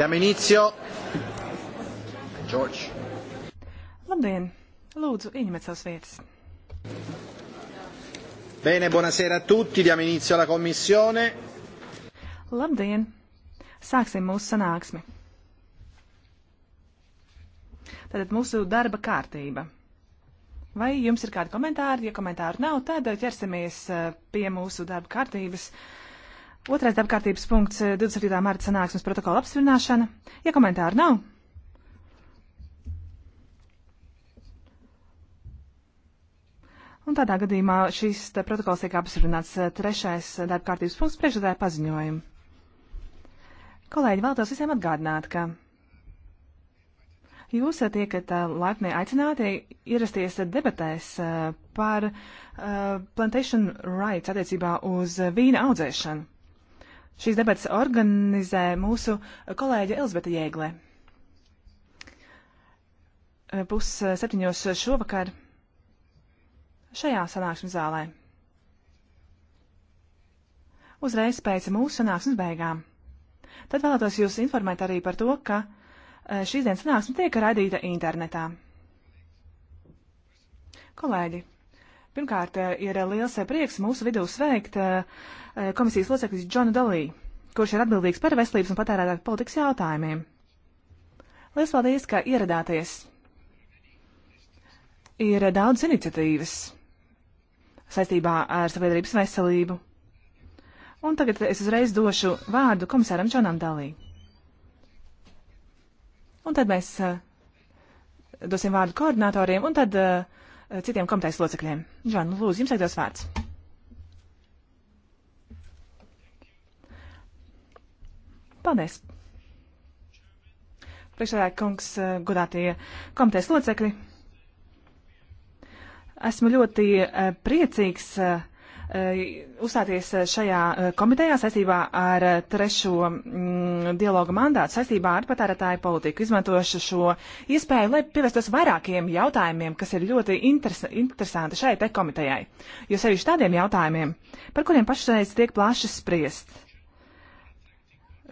Diamo inizio. George. Labdien! Lūdzu, ieņemiet savas vietas. Bene, buonasera a tutti, diamo inizio alla commissione. Labdien! Sāksim mūsu sanāksmi. Tātad mūsu darba kārtība. Vai jums ir kādi komentāri? Ja komentāru nav, tad ķersimies eh, pie mūsu darba kārtības. Uh, Otrais darbkārtības punkts eh, - 27. marta sanāksmes protokola apstiprināšana. Ja komentāru nav, Un tādā gadījumā šis protokols tiek apstiprināts eh, trešais darbkārtības punkts priekšredāja paziņojumu. Kolēģi, vēlētos visiem atgādināt, ka jūs tiekat eh, laipni aicināti ierasties debatēs par plantation rights attiecībā uz vīna audzēšanu. Šīs debatas organizē mūsu kolēģe Elzbeta Jēglē. Pus septiņos šovakar šajā sanāksmes zālē. Uzreiz pēc mūsu sanāksmes beigām. Tad vēlētos jūs informēt arī par to, ka e, šīs dienas sanāksme tiek radīta internetā. Kolēģi, Pirmkārt, eh, ir eh, liels eh, prieks mūsu vidū sveikt komisijas loceklis Džonu Dalī, kurš ir atbildīgs par veselības un patērētāju politikas jautājumiem. Liels paldies, ka ieradāties! Ir daudz iniciatīvas saistībā ar sabiedrības veselību. Un tagad es uzreiz došu vārdu komisāram Džonam Dalī. Un tad mēs dosim vārdu koordinatoriem, un tad uh, citiem komitejas locekļiem. Žan, lūdzu, jums aizdos vārds. Paldies. Priekšsēdētāji kungs, godātie komitejas locekļi. Esmu ļoti eh, priecīgs eh, Eh, uzstāties šajā eh, komitejā saistībā ar eh, trešo mm, dialogu mandātu, saistībā ar patērētāju politiku. Izmantošu šo iespēju, lai pievērstos vairākiem jautājumiem, kas ir ļoti interes interesanti šai te komitejai. Jo sevišķi tādiem jautājumiem, par kuriem pašreiz tiek plaši spriest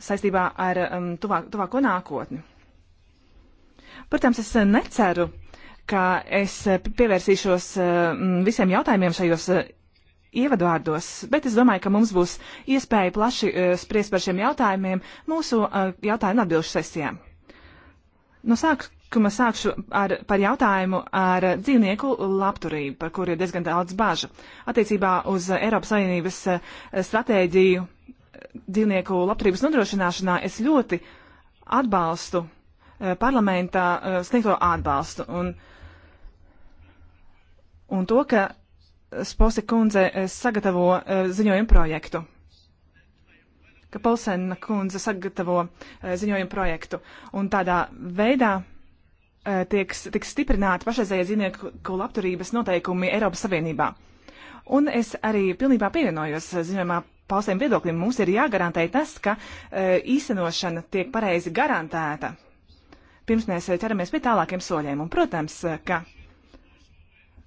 saistībā ar um, mm, tuvā, tuvāko nākotni. Protams, es neceru, ka es pievērsīšos mm, visiem jautājumiem šajos ievadvārdos, bet es domāju, ka mums būs iespēja plaši uh, spriest par šiem jautājumiem mūsu uh, jautājumu atbilžu sesijām. No sākuma sākšu ar, par jautājumu ar dzīvnieku labturību, par kuru ir diezgan daudz bažu. Attiecībā uz Eiropas Savienības uh, stratēģiju dzīvnieku labturības nodrošināšanā es ļoti atbalstu uh, parlamentā uh, sniegto atbalstu. Un, un to, ka Sposi kundze eh, sagatavo eh, ziņojumu projektu ka Polsēna kundze sagatavo e, ziņojumu projektu. Un tādā veidā e, tiek, tiek stiprināti pašreizējie dzīvnieku labturības noteikumi Eiropas Savienībā. Un es arī pilnībā pievienojos ziņojumā paustiem viedokļiem. Mums ir jāgarantē tas, ka e, īstenošana tiek pareizi garantēta. Pirms mēs ķeramies pie tālākiem soļiem. Un, protams, ka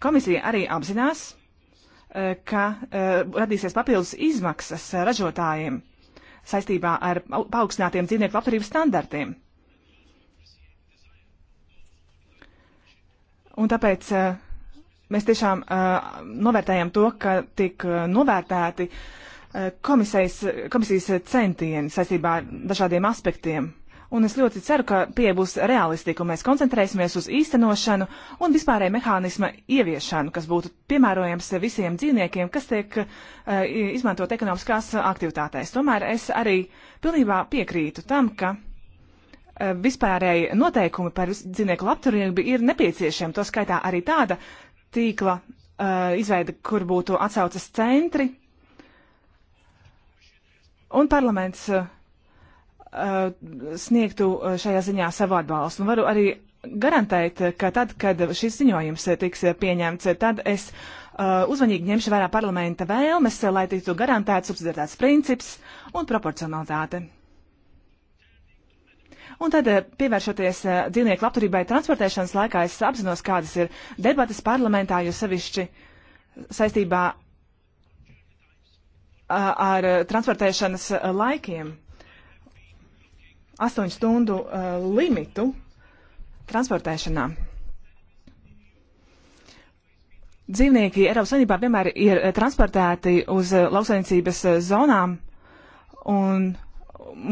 komisija arī apzinās, ka eh, radīsies papildus izmaksas ražotājiem saistībā ar paaugstinātiem dzīvnieku labturības standartiem. Un tāpēc eh, mēs tiešām eh, novērtējam to, ka tiek novērtēti komisijas centieni saistībā ar dažādiem aspektiem Un es ļoti ceru, ka pieeja būs realistika, un mēs koncentrēsimies uz īstenošanu un vispārēju mehānisma ieviešanu, kas būtu piemērojams visiem dzīvniekiem, kas tiek uh, izmantot ekonomiskās aktivitātēs. Tomēr es arī pilnībā piekrītu tam, ka uh, vispārēji noteikumi par dzīvnieku labturību ir nepieciešami. To skaitā arī tāda tīkla uh, eh, izveida, kur būtu atsaucas centri. Un parlaments uh, Uh, sniegtu uh, šajā ziņā savu atbalstu. Un varu arī garantēt, ka tad, kad šis ziņojums tiks pieņemts, tad es uh, uzmanīgi ņemšu vērā parlamenta vēlmes, lai tiktu garantēts subsidiaritātes princips un proporcionalitāte. Un tad, uh, pievēršoties dzīvnieku labturībai transportēšanas laikā, es apzinos, kādas ir debatas parlamentā, jo sevišķi saistībā ar transportēšanas laikiem. 8 stundu uh, limitu transportēšanā. Dzīvnieki Eiropas Savienībā vienmēr ir uh, transportēti uz uh, lauksaimniecības uh, zonām, un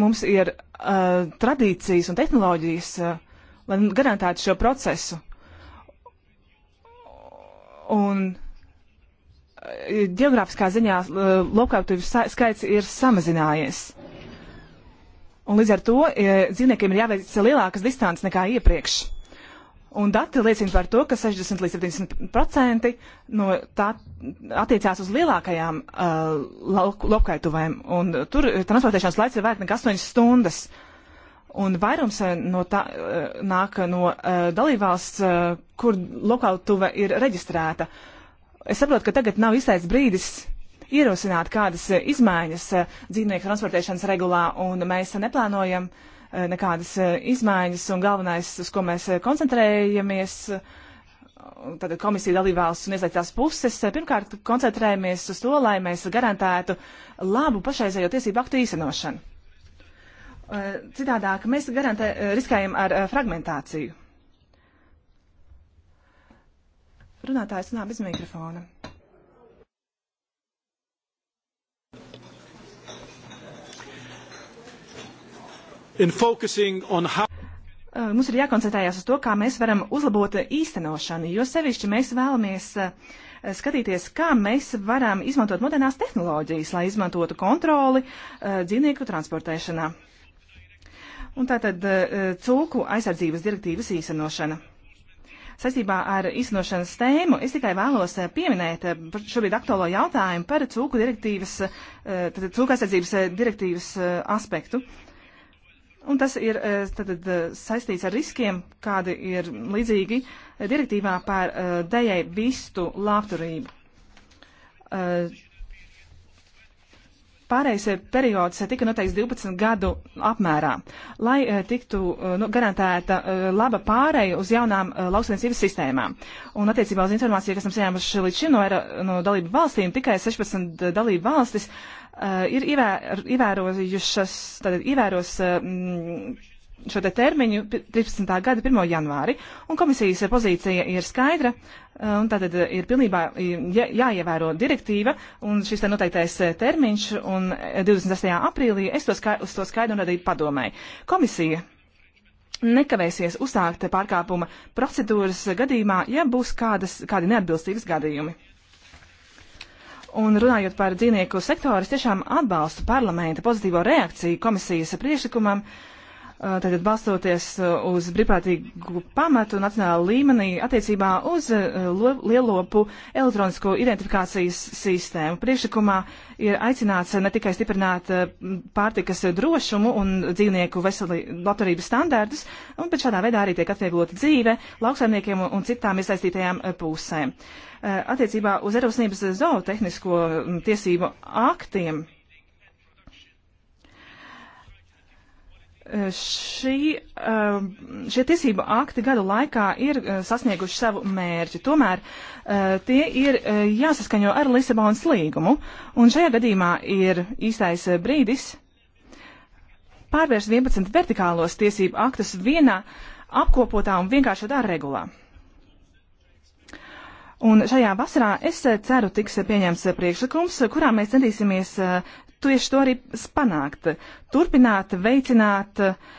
mums ir uh, tradīcijas un tehnoloģijas, uh, lai garantētu šo procesu. Un geogrāfiskā ziņā lopkāpju skaits ir samazinājies. Un līdz ar to e, dzīvniekiem ir jāveic lielākas distances nekā iepriekš. Un dati liecina par to, ka 60 līdz 70% no tā attiecās uz lielākajām uh, e, lopkaituvēm. Un tur transportēšanas laiks ir vairāk nekā 8 stundas. Un vairums e, no tā uh, nāk no uh, dalībvalsts, uh, kur lokautuve ir reģistrēta. Es saprotu, ka tagad nav īstais brīdis ierosināt kādas e, izmaiņas e, dzīvnieku transportēšanas regulā, un mēs neplānojam e, nekādas izmaiņas, un galvenais, uz ko mēs koncentrējamies, tātad komisija dalībvalsts un iesaistītās puses, pirmkārt koncentrējamies uz to, lai mēs garantētu labu pašreizējo tiesību aktu īstenošanu. Citādāk mēs garantē, riskējam ar fragmentāciju. Runātājs nāk bez mikrofona. in focusing on how uh, Mums ir jākoncentrējās uz to, kā mēs varam uzlabot īstenošanu, jo sevišķi mēs vēlamies uh, skatīties, kā mēs varam izmantot modernās tehnoloģijas, lai izmantotu kontroli uh, dzīvnieku transportēšanā. Un tātad cūku aizsardzības direktīvas īstenošana. Saistībā ar īstenošanas tēmu es tikai vēlos pieminēt šobrīd aktuālo jautājumu par cūku direktīvas, cūku aizsardzības direktīvas aspektu. Un tas ir eh, tad, eh, saistīts ar riskiem, kādi ir līdzīgi eh, direktīvā par dējai vistu labturību pārējais eh, periods eh, tika noteikts 12 gadu apmērā, lai eh, tiktu nu, garantēta laba pārēja uz jaunām lauksainicības sistēmām. Un attiecībā uz informāciju, kas mums saņēmuši līdz šim no, no dalību valstīm, tikai 16 dalību valstis uh, ir ievēr, ievērojušas, tātad ievēros. Uh, šo te termiņu 13. gada 1. janvāri, un komisijas pozīcija ir skaidra, eh, un tātad eh, ir pilnībā jā, jāievēro direktīva, un šis te noteiktais eh, termiņš, un 28. aprīlī es to skaidru, to skaidru un radīju padomēji. Komisija nekavēsies uzsākt pārkāpuma procedūras gadījumā, ja būs kādas, kādi neatbilstības gadījumi. Un runājot par dzīvnieku sektoru, es tiešām atbalstu parlamenta pozitīvo reakciju komisijas priekšlikumam, uh, Tātad balstoties uz brīvprātīgu pamatu nacionālā līmenī attiecībā uz lo, lielopu elektronisko identifikācijas sistēmu. Priekšlikumā ir aicināts ne tikai stiprināt pārtikas drošumu un dzīvnieku veseli labturības standārtus, bet šādā veidā arī tiek atvieglota dzīve lauksaimniekiem un citām iesaistītajām pusēm. Attiecībā uz Eiropas Savienības zootehnisko tiesību aktiem šī, um, šie tiesību akti gadu laikā ir uh, sasnieguši savu mērķi. Tomēr uh, tie ir uh, jāsaskaņo ar Lisabonas līgumu, un šajā gadījumā ir īstais brīdis pārvērst 11 vertikālos tiesību aktus vienā apkopotā un vienkāršotā regulā. Un šajā vasarā es ceru tiks pieņemts priekšlikums, kurā mēs centīsimies tieši to arī panākt. Turpināt, veicināt uh,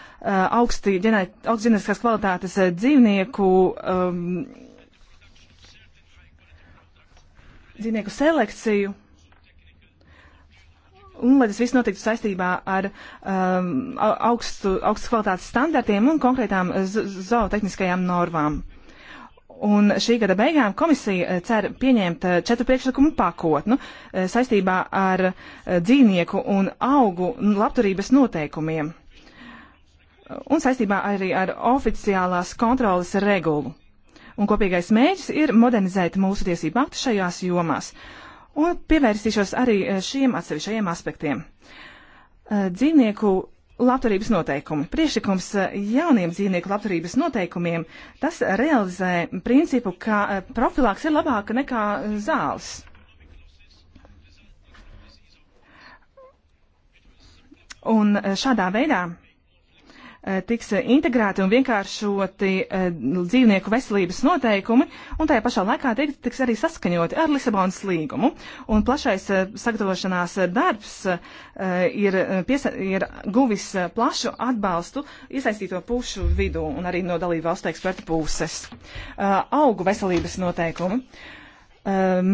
augsti ģenētiskās kvalitātes uh, dzīvnieku. Um, dzīvnieku selekciju, un lai tas viss notiktu saistībā ar um, augstu, augstas kvalitātes standartiem un konkrētām zootehniskajām normām. Un šī gada beigām komisija eh, cer pieņemt eh, četru priekšlikumu pakotnu eh, saistībā ar dzīvnieku un augu labturības noteikumiem. Un saistībā arī ar oficiālās kontrolas regulu. Un kopīgais mēģis ir modernizēt mūsu tiesību aktu šajās jomās. Un pievērsīšos arī šiem atsevišķajiem aspektiem. Dzīvnieku labturības noteikumi. Priešlikums eh, jauniem dzīvnieku labturības noteikumiem tas realizē principu, ka eh, profilaks ir labāka nekā eh, zāles. Un šādā veidā Eh, tiks integrēti un vienkāršoti eh, dzīvnieku veselības noteikumi, un tajā pašā laikā tiek, tiks arī saskaņoti ar Lisabonas līgumu. Un plašais eh, sagatavošanās darbs ir, piesa, ir guvis plašu atbalstu iesaistīto pušu vidū un arī no dalību valstu ekspertu puses. Augu veselības noteikumi.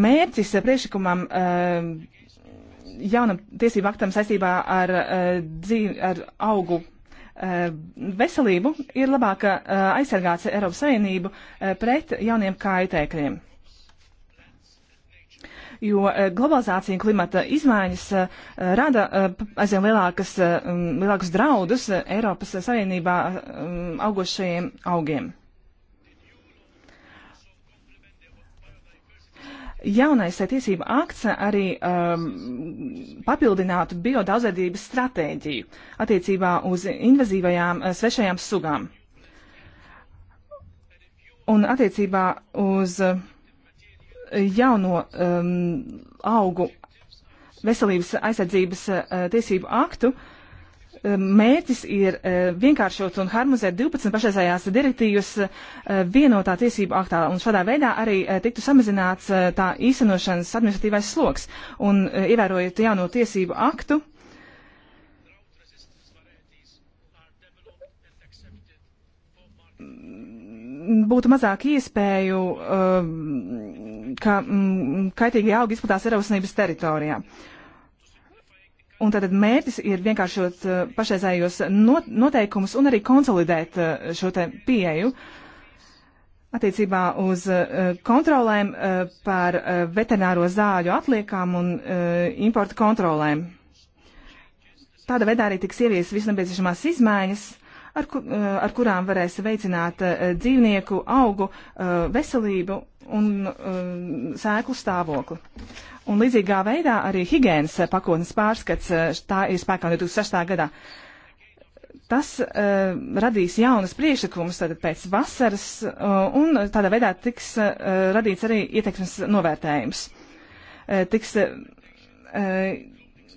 Mērķis priekšlikumam jaunam tiesību aktam saistībā ar, dzīv, ar augu Eh, veselību ir labāk eh, aizsargāts Eiropas Savienību eh, pret jauniem kaitēkļiem. Jo globalizācija un klimata izmaiņas rada aizvien lielākas, lielākus draudus Eiropas Savienībā augošajiem augiem. jaunais tiesība akts arī um, papildinātu biodaudzveidības stratēģiju attiecībā uz invazīvajām eh, svešajām sugām. Un attiecībā uz eh, jauno um, augu veselības aizsardzības uh, tiesību aktu uh, Ehm, mērķis ir ehm, vienkāršot un harmonizēt 12 pašreizējās direktīvas ehm, vienotā tiesību aktā, un šādā veidā arī tiktu samazināts tā īstenošanas administratīvais sloks. Un ievērojot jauno tiesību aktu, būtu mazāk iespēju, ka kaitīgi augi izplatās Eiropas Savienības teritorijā. Uh, Un tātad mērķis ir vienkāršot eh, pašreizējos noteikumus un arī konsolidēt eh, šo te pieeju attiecībā uz eh, kontrolēm par veterināro zāļu atliekām un importu kontrolēm. Tāda veidā arī tiks ievies visnepieciešamās izmaiņas, ar, kur, ar kurām varēs veicināt dzīvnieku augu veselību un um, sēklu stāvokli. Un līdzīgā veidā arī higiēnas pakotnes pārskats uh, tā ir spēkā 2006. gadā. Tas uh, radīs jaunas priekšlikumus pēc vasaras, uh, un tādā veidā tiks uh, radīts arī ietekmes novērtējums. Uh, tiks uh,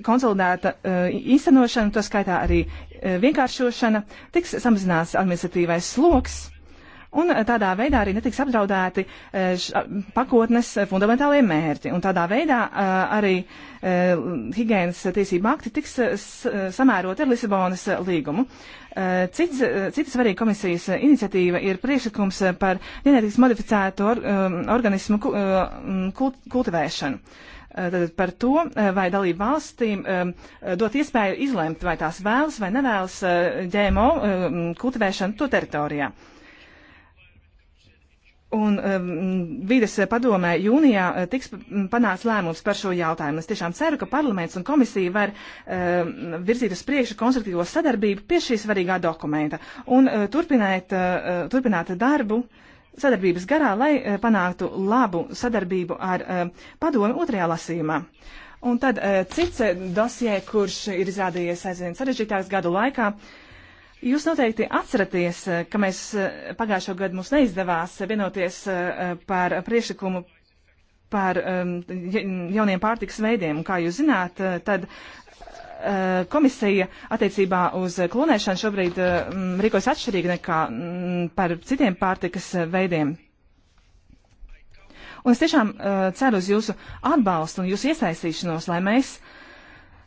konsolidēta uh, īstenošana, to skaitā arī uh, vienkāršošana, tiks samazināts administratīvais sloks, Un eh, tādā veidā arī netiks apdraudēti eh, š, pakotnes eh, fundamentālie mērķi. Un tādā veidā arī higienas tiesība akti tiks samērot ar Lisabonas līgumu. Cits, cita svarīga komisijas iniciatīva ir priekšlikums par ģenētiski modificētu or, um, organismu kult, kultivēšanu. Tātad par to, vai dalību valstīm dot iespēju izlemt, vai tās vēlas vai nevēlas ģēmo kultivēšanu to teritorijā. Un um, vides padomē jūnijā uh, tiks panāts lēmums par šo jautājumu. Es tiešām ceru, ka parlaments un komisija var um, virzīt uz priekšu konstruktīvo sadarbību pie šī svarīgā dokumenta un uh, turpināt, uh, uh, turpināt darbu sadarbības garā, lai uh, panāktu labu sadarbību ar uh, padomu otrajā lasījumā. Un tad uh, cits uh, dosie, kurš ir izrādījies aizvien sarežģītāks gadu laikā, uh, Jūs noteikti atceraties, eh, ka mēs eh, pagājušo gadu mums neizdevās vienoties eh, par priešlikumu par ehm, jauniem pārtiks veidiem. Un, kā jūs zināt, tad komisija attiecībā uz klonēšanu šobrīd ehm, rīkojas atšķirīgi nekā mm, par citiem pārtikas veidiem. Un es tiešām uh, ceru uz jūsu atbalstu un jūsu iesaistīšanos, lai mēs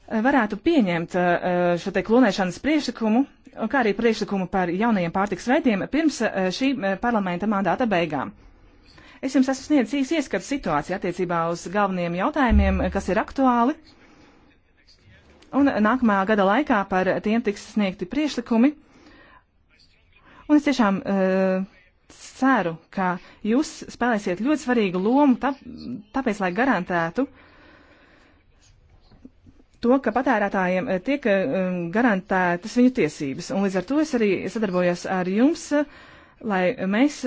varētu pieņemt uh, šo te klonēšanas priešlikumu kā arī priekšlikumu par jaunajiem pārtiks veidiem pirms eh, šī eh, parlamenta mandāta beigām. Es jums esmu sniedzis īsi ieskats situāciju attiecībā uz galvenajiem jautājumiem, eh, kas ir aktuāli. Un nākamā gada laikā par tiem tiks sniegti priekšlikumi. Un es tiešām uh, ceru, ka jūs spēlēsiet ļoti svarīgu lomu, tā, tāpēc, lai garantētu uh, to, ka patērētājiem eh, tiek eh, um, garantētas viņu tiesības. Un līdz ar to es arī sadarbojos ar jums, eh, lai mēs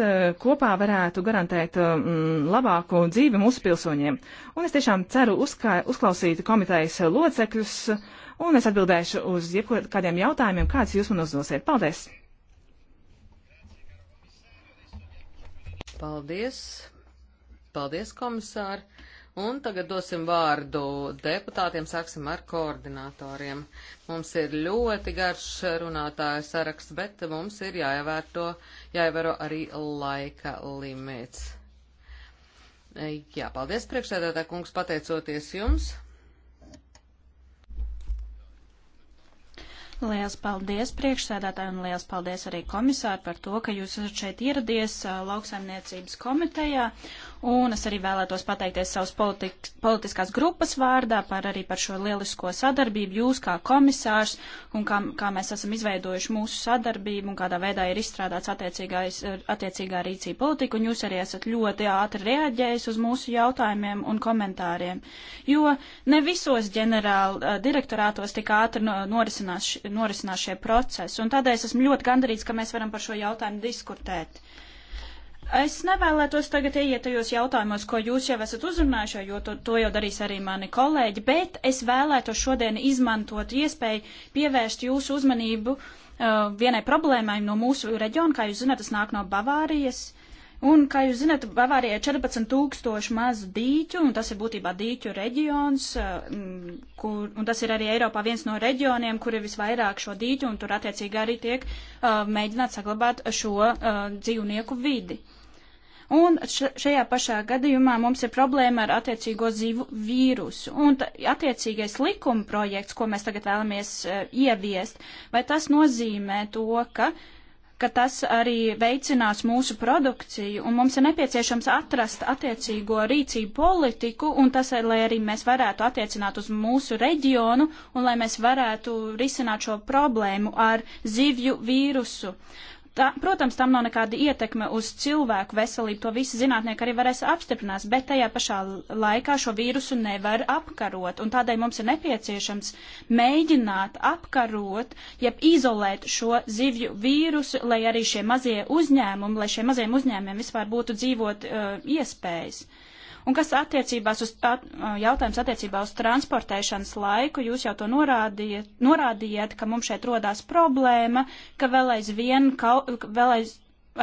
kopā varētu garantēt mm, labāku dzīvi mūsu pilsoņiem. Un es tiešām ceru uzkā, uzklausīt komitejas locekļus, un es atbildēšu uz jebkādiem jautājumiem, kāds jūs man uzdosiet. Paldies! Paldies! Paldies, komisāri! Un tagad dosim vārdu deputātiem, sāksim ar koordinatoriem. Mums ir ļoti garš runātāju saraksts, bet mums ir jāievērto, jāievēro arī laika limits. Jā, paldies priekšsēdētā kungs, pateicoties jums. Liels paldies priekšsēdētāji un liels paldies arī komisāri par to, ka jūs esat šeit ieradies lauksaimniecības komitejā. Uh, Un es arī vēlētos pateikties savas politik, politiskās grupas vārdā par arī par šo lielisko sadarbību. Jūs kā komisārs un kā, kā mēs esam izveidojuši mūsu sadarbību un kādā veidā ir izstrādāts attiecīgā rīcība politika. Un jūs arī esat ļoti ātri reaģējis uz mūsu jautājumiem un komentāriem. Jo ne visos ģenerāla eh, direktorātos tik ātri norisinās, norisinās šie procesi. Un tādēļ es esmu ļoti gandarīts, ka mēs varam par šo jautājumu diskutēt. Es nevēlētos tagad ieiet tajos jautājumos, ko jūs jau esat uzrunājuši, jo to, to jau darīs arī mani kolēģi, bet es vēlētos šodien izmantot iespēju pievērst jūsu uzmanību uh, vienai problēmai no mūsu reģiona. Kā jūs zināt, tas nāk no Bavārijas. Un, kā jūs zināt, Bavārijā ir 14 tūkstoši mazu dīķu, un tas ir būtībā dīķu reģions, uh, kur, un tas ir arī Eiropā viens no reģioniem, kur ir visvairāk šo dīķu, un tur attiecīgi arī tiek uh, mēģināt saglabāt šo uh, dzīvnieku vidi. Uh, Un šajā pašā gadījumā mums ir problēma ar attiecīgo zivu vīrusu. Un attiecīgais likuma projekts, ko mēs tagad vēlamies uh, ieviest, vai tas nozīmē to, ka ka tas arī veicinās mūsu produkciju, un mums ir nepieciešams atrast attiecīgo rīcību politiku, un tas, e, lai arī mēs varētu attiecināt uz mūsu reģionu, un lai mēs varētu risināt šo problēmu ar zivju vīrusu tā, protams, tam nav nekāda ietekme uz cilvēku veselību, to visi zinātnieki arī varēs apstiprināt, bet tajā pašā laikā šo vīrusu nevar apkarot, un tādēļ mums ir nepieciešams mēģināt apkarot, jeb izolēt šo zivju vīrusu, lai arī šie mazie uzņēmumi, lai šiem maziem uzņēmumiem vispār būtu dzīvot uh, iespējas. Uh, Un kas attiecībās uz at, jautājums attiecībā uz transportēšanas laiku, jūs jau to norādījat, norādījat ka mums šeit rodās problēma, ka vēl aizvien, vēl aiz,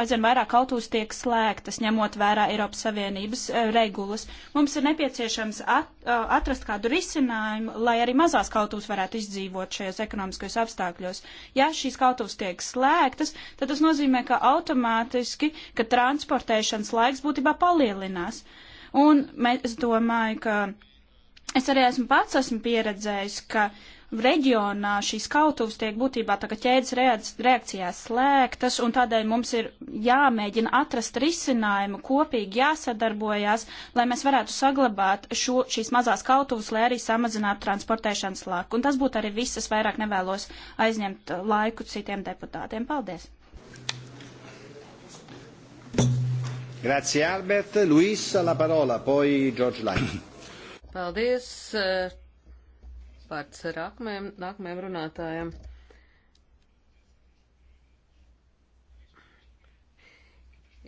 aizvien vairāk autos tiek slēgtas, ņemot vērā Eiropas Savienības e, regulas. Mums ir nepieciešams at, atrast kādu risinājumu, lai arī mazās autos varētu izdzīvot šajos ekonomiskajos apstākļos. Ja šīs autos tiek slēgtas, tad tas nozīmē, ka automātiski, ka transportēšanas laiks būtībā palielinās. Un es domāju, ka es arī esmu pats esmu pieredzējis, ka reģionā šīs kautuvas tiek būtībā tā kā ķēdes reakcijās slēgtas, un tādēļ mums ir jāmēģina atrast risinājumu, kopīgi jāsadarbojās, lai mēs varētu saglabāt šo, šīs mazās kautuvas, lai arī samazinātu transportēšanas laku. Un tas būtu arī viss, es vairāk nevēlos aizņemt laiku citiem deputātiem. Paldies! Grazie Albert. Luis, la parola, poi George Lyon. Paldies. Eh, vārds ar akmēm, nākamajam runātājam.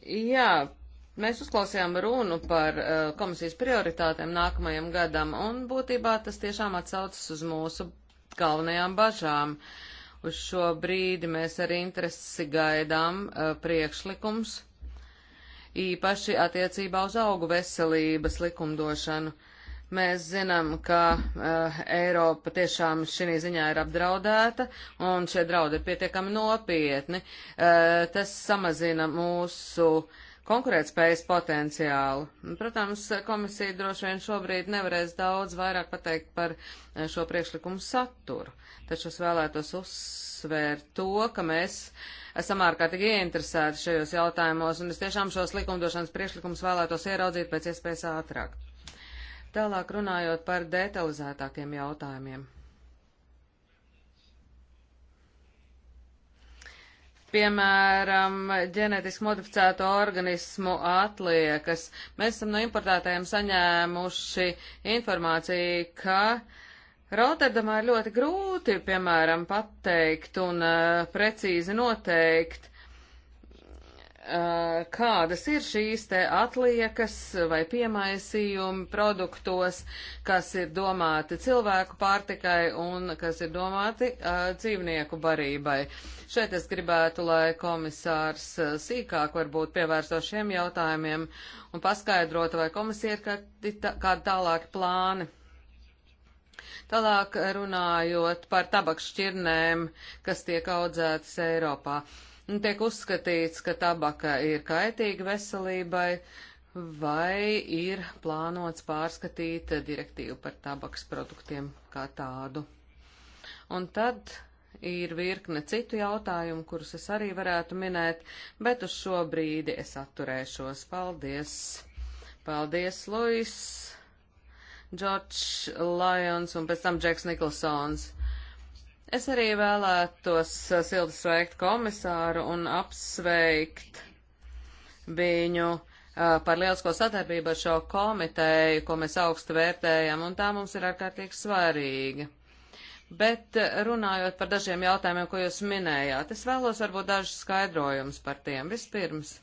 Jā, Mēs uzklausījām runu par uh, komisijas prioritātēm nākamajam gadam, un būtībā tas tiešām atsaucas uz mūsu galvenajām bažām. Uz šo brīdi mēs ar interesi gaidām uh, priekšlikums īpaši attiecībā uz augu veselības likumdošanu. Mēs zinām, ka uh, Eiropa tiešām šī ziņā ir apdraudēta, un šie draudi ir pietiekami nopietni. Uh, tas samazina mūsu konkurētspējas potenciālu. Protams, komisija droši vien šobrīd nevarēs daudz vairāk pateikt par eh, šo priekšlikumu saturu, taču es vēlētos uzsvērt to, ka mēs uh, esam ārkārtīgi ieinteresēti šajos jautājumos, un es tiešām šos likumdošanas priekšlikumus vēlētos ieraudzīt pēc iespējas ātrāk. Tālāk runājot par detalizētākiem jautājumiem. Piemēram, ģenētiski modificēto organismu atliekas. Mēs esam no importētājiem saņēmuši informāciju, ka uh, Rotterdamā ir ļoti grūti, piemēram, pateikt un uh, precīzi noteikt, uh, kādas ir šīs te atliekas vai piemaisījumi produktos, kas ir domāti cilvēku pārtikai un kas ir domāti uh, dzīvnieku barībai. Šeit es gribētu, lai komisārs sīkāk varbūt pievērsto šiem jautājumiem un paskaidrotu, vai komisija ir kādi, tā, kādi tālāki plāni Tālāk runājot par tabaks šķirnēm, kas tiek audzētas Eiropā. Tiek uzskatīts, ka tabaka ir kaitīga veselībai, vai ir plānots pārskatīt direktīvu par tabaks produktiem kā tādu. Un tad ir virkne citu jautājumu, kurus es arī varētu minēt, bet uz šo brīdi es atturēšos. Paldies! Paldies, Luis! George Lyons un pēc tam Džeks Niklsons. Es arī vēlētos uh, silti sveikt komisāru un apsveikt viņu uh, par lielisko sadarbību ar šo komiteju, ko mēs augstu vērtējam, un tā mums ir ārkārtīgi svarīga. Bet uh, runājot par dažiem jautājumiem, ko jūs minējāt, es vēlos varbūt dažus skaidrojumus par tiem. Vispirms,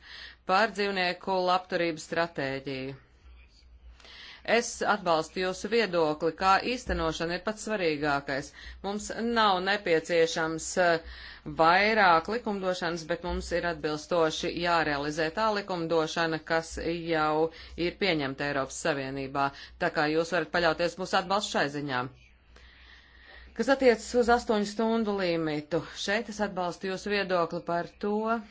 par dzīvnieku labturības stratēģiju. Es atbalstu jūsu viedokli, kā īstenošana ir pats svarīgākais. Mums nav nepieciešams eh, vairāk likumdošanas, bet mums ir atbilstoši jārealizē tā likumdošana, kas jau ir pieņemta Eiropas Savienībā. Tā kā jūs varat paļauties mūsu atbalstu šai ziņā. Kas attiecas uz astoņu stundu limitu, šeit es atbalstu jūsu viedokli par to,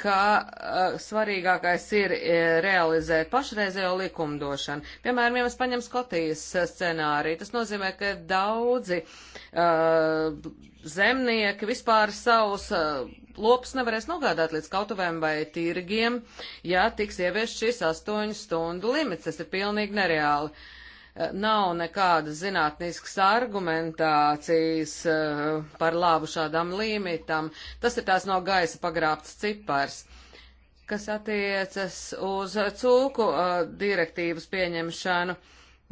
ka uh, svarīgākais ir eh, realizēt pašreizējo likumdošanu. Piemēram, ja mēs paņem Skotijas eh, scenāriju, tas nozīmē, ka daudzi uh, zemnieki vispār savus uh, lopus nevarēs nogādāt līdz kautuvēm vai tirgiem, ja tiks ieviest šis astoņu stundu limits. Tas ir pilnīgi nereāli. Uh, nav nekādas zinātniskas argumentācijas eh, par labu šādam limitam. Tas ir tās no gaisa pagrābts cipars kas attiecas uz cūku eh, direktīvas pieņemšanu.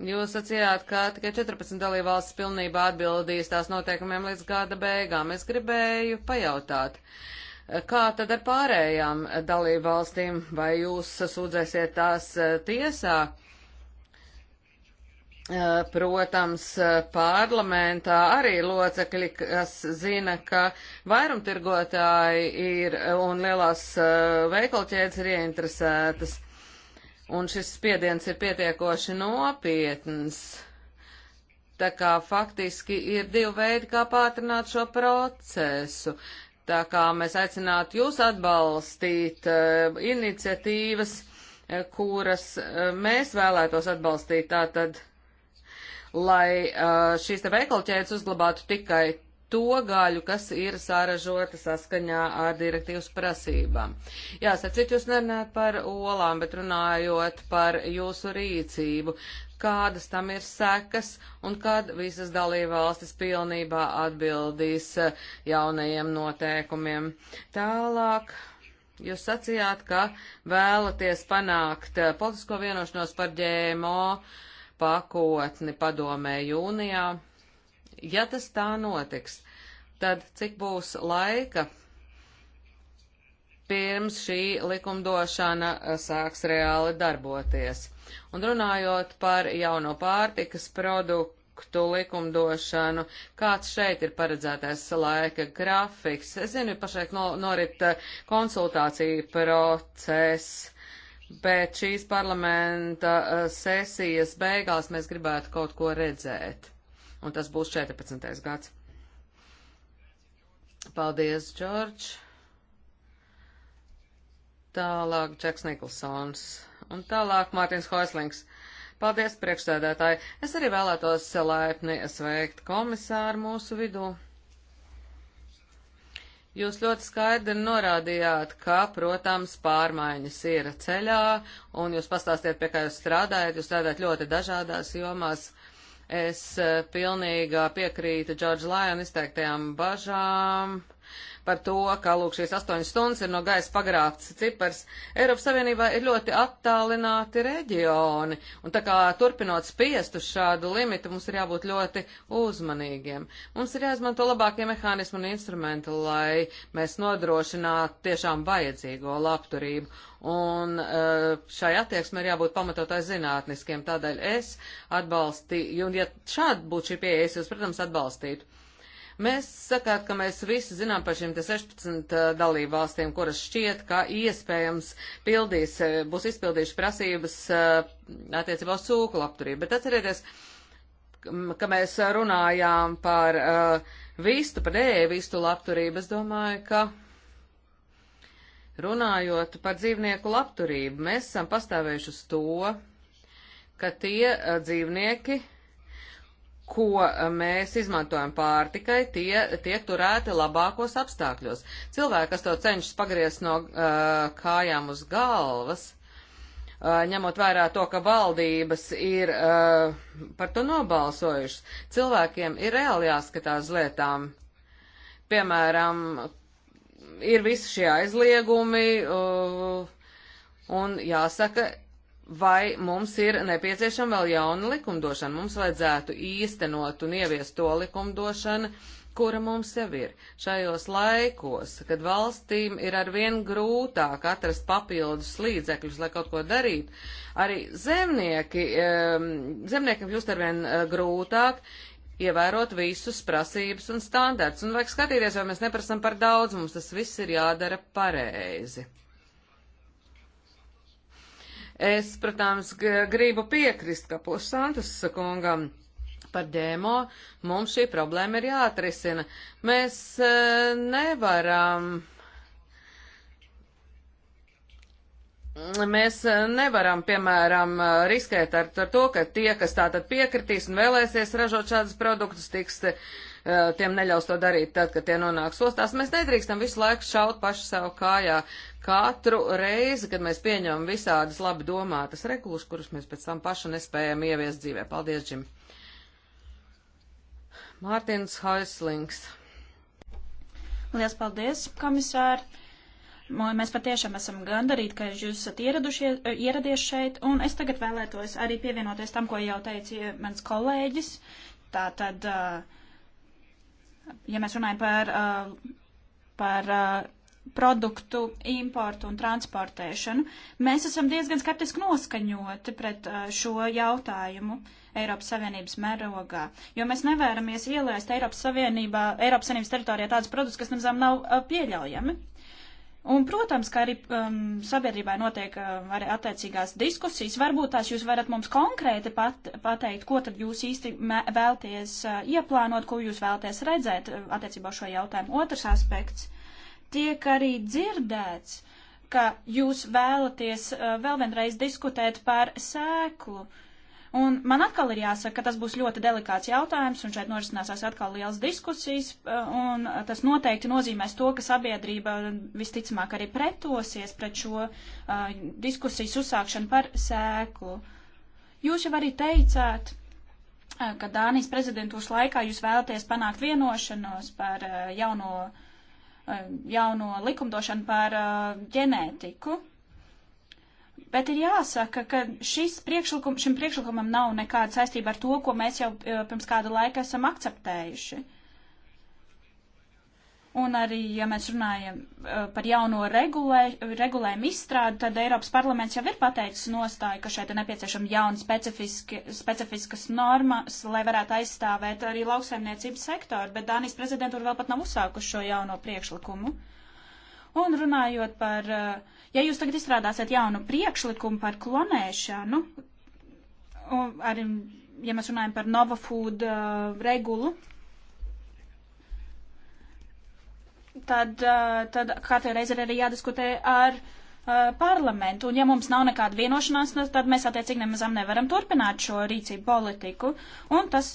Jūs sacījāt, ka tikai 14 dalībvalstis pilnībā atbildīs tās noteikumiem līdz gada beigām. Es gribēju pajautāt, eh, kā tad ar pārējām dalībvalstīm, vai jūs sūdzēsiet tās tiesā? Protams, parlamentā arī locekļi, kas zina, ka vairumtirgotāji ir un lielās uh, veikalķēdes ir ieinteresētas. Un šis spiediens ir pietiekoši nopietns. Tā kā faktiski ir divi veidi, kā pātrināt šo procesu. Tā kā mēs aicinātu jūs atbalstīt uh, iniciatīvas, uh, kuras mēs vēlētos atbalstīt. Tātad lai uh, šīs te veikalķēdes uzglabātu tikai to gaļu, kas ir sāražota saskaņā ar direktīvas prasībām. Jā, sacīt, jūs nerunājat par olām, bet runājot par jūsu rīcību, kādas tam ir sekas un kad visas dalībvalstis pilnībā atbildīs uh, jaunajiem noteikumiem. Tālāk. Jūs sacījāt, ka vēlaties panākt uh, politisko vienošanos par ģēmo, uh, pakotni padomē jūnijā. Ja tas tā notiks, tad cik būs laika pirms šī likumdošana eh, sāks reāli darboties? Un runājot par jauno pārtikas produktu likumdošanu, kāds šeit ir paredzētais laika grafiks? Es zinu, pašlaik no, norit eh, konsultāciju process bet šīs parlamenta eh, sesijas beigās mēs gribētu kaut ko redzēt. Un tas būs 14. gads. Paldies, Džordž. Tālāk Džeks Niklsons. Un tālāk Mārtiņš Hoislings. Paldies, priekšsēdētāji. Es arī vēlētos laipni sveikt komisāru mūsu vidū. Jūs ļoti skaidri norādījāt, ka, protams, pārmaiņas ir ceļā, un jūs pastāstiet, pie kā jūs strādājat, jūs strādājat ļoti dažādās jomās. Es eh, pilnīgā piekrītu George Lyon izteiktajām bažām. Uh, par to, ka lūk šīs astoņas stundas ir no gaisa pagrābts cipars. Eiropas Savienībā ir ļoti attālināti reģioni, un tā kā turpinot spiest uz šādu limitu, mums ir jābūt ļoti uzmanīgiem. Mums ir jāizmanto labākie mehānismi un instrumenti, lai mēs nodrošinātu tiešām vajadzīgo labturību. Un eh, šai attieksmei ir jābūt pamatotai zinātniskiem, tādēļ es atbalstīju, un ja šādi būtu šī pieeja, es jūs, protams, atbalstītu. Mēs sakāt, ka mēs visi zinām par šīm 16 dalību valstīm, kuras šķiet, ka iespējams pildīs, būs izpildījuši prasības attiecībā uz cūku labturību. Bet atcerieties, ka mēs runājām par uh, vistu, par dēju vistu labturību, es domāju, ka Runājot par dzīvnieku labturību, mēs esam pastāvējuši uz to, ka tie dzīvnieki, ko eh, mēs izmantojam pārtikai, tie tiek turēti labākos apstākļos. Cilvēki, kas to cenšas pagriezt no uh, kājām uz galvas, uh, ņemot vērā to, ka valdības ir uh, par to nobalsojušas, cilvēkiem ir reāli jāskatās lietām. Piemēram, ir visi šie aizliegumi, uh, un jāsaka, vai mums ir nepieciešama vēl jauna likumdošana. Mums vajadzētu īstenot un ieviest to likumdošanu, kura mums jau ir. Šajos laikos, kad valstīm ir arvien grūtāk atrast papildus līdzekļus, lai kaut ko darītu, arī zemnieki, zemniekiem kļūst arvien eh, grūtāk ievērot visus prasības un standarts. Un vajag skatīties, vai mēs neprasam par daudz, mums tas viss ir jādara pareizi. Es, protams, gribu piekrist Kapus Santus kungam par ģēmo. Mums šī problēma ir jāatrisina. Mēs e, nevaram. Mēs e, nevaram, piemēram, riskēt ar, ar to, ka tie, kas tātad piekritīs un vēlēsies ražot šādus produktus, tiks uh, Eh, tiem neļaus to darīt tad, kad tie nonāks ostās. Mēs nedrīkstam visu laiku šaut paši savu kājā. Katru reizi, kad mēs pieņemam visādas labi domātas regulas, kuras mēs pēc tam paši nespējam ieviest dzīvē. Paldies, Džim! Mārtiņš Haislings. Lielas paldies, komisāri! Mēs patiešām esam gandarīti, ka jūs esat ieradies šeit, un es tagad vēlētos arī pievienoties tam, ko jau teica mans kolēģis. Tātad uh, ja mēs runājam par, uh, par uh, produktu importu un transportēšanu, mēs esam diezgan skeptiski noskaņoti pret uh, šo jautājumu Eiropas Savienības mērogā, jo mēs nevēramies ielaist Eiropas Savienībā, Eiropas Savienības teritorijā tādas produktus, kas nemazām nav pieļaujami. Uh, Un, protams, ka arī um, sabiedrībai notiek um, arī attiecīgās diskusijas. Varbūt tās jūs varat mums konkrēti pat, pateikt, ko tad jūs īsti vēlties uh, ieplānot, ko jūs vēlties redzēt uh, attiecībā šo jautājumu. Otrs aspekts tiek arī dzirdēts, ka jūs vēlaties uh, vēl vienreiz diskutēt par sēklu. Uh, Un man atkal ir jāsaka, ka tas būs ļoti delikāts jautājums, un šeit norisināsies atkal liels diskusijas, eh, un tas noteikti nozīmēs to, ka sabiedrība visticamāk arī pretosies pret šo uh, diskusijas uzsākšanu par sēklu. Jūs jau arī teicāt, eh, ka Dānijas prezidentūras laikā jūs vēlaties panākt vienošanos par uh, jauno, uh, jauno likumdošanu par ģenētiku. Uh, Bet ir jāsaka, ka priekšlikum, šim priekšlikumam nav nekāda saistība ar to, ko mēs jau e, pirms kāda laika esam akceptējuši. Un arī, ja mēs runājam e, par jauno regulē, regulējumu izstrādi, tad Eiropas parlaments jau ir pateicis nostāju, ka šeit ir nepieciešama jauna specifiskas normas, lai varētu aizstāvēt arī lauksaimniecības sektoru, bet Dānijas prezidentūra vēl pat nav uzsākuši šo jauno priekšlikumu. Uh, Un runājot par, eh, ja jūs tagad izstrādāsiet jaunu priekšlikumu par klonēšanu, arī, ja mēs runājam par Novafood uh, eh, regulu, tad, uh, tad katrai reizē ir arī jādiskutē ar uh, parlamentu. Un ja mums nav nekāda vienošanās, tad mēs attiecīgi nemazam nevaram turpināt šo rīcību politiku. Un tas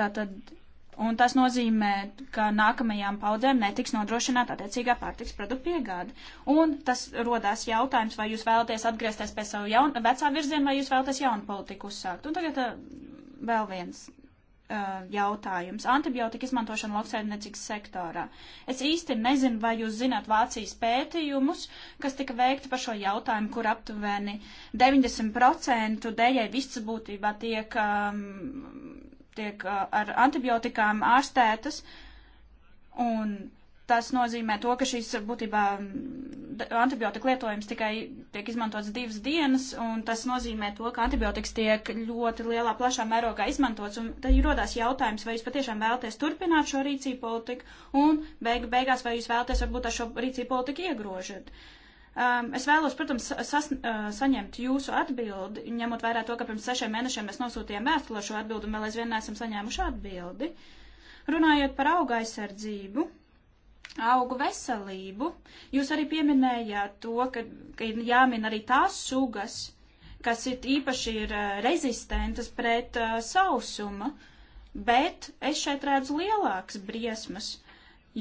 tātad Un tas nozīmē, ka nākamajām paudzēm netiks nodrošināta attiecīgā pārtiks produktu piegāde. Un tas rodās jautājums, vai jūs vēlaties atgriezties pie savu jaun, vecā virzienu, vai jūs vēlaties jaunu politiku uzsākt. Un tagad uh, vēl viens uh, jautājums. Antibiotika izmantošana lauksaimniecības sektorā. Es īsti nezinu, vai jūs zināt Vācijas pētījumus, kas tika veikti par šo jautājumu, kur aptuveni 90% dēļai viss būtībā tiek um, tiek ar antibiotikām ārstētas. Un tas nozīmē to, ka šīs būtībā antibiotika lietojums tikai tiek izmantots divas dienas, un tas nozīmē to, ka antibiotikas tiek ļoti lielā plašā mērogā izmantots, un tad rodās jautājums, vai jūs patiešām vēlaties turpināt šo rīcību politiku, un beigu beigās, vai jūs vēlaties varbūt ar šo rīcību politiku iegrožat. Uh, Um, es vēlos, protams, sas, uh, saņemt jūsu atbildi, ņemot vērā to, ka pirms sešiem mēnešiem mēs nosūtījām vēstuli ar šo atbildi un vēl aizvien neesam saņēmuši atbildi. Runājot par auga aizsardzību, augu veselību, jūs arī pieminējāt to, ka, ka jāmin arī tās sugas, kas ir īpaši ir uh, rezistentas pret uh, sausuma, bet es šeit redzu lielākas briesmas,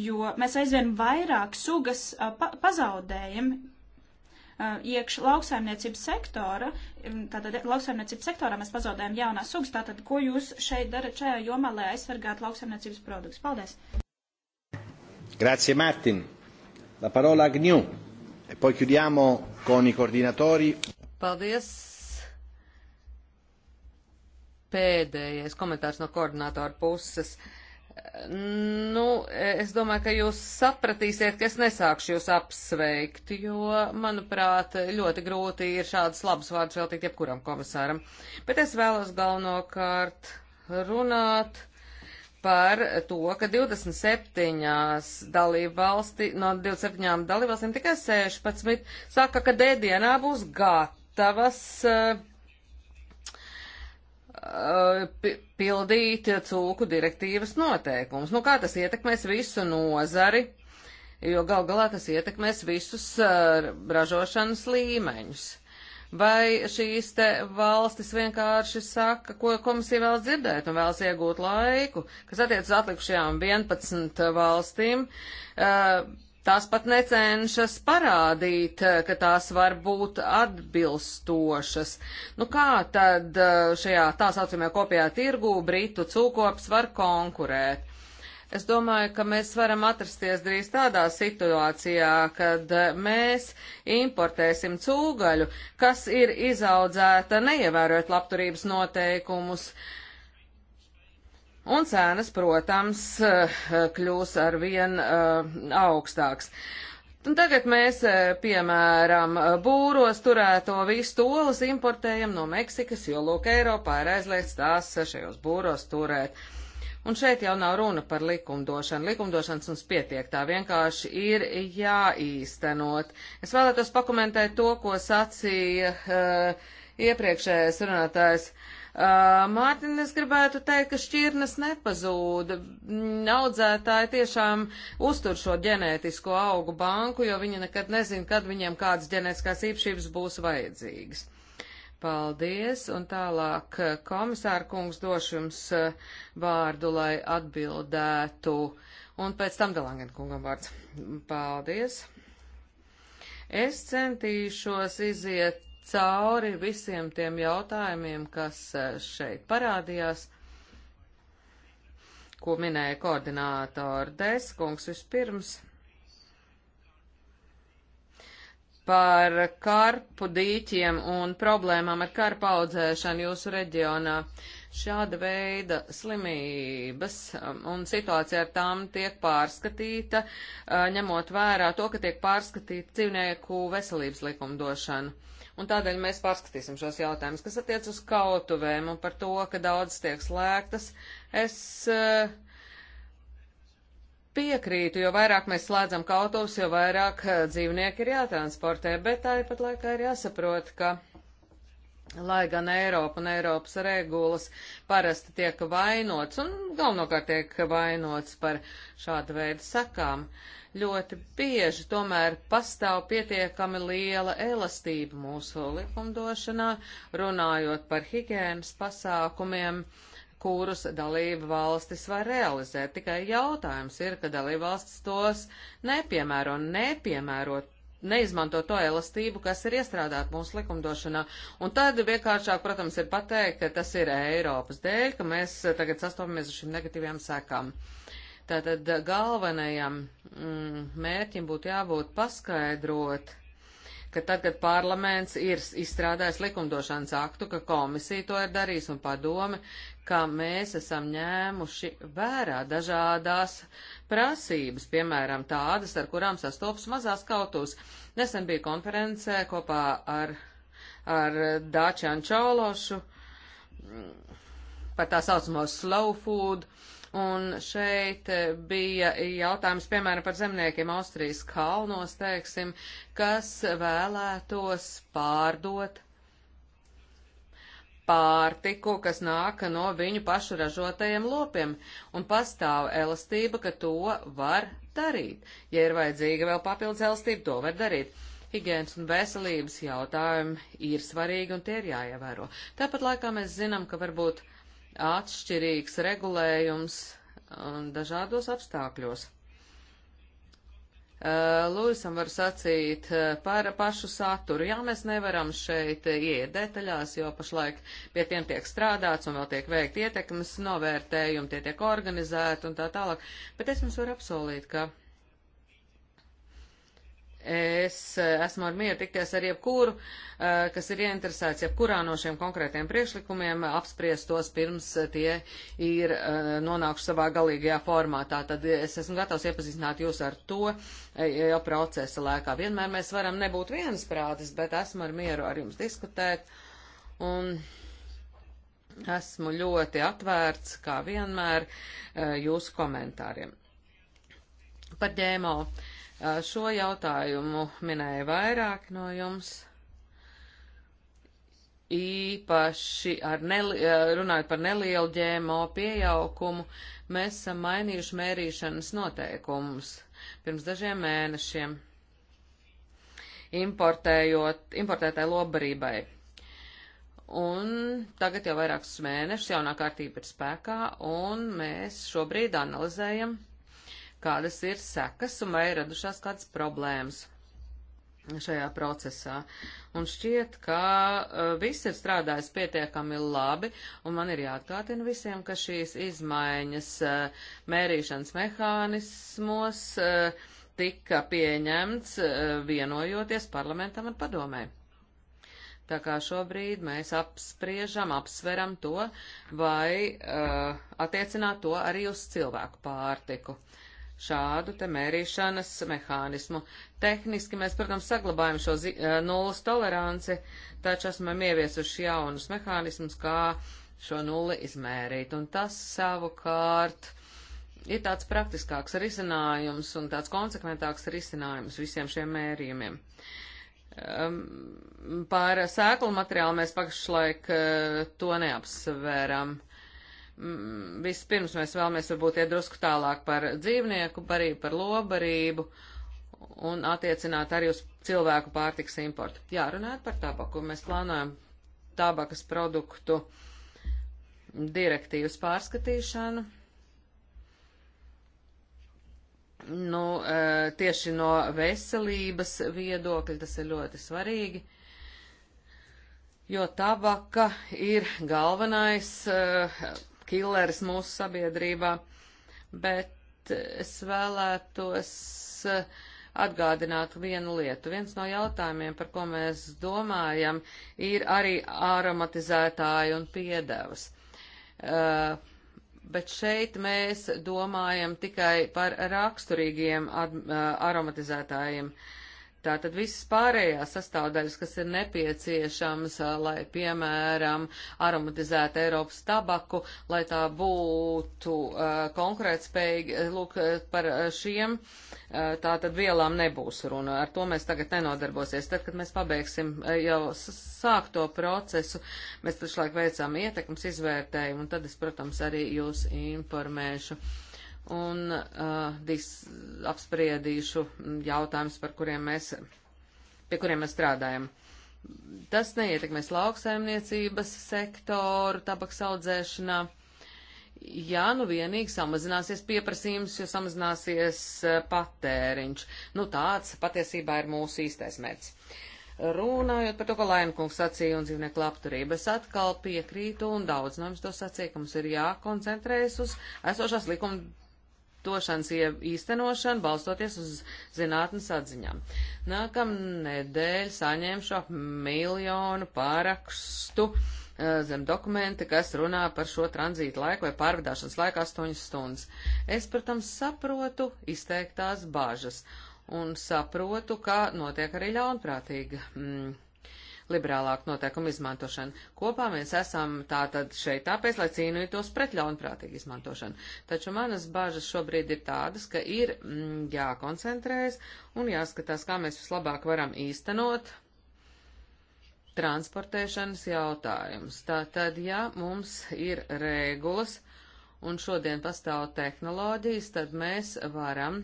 jo mēs aizvien vairāk sugas uh, pa pazaudējam, Eh, iekš lauksaimniecības sektora, mm, tātad lauksaimniecības sektorā mēs pazaudējam jaunās sugas, tātad ko jūs šeit darat šajā jomā, lai aizsargātu lauksaimniecības produktus? Paldies! Grazie Martin. La parola a Gnu. E poi chiudiamo con i coordinatori. Paldies. Pēdējais komentārs no koordinātora puses. Uh, Nu, es domāju, ka jūs sapratīsiet, ka es nesākšu jūs apsveikt, jo, manuprāt, ļoti grūti ir šādas labas vārdas vēl tikt jebkuram komisāram. Bet es vēlos galvenokārt runāt par to, ka 27 dalību valsti, no 27 dalību valstīm tikai 16 saka, ka D dienā būs gatavas. Uh, Uh, pildīt cūku direktīvas noteikumus. Nu, kā tas ietekmēs visu nozari, jo gal galā tas ietekmēs visus uh, ražošanas līmeņus. Vai šīs te valstis vienkārši saka, ko komisija vēl dzirdēt un vēlas iegūt laiku, kas attiec uz atlikušajām 11 valstīm? Uh, Tās pat necenšas parādīt, eh, ka tās var būt atbilstošas. Nu kā tad eh, šajā tā saucamajā kopējā tirgū britu cūkops var konkurēt? Es domāju, ka mēs varam atrasties drīz tādā situācijā, kad eh, mēs importēsim cūgaļu, kas ir izaudzēta neievērot labturības noteikumus. Uh, un cenas, protams, eh, kļūs arvien eh, augstāks. Un tagad mēs, eh, piemēram, būros turēto vistu olas importējam no Meksikas, jo, lūk, Eiropā ir aizliegts tās šajos būros turēt. Un šeit jau nav runa par likumdošanu. Likumdošanas mums pietiek, tā vienkārši ir jāīstenot. Es vēlētos pakomentēt to, ko sacīja uh, iepriekšējais runātājs. Uh, Mārtiņ, es gribētu teikt, ka šķirnes nepazūda. Audzētāji tiešām uztur šo ģenētisko augu banku, jo viņi nekad nezina, kad viņiem kādas ģenētiskās īpašības būs vajadzīgas. Paldies, un tālāk komisāra kungs došu jums vārdu, lai atbildētu, un pēc tam Delangen kungam vārds. Paldies! Es centīšos iziet cauri visiem tiem jautājumiem, kas e, šeit parādījās, ko minēja koordinātori Deskungs vispirms. Par karpu dīķiem un problēmām ar karpa audzēšanu jūsu reģionā. Šāda veida slimības um, un situācija ar tām tiek pārskatīta, uh, ņemot vērā to, ka tiek pārskatīta dzīvnieku veselības likumdošana un tādēļ mēs pārskatīsim šos jautājumus, kas attiec uz kautuvēm un par to, ka daudzas tiek slēgtas. Es uh, piekrītu, jo vairāk mēs slēdzam kautuves, jo vairāk eh, dzīvnieki ir jātransportē, bet tāpat laikā ir jāsaprot, ka Lai gan Eiropa un Eiropas regulas parasti tiek vainots un galvenokārt tiek vainots par šādu veidu sakām, ļoti bieži tomēr pastāv pietiekami liela elastība mūsu likumdošanā, runājot par higiēnas pasākumiem, kurus dalību valstis var realizēt. Tikai jautājums ir, ka dalību valstis tos nepiemēro, nepiemērot neizmanto to elastību, kas ir iestrādāt mūsu likumdošanā. Un tad vienkāršāk, protams, ir pateikt, ka tas ir Eiropas dēļ, ka mēs tagad sastopamies ar šīm negatīvajām sekām. Tātad galvenajam mm, mērķim būtu jābūt paskaidrot, ka tad, kad parlaments ir izstrādājis likumdošanas aktu, ka komisija to ir darījusi un padome, ka mēs esam ņēmuši vērā dažādās prasības, piemēram, tādas, ar kurām sastopas mazās kautos. Nesen bija konferencē kopā ar, ar Dāčānu Čaulošu par tā saucamo slow food. Un šeit bija jautājums, piemēram, par zemniekiem Austrijas kalnos, teiksim, kas vēlētos pārdot pārtiku, kas nāk no viņu pašu ražotajiem lopiem, un pastāv elastība, ka to var darīt. Ja ir vajadzīga vēl papildus elastība, to var darīt. Higienas un veselības jautājumi ir svarīgi un tie ir jāievēro. Tāpat laikā mēs zinām, ka varbūt atšķirīgs regulējums um, dažādos apstākļos. Eh, Lūisam var sacīt eh, par pašu saturu. Jā, mēs nevaram šeit ieiet detaļās, jo pašlaik pie tiem tiek strādāts un vēl tiek veikt ietekmes novērtējumi, tie tiek organizēti un tā tālāk. Bet es jums varu apsolīt, ka Es eh, esmu ar mieru tikties ar jebkuru, eh, kas ir ieinteresēts jebkurā no šiem konkrētiem priekšlikumiem, apspriest tos pirms eh, tie ir nonākuši savā galīgajā formātā. Tad es esmu gatavs iepazīstināt jūs ar to jau procesa laikā. Vienmēr mēs varam nebūt viensprātis, bet esmu ar mieru ar jums diskutēt. Un esmu ļoti atvērts, kā vienmēr, jūsu komentāriem. Par ģēmo. Uh, Eh, šo jautājumu minēja vairāk no jums. Īpaši ar neli, eh, runājot par nelielu ģēmo pieaugumu, mēs esam mainījuši mērīšanas noteikumus pirms dažiem mēnešiem, importētai lobarībai. Un tagad jau vairākus mēnešus jaunā kārtība ir spēkā, un mēs šobrīd analizējam uh, kādas ir sekas un vai ir radušās kādas problēmas šajā procesā. Un šķiet, ka uh, viss ir strādājis pietiekami labi, un man ir jāatkārtina visiem, ka šīs izmaiņas uh, mērīšanas mehānismos uh, tika pieņemts vienojoties parlamentam un padomē. Tā kā šobrīd mēs apspriežam, apsveram to, vai uh, attiecināt to arī uz cilvēku pārtiku. Uh, šādu te mērīšanas mehānismu. Tehniski mēs, protams, saglabājam šo eh, nulles toleranci, taču esam ieviesuši jaunus mehānismus, kā šo nulli izmērīt, un tas savukārt ir tāds praktiskāks risinājums un tāds konsekventāks risinājums visiem šiem mērījumiem. Um, par sēklu materiālu mēs pašlaik uh, to neapsveram. Mm, vispirms mēs vēlamies varbūt iet drusku tālāk par dzīvnieku barību, par lobarību un attiecināt arī uz cilvēku pārtiks importu. Jā, runājot par tabaku, mēs plānojam tabakas produktu direktīvas pārskatīšanu. Nu, e, tieši no veselības viedokļa tas ir ļoti svarīgi jo tabaka ir galvenais uh, killeris mūsu sabiedrībā, bet es vēlētos eh, atgādināt vienu lietu. Viens no jautājumiem, par ko mēs domājam, ir arī aromatizētāji un piedevas. Uh, bet šeit mēs domājam tikai par raksturīgiem eh, aromatizētājiem. Uh, Tātad visas pārējās sastāvdaļas, kas ir nepieciešamas, lai, piemēram, aromatizētu Eiropas tabaku, lai tā būtu uh, konkurētspējīga, lūk, par šiem uh, tātad vielām nebūs runa. Ar to mēs tagad nenodarbosies. Tad, kad mēs pabeigsim uh, jau sākto procesu, mēs taču laik veicām ietekmes izvērtējumu, un tad es, protams, arī jūs informēšu. Uh, un uh, dis, apspriedīšu jautājumus, par kuriem mēs, pie kuriem mēs strādājam. Tas neietekmēs lauksaimniecības sektoru, tabaks audzēšanā. Jā, nu vienīgi samazināsies pieprasījums, jo samazināsies uh, patēriņš. Nu tāds patiesībā ir mūsu īstais mērķis. Runājot par to, ko Lainkungs sacīja un dzīvnieku labturību, es atkal piekrītu un daudz no jums to sacīja, ka mums ir jākoncentrējas uz esošās likuma likumdošanas īstenošanu, balstoties uz zinātnes atziņām. Nākamnedēļ saņemšu ap miljonu pārakstu eh, zem dokumenti, kas runā par šo tranzītu laiku vai pārvadāšanas laiku 8 stundas. Es, protams, saprotu izteiktās bāžas un saprotu, ka notiek arī ļaunprātīga mm, liberālāku noteikumu izmantošanu. Kopā mēs esam tātad šeit tāpēc, lai cīnītos pret ļaunprātīgu izmantošanu. Taču manas bažas šobrīd ir tādas, ka ir mm, jākoncentrējas un jāskatās, kā mēs vislabāk varam īstenot transportēšanas jautājums. Tātad, ja mums ir regulas un šodien pastāv tehnoloģijas, tad mēs varam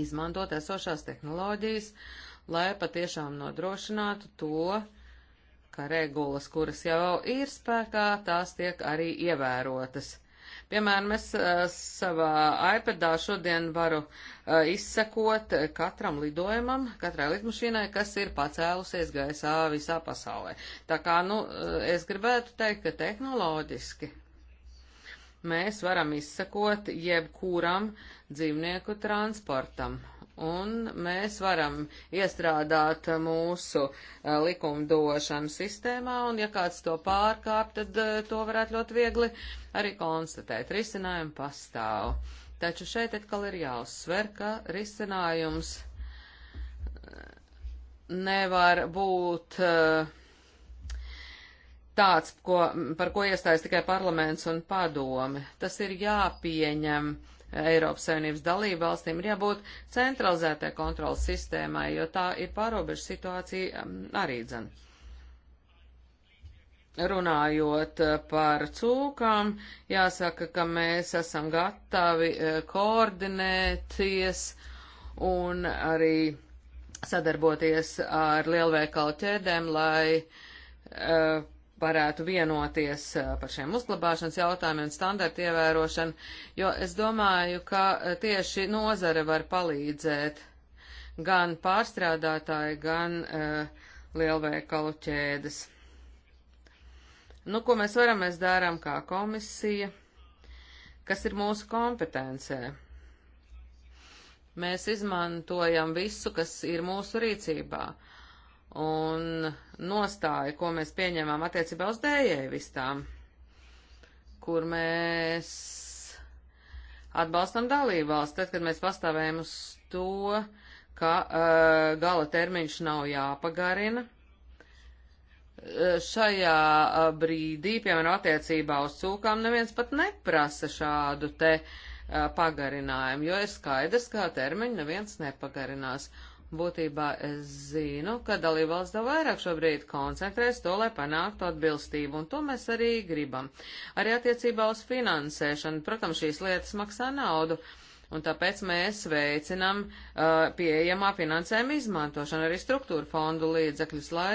izmantot esošās tehnoloģijas, uh, lai patiešām nodrošinātu to, ka regulas, kuras jau ir spēkā, tās tiek arī ievērotas. Piemēram, es uh, savā iPadā šodien varu uh, izsekot katram lidojumam, katrai lidmašīnai, kas ir pacēlusies gaisā visā pasaulē. Tā kā, nu, eh, es gribētu teikt, ka tehnoloģiski mēs varam izsekot jebkuram dzīvnieku transportam un mēs varam iestrādāt mūsu eh, likumdošanu sistēmā, un ja kāds to pārkāp, tad eh, to varētu ļoti viegli arī konstatēt. Risinājumi pastāv. Taču šeit atkal ir jāuzsver, ka risinājums eh, nevar būt tāds, ko, par ko iestājas tikai parlaments un padome. Tas ir jāpieņem uh, Eiropas Savienības dalību valstīm ir jābūt centralizētai kontrolas sistēmai, jo tā ir pārobežu situācija um, arī dzen. Runājot uh, par cūkām, jāsaka, ka mēs esam gatavi uh, koordinēties un arī sadarboties ar lielveikalu ķēdēm, lai uh, varētu vienoties eh, par šiem uzglabāšanas jautājumiem, standartu ievērošanu, jo es domāju, ka eh, tieši nozare var palīdzēt gan pārstrādātāji, gan uh, lielveikalu ķēdes. Nu, ko mēs varam, mēs darām kā komisija, kas ir mūsu kompetencē. Mēs izmantojam visu, kas ir mūsu rīcībā. Uh, un nostāja, ko mēs pieņēmām attiecībā uz dējēvistām, kur mēs atbalstam dalībvalsts, tad, kad mēs pastāvējam uz to, ka uh, gala termiņš nav jāpagarina. Uh, šajā uh, brīdī, piemēram, attiecībā uz cūkām, neviens pat neprasa šādu te uh, pagarinājumu, jo ir skaidrs, ka termiņu neviens nepagarinās. Uh, Būtībā es zinu, ka dalībvalsts daudz vairāk šobrīd koncentrēs to, lai panāktu atbilstību, un to mēs arī gribam. Arī attiecībā uz finansēšanu, protams, šīs lietas maksā naudu un tāpēc mēs veicinam uh, pieejamā finansējuma izmantošanu arī struktūra fondu līdzekļus, lai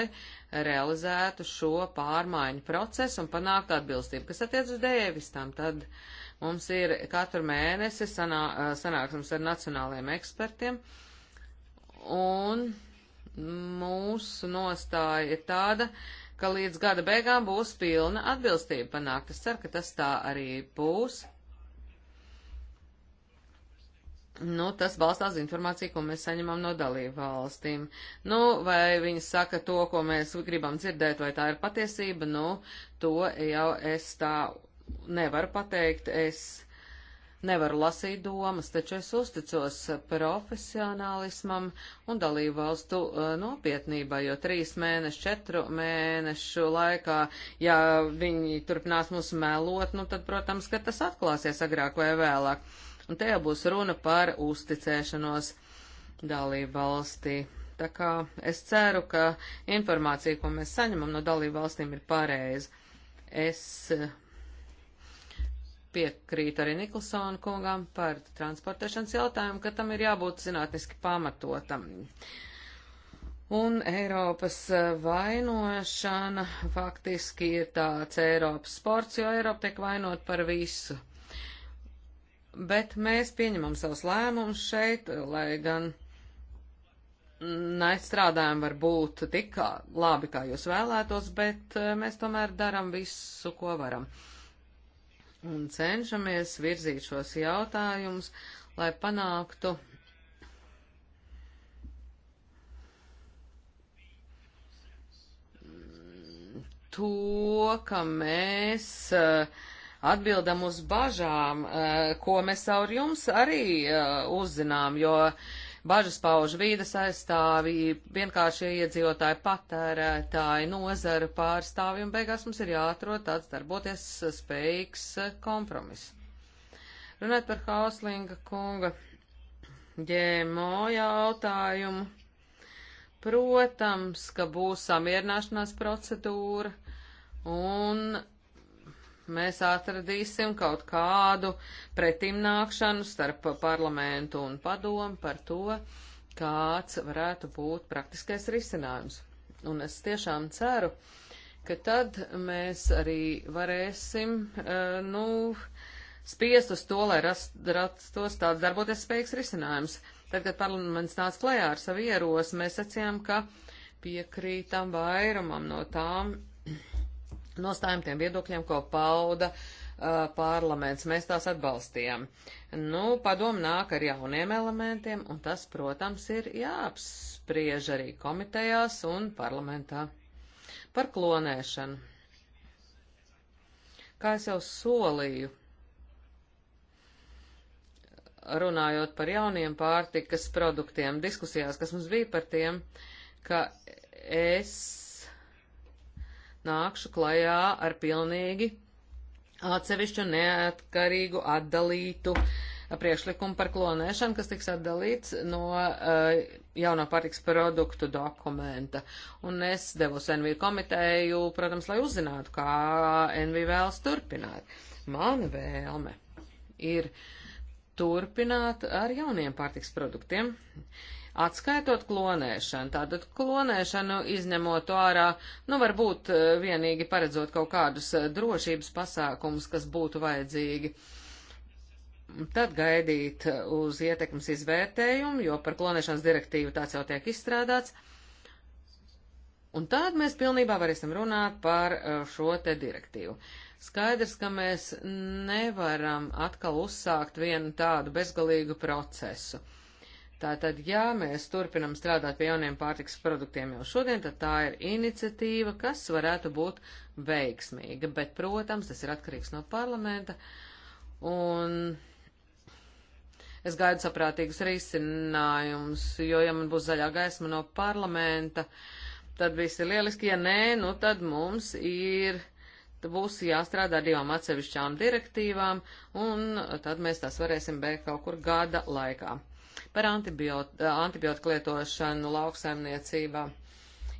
realizētu šo pārmaiņu procesu un panāktu atbilstību. Kas attiec uz dēvistam, tad mums ir katru mēnesi sanā, uh, sanāksmes ar nacionālajiem ekspertiem. Uh, un mūsu nostāja ir tāda, ka līdz gada beigām būs pilna atbilstība panākt. Es ceru, ka tas tā arī būs. Nu, tas balstās informāciju, ko mēs saņemam no dalību valstīm. Nu, vai viņi saka to, ko mēs gribam dzirdēt, vai tā ir patiesība, nu, to jau es tā nevaru pateikt. Es Nevaru lasīt domas, taču es uzticos profesionālismam un dalību valstu uh, nopietnībai, jo trīs mēnešu, četru mēnešu laikā, ja viņi turpinās mūs melot, nu tad, protams, ka tas atklāsies agrāk vai vēlāk. Un te jau būs runa par uzticēšanos dalību valstī. Tā kā es ceru, ka informācija, ko mēs saņemam no dalību valstīm, ir pareiza. Es piekrīt arī Niklsona kungam par transportēšanas jautājumu, ka tam ir jābūt zinātniski pamatotam. Un Eiropas vainošana faktiski ir tāds Eiropas sports, jo Eiropa tiek vainot par visu. Bet mēs pieņemam savus lēmumus šeit, lai gan nestrādājam varbūt tik labi, kā jūs vēlētos, bet eh, mēs tomēr daram visu, ko varam. Uh, un cenšamies virzīt šos jautājumus, lai panāktu to, ka mēs eh, atbildam uz bažām, eh, ko mēs caur jums arī eh, uzzinām, jo uh, Bažas pauž vīdas aizstāvji, vienkāršie iedzīvotāji, patērētāji, nozara pārstāvji, un beigās mums ir jāatrod tāds darboties spējīgs kompromis. Runāt par Hauslinga kunga ģēmo jautājumu. Protams, ka būs samierināšanās procedūra, un mēs atradīsim kaut kādu pretimnākšanu starp parlamentu un padomu par to, kāds varētu būt praktiskais risinājums. Un es tiešām ceru, ka tad mēs arī varēsim, eh, nu, spiest uz to, lai rastos tāds darboties spējīgs risinājums. Tad, kad parlaments nāca klajā ar savu ierosi, mēs sacījām, ka piekrītam vairumam no tām nostājumu, tiem viedokļiem, ko pauda uh, parlaments. Mēs tās atbalstījām. Nu, padomu nāk ar jauniem elementiem, un tas, protams, ir jāapspriež arī komitejās un parlamentā. Par klonēšanu. Kā es jau solīju, runājot par jauniem pārtikas produktiem, diskusijās, kas mums bija par tiem, ka es nākšu klajā ar pilnīgi atsevišķu neatkarīgu atdalītu priekšlikumu par klonēšanu, kas tiks atdalīts no uh, eh, jauno pārtiks produktu dokumenta. Un es devos NV komiteju, protams, lai uzzinātu, kā NV vēlas turpināt. Mana vēlme ir turpināt ar jauniem pārtiks produktiem. Uh, Atskaitot klonēšanu, tātad klonēšanu izņemot to ārā, nu varbūt eh, vienīgi paredzot kaut kādus eh, drošības pasākumus, kas būtu vajadzīgi. Tad gaidīt eh, uz ietekmes izvērtējumu, jo par klonēšanas direktīvu tāds jau tiek izstrādāts. Un tad mēs pilnībā varēsim runāt par šo te direktīvu. Skaidrs, ka mēs nevaram atkal uzsākt vienu tādu bezgalīgu procesu. Uh, Tātad, ja mēs turpinam strādāt pie jauniem pārtiks produktiem jau šodien, tad tā ir iniciatīva, kas varētu būt veiksmīga, bet, protams, tas ir atkarīgs no parlamenta, un es gaidu saprātīgus risinājumus, jo, ja man būs zaļā gaisma no parlamenta, tad viss ir lieliski, ja nē, nu tad mums ir būs jāstrādā divām atsevišķām direktīvām, un tad mēs tās varēsim beigt kaut kur gada laikā. Par antibiot, antibiotiku lietošanu lauksaimniecībā.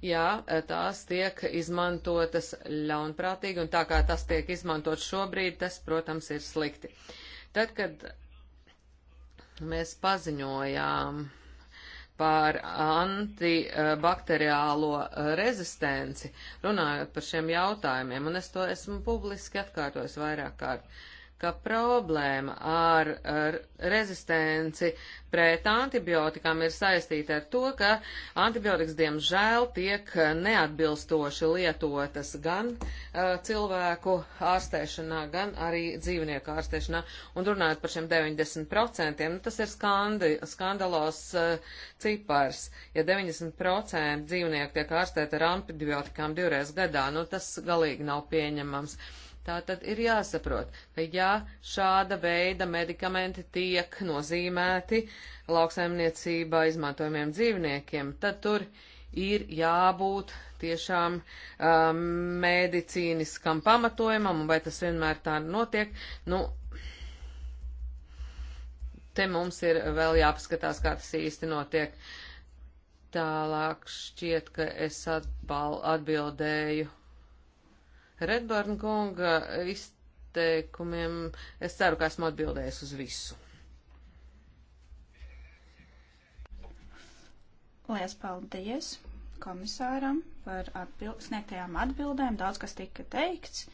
Jā, tās tiek izmantotas ļaunprātīgi, un tā kā tas tiek izmantot šobrīd, tas, protams, ir slikti. Tad, kad mēs paziņojām par antibakteriālo rezistenci, runājot par šiem jautājumiem, un es to esmu publiski atkārtojis vairāk kārt ka problēma ar, ar rezistenci pret antibiotikām ir saistīta ar to, ka antibiotikas diemžēl tiek neatbilstoši lietotas gan uh, cilvēku ārstēšanā, gan arī dzīvnieku ārstēšanā. Un runājot par šiem 90%, nu, tas ir skandi, skandalos uh, cipars. Ja 90% dzīvnieku tiek ārstēti ar antibiotikām divreiz gadā, nu tas galīgi nav pieņemams. Uh, Tā tad ir jāsaprot, ka ja šāda veida medikamenti tiek nozīmēti lauksaimniecībā izmantojumiem dzīvniekiem, tad tur ir jābūt tiešām um, medicīniskam pamatojumam, un vai tas vienmēr tā notiek, nu, te mums ir vēl jāpaskatās, kā tas īsti notiek. Tālāk šķiet, ka es atbal, atbildēju Redborn kunga izteikumiem. Es ceru, ka esmu atbildējis uz visu. Lielas paldies komisāram par atbild, sniegtajām atbildēm. Daudz kas tika teikts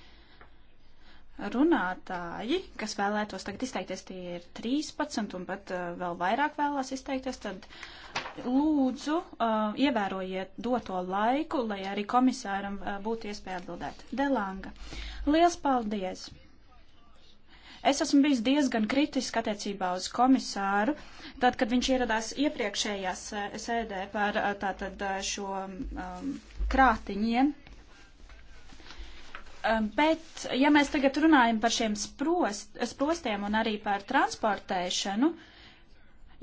runātāji, kas vēlētos tagad izteikties, tie ir 13 un pat uh, vēl vairāk vēlās izteikties, tad lūdzu uh, ievērojiet doto laiku, lai arī komisāram uh, būtu iespēja atbildēt. Delanga, liels paldies! Es esmu bijis diezgan kritiski attiecībā uz komisāru, tad, kad viņš ieradās iepriekšējā sēdē par tātad šo um, krātiņiem. Ja? Bet, ja mēs tagad runājam par šiem sprost, sprostiem un arī par transportēšanu,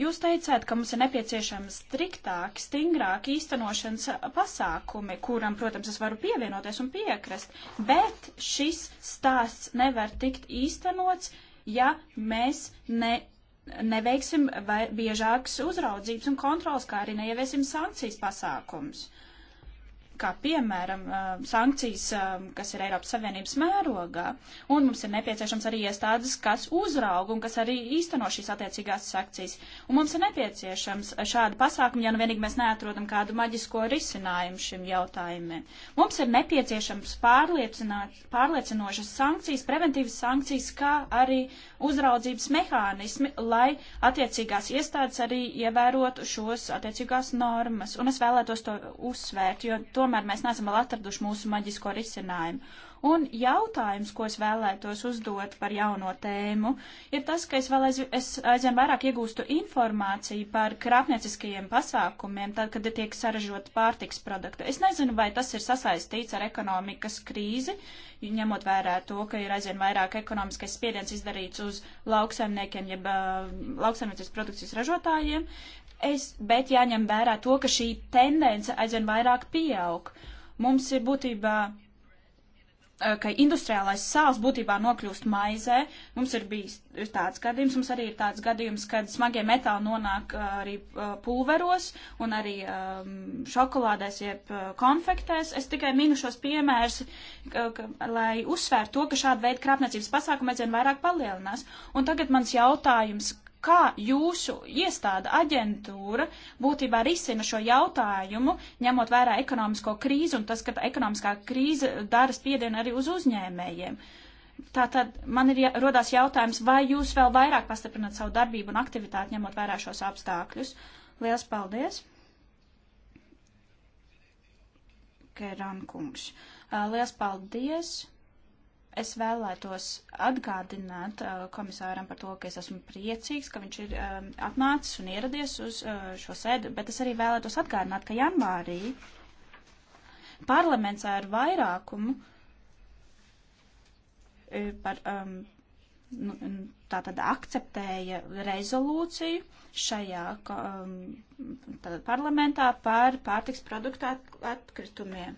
jūs teicāt, ka mums ir nepieciešami striktāki, stingrāki īstenošanas pasākumi, kuram, protams, es varu pievienoties un piekrist, bet šis stāsts nevar tikt īstenots, ja mēs ne, neveiksim biežākas uzraudzības un kontrols, kā arī neieviesim sankcijas pasākums kā piemēram sankcijas, kas ir Eiropas Savienības mērogā, un mums ir nepieciešams arī iestādes, kas uzrauga un kas arī īsteno šīs attiecīgās sankcijas. Un mums ir nepieciešams šādi pasākumi, ja nu vienīgi mēs neatrodam kādu maģisko risinājumu šim jautājumiem. Mums ir nepieciešams pārliecinošas sankcijas, preventīvas sankcijas, kā arī uzraudzības mehānismi, lai attiecīgās iestādes arī ievērotu šos attiecīgās normas. Un es vēlētos to uzsvērt, jo to tomēr mēs neesam vēl atraduši mūsu maģisko risinājumu. Un jautājums, ko es vēlētos uzdot par jauno tēmu, ir tas, ka es vēl aiz, es aizvien vairāk iegūstu informāciju par krāpnieciskajiem pasākumiem, tad, kad tiek saražot pārtiks produktu. Es nezinu, vai tas ir sasaistīts ar ekonomikas krīzi, ņemot vērā to, ka ir aizvien vairāk ekonomiskais spiediens izdarīts uz lauksaimniekiem, jeb uh, lauksaimniecības produkcijas ražotājiem, Es, bet jāņem vērā to, ka šī tendence aizvien vairāk pieaug. Mums ir būtībā, eh, ka industriālais sāls būtībā nokļūst maizē. Mums ir bijis ir tāds gadījums, mums arī ir tāds gadījums, kad smagie metāli nonāk eh, arī eh, pulveros un arī um, šokolādēs jeb konfektēs. Es tikai minu šos piemērus, lai uzsvērtu to, ka šāda veida krāpniecības pasākumi aizvien vairāk palielinās. Un tagad mans jautājums, kā jūsu iestāda aģentūra būtībā risina šo jautājumu, ņemot vērā ekonomisko krīzi un tas, ka ekonomiskā krīze dara spiedienu arī uz uzņēmējiem. Tātad man ir rodās jautājums, vai jūs vēl vairāk pastiprināt savu darbību un aktivitāti, ņemot vērā šos apstākļus. Lielas paldies! Kerankungs. Lielas paldies! Es vēlētos atgādināt uh, komisāram par to, ka es esmu priecīgs, ka viņš ir um, atnācis un ieradies uz uh, šo sēdi, bet es arī vēlētos atgādināt, ka janvārī parlaments ar vairākumu e, par, um, nu, tā tad akceptēja rezolūciju šajā um, parlamentā par pārtiks produktu atkritumiem.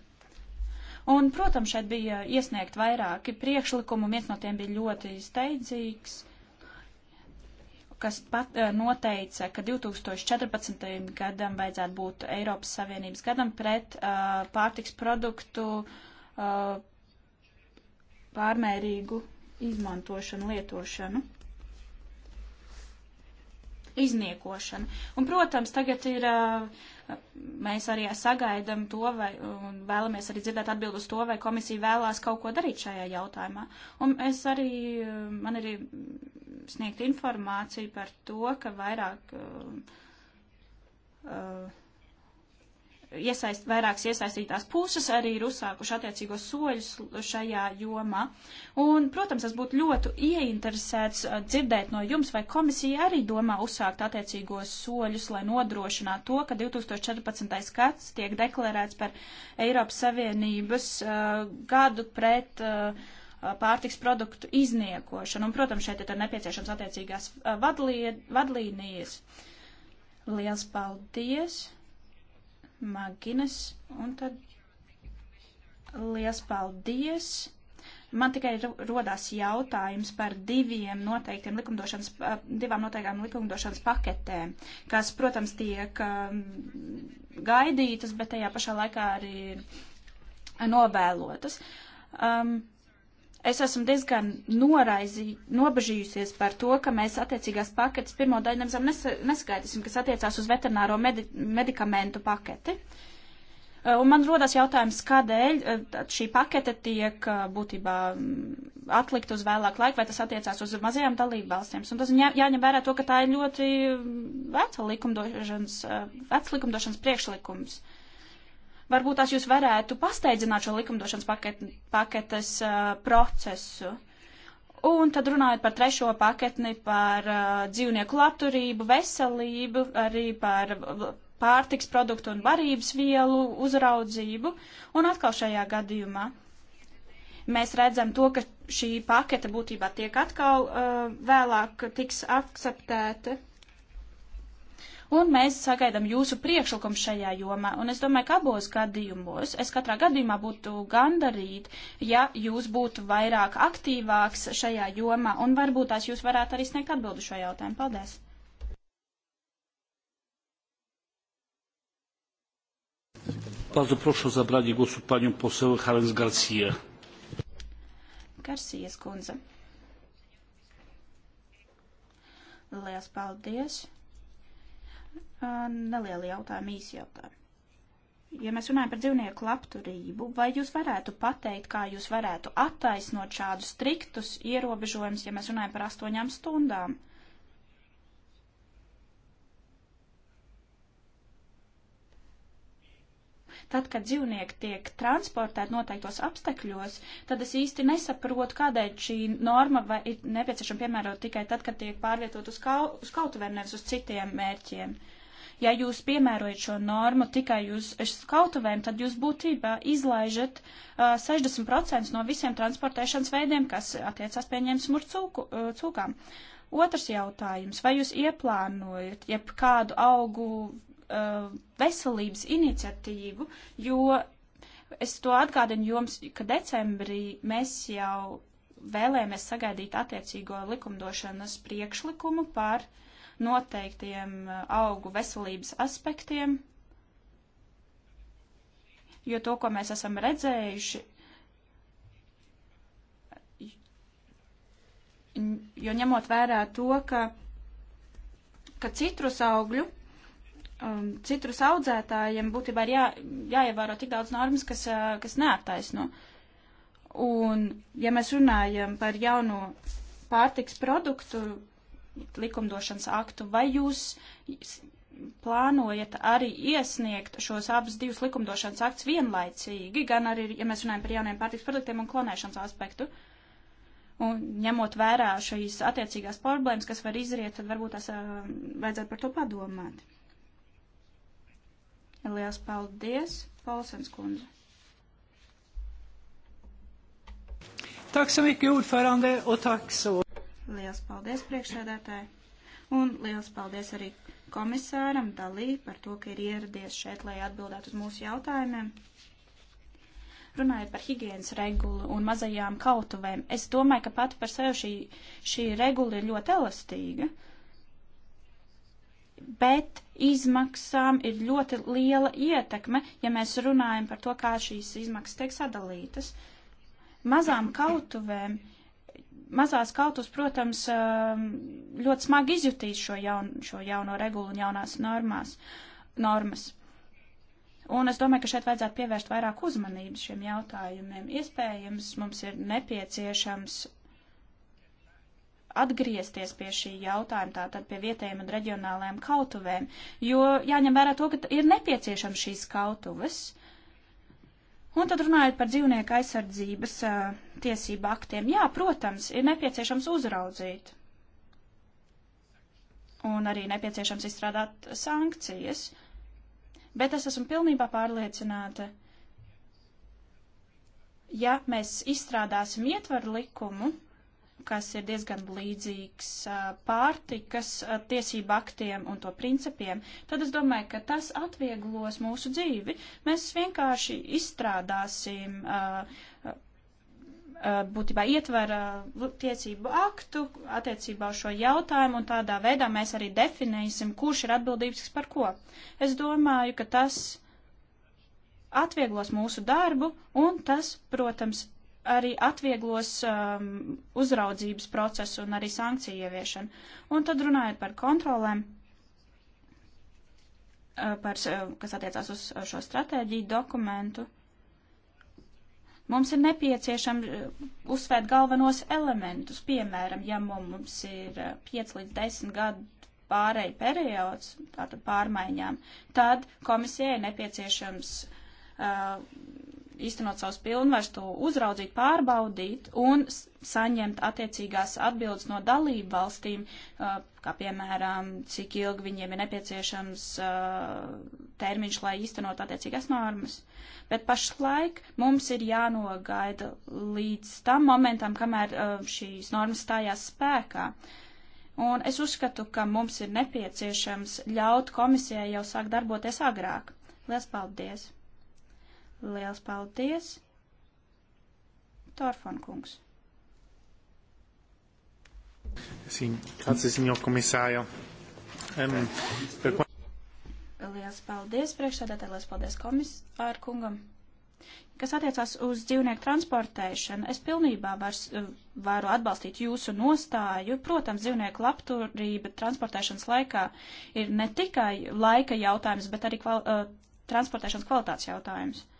Un, protams, šeit bija iesniegt vairāki priekšlikumi, un viens no tiem bija ļoti steidzīgs, kas pat eh, noteica, ka 2014. gadam vajadzētu būt Eiropas Savienības gadam pret uh, pārtiks produktu uh, pārmērīgu izmantošanu, lietošanu izniekošana. Un, protams, tagad ir, mēs arī sagaidam to, vai vēlamies arī dzirdēt atbildu uz to, vai komisija vēlās kaut ko darīt šajā jautājumā. Un es arī, man arī sniegt informāciju par to, ka vairāk. Uh, uh, iesaist, vairākas iesaistītās puses arī ir uzsākuši attiecīgos soļus šajā jomā. Un, protams, es būtu ļoti ieinteresēts uh, dzirdēt no jums, vai komisija arī domā uzsākt attiecīgos soļus, lai nodrošinātu to, ka 2014. gads tiek deklarēts par Eiropas Savienības uh, gadu pret uh, uh pārtiks produktu izniekošanu. Un, protams, šeit ir nepieciešams attiecīgās uh, vadlī, vadlīnijas. Liels paldies! Magines, un tad liels paldies! Man tikai rodās jautājums par diviem noteiktiem likumdošanas, divām noteiktām likumdošanas paketēm, kas, protams, tiek gaidītas, bet tajā pašā laikā arī novēlotas. Um, Es esmu diezgan noraizī, nobežījusies par to, ka mēs attiecīgās paketes pirmo daļu nemazam neskaidrosim, kas attiecās uz veterināro medi medikamentu paketi. Eh, un man rodas jautājums, kādēļ eh, šī pakete tiek eh, būtībā mm, atlikt uz vēlāku laiku, vai tas attiecās uz mazajām dalību valstīm. Un tas jā, jāņem vērā to, ka tā ir ļoti mm, veca likumdošanas, veca likumdošanas priekšlikums. Uh, Varbūt tās jūs varētu pasteidzināt šo likumdošanas paket, paketes uh, procesu. Un tad runājot par trešo paketni, par uh, dzīvnieku labturību, veselību, arī par pārtiks produktu un barības vielu uzraudzību. Un atkal šajā gadījumā mēs redzam to, ka šī pakete būtībā tiek atkal uh, vēlāk tiks akceptēta un mēs sagaidām jūsu priekšlikumu šajā jomā. Un es domāju, ka abos gadījumos, es katrā gadījumā būtu gandarīt, ja jūs būtu vairāk aktīvāks šajā jomā, un varbūt tās jūs varētu arī sniegt atbildu šo jautājumu. Paldies! Bardzo proszę o zabranie głosu panią poseł Harens Garcia. Garcia skundze. Liels paldies! nelieli jautājumi, īsi jautājumi. Ja mēs runājam par dzīvnieku labturību, vai jūs varētu pateikt, kā jūs varētu attaisnot šādus striktus ierobežojumus, ja mēs runājam par astoņām stundām? Tad, kad dzīvnieki tiek transportēti noteiktos apstākļos, tad es īsti nesaprotu, kādēļ šī norma vai ir nepieciešama piemērot tikai tad, kad tiek pārvietot uz, kau, uz kautuvēm, nevis uz citiem mērķiem. Ja jūs piemērojat šo normu tikai uz kautuvēm, tad jūs būtībā izlaižat uh, 60% no visiem transportēšanas veidiem, kas attiecās pieņemsim uz cūku, uh, cūkām. Otrs jautājums. Vai jūs ieplānojat jebkādu augu uh, veselības iniciatīvu, jo es to atgādinu jums, ka decembrī mēs jau vēlēmies sagaidīt attiecīgo likumdošanas priekšlikumu par noteiktiem uh, augu veselības aspektiem, jo to, ko mēs esam redzējuši, jo ņemot vērā to, ka, ka citrus augļu um, citrus audzētājiem būtībā ir jā, jāievēro tik daudz normas, kas, uh, kas neattaisno. Un, ja mēs runājam par jauno pārtiks produktu likumdošanas aktu, vai jūs plānojat arī iesniegt šos abus divus likumdošanas aktus vienlaicīgi, gan arī, ja mēs runājam par jauniem pārtiks produktiem un klonēšanas aspektu? Un ņemot vērā šīs attiecīgās problēmas, kas var izriet, tad varbūt tas uh, vajadzētu par to padomāt. Liels paldies, Polsens kundze. Tack så mycket ordförande och tack så. Liels paldies priekšsēdētāji un liels paldies arī komisāram Dalī par to, ka ir ieradies šeit, lai atbildētu uz mūsu jautājumiem. Runājot par higiēnas regulu un mazajām kautuvēm, es domāju, ka pati par sevi šī, šī regula ir ļoti elastīga, bet izmaksām ir ļoti liela ietekme, ja mēs runājam par to, kā šīs izmaksas tiek sadalītas. Mazām kautuvēm, mazās kautus, protams, um, ļoti smagi izjutīs šo, jaun, šo jauno regulu un jaunās normās, normas. Un es domāju, ka šeit vajadzētu pievērst vairāk uzmanības šiem jautājumiem. Iespējams, mums ir nepieciešams atgriezties pie šī jautājuma, tātad pie vietējiem un reģionālajiem kautuvēm, jo jāņem vērā to, ka ir nepieciešams šīs kautuves. Un tad runājot par dzīvnieku aizsardzības uh, tiesību aktiem, jā, protams, ir nepieciešams uzraudzīt. Un arī nepieciešams izstrādāt sankcijas. Bet es esmu pilnībā pārliecināta, ja mēs izstrādāsim ietvaru likumu, kas ir diezgan līdzīgs pārtikas tiesību aktiem un to principiem, tad es domāju, ka tas atvieglos mūsu dzīvi. Mēs vienkārši izstrādāsim būtībā ietvera tiesību aktu attiecībā uz šo jautājumu, un tādā veidā mēs arī definēsim, kurš ir atbildības par ko. Es domāju, ka tas atvieglos mūsu darbu, un tas, protams, arī atvieglos um, uzraudzības procesu un arī sankciju ieviešanu. Un tad runājot par kontrolēm, uh, par, uh, kas attiecās uz uh, šo stratēģiju dokumentu, mums ir nepieciešama uzsvērt galvenos elementus. Piemēram, ja mums ir 5 līdz 10 gadu pārēja periods, tātad pārmaiņām, tad komisijai nepieciešams uh, īstenot savus pilnvars, to uzraudzīt, pārbaudīt un saņemt attiecīgās atbildes no dalību valstīm, uh, kā piemēram, cik ilgi viņiem ir nepieciešams uh, termiņš, lai īstenot attiecīgās normas. Bet pašlaik mums ir jānogaida līdz tam momentam, kamēr uh, šīs normas stājās spēkā. Un es uzskatu, ka mums ir nepieciešams ļaut komisijai jau sākt darboties agrāk. Lielas paldies! Liels paldies! Torfon kungs. Grazie, signor komisājo. Um, par... Liels paldies priekšsēdētāji, liels paldies komisāru kungam. Kas attiecās uz dzīvnieku transportēšanu, es pilnībā vairs, varu atbalstīt jūsu nostāju. Protams, dzīvnieku labturība transportēšanas laikā ir ne tikai laika jautājums, bet arī kval, uh, transportēšanas kvalitātes jautājums. Uh,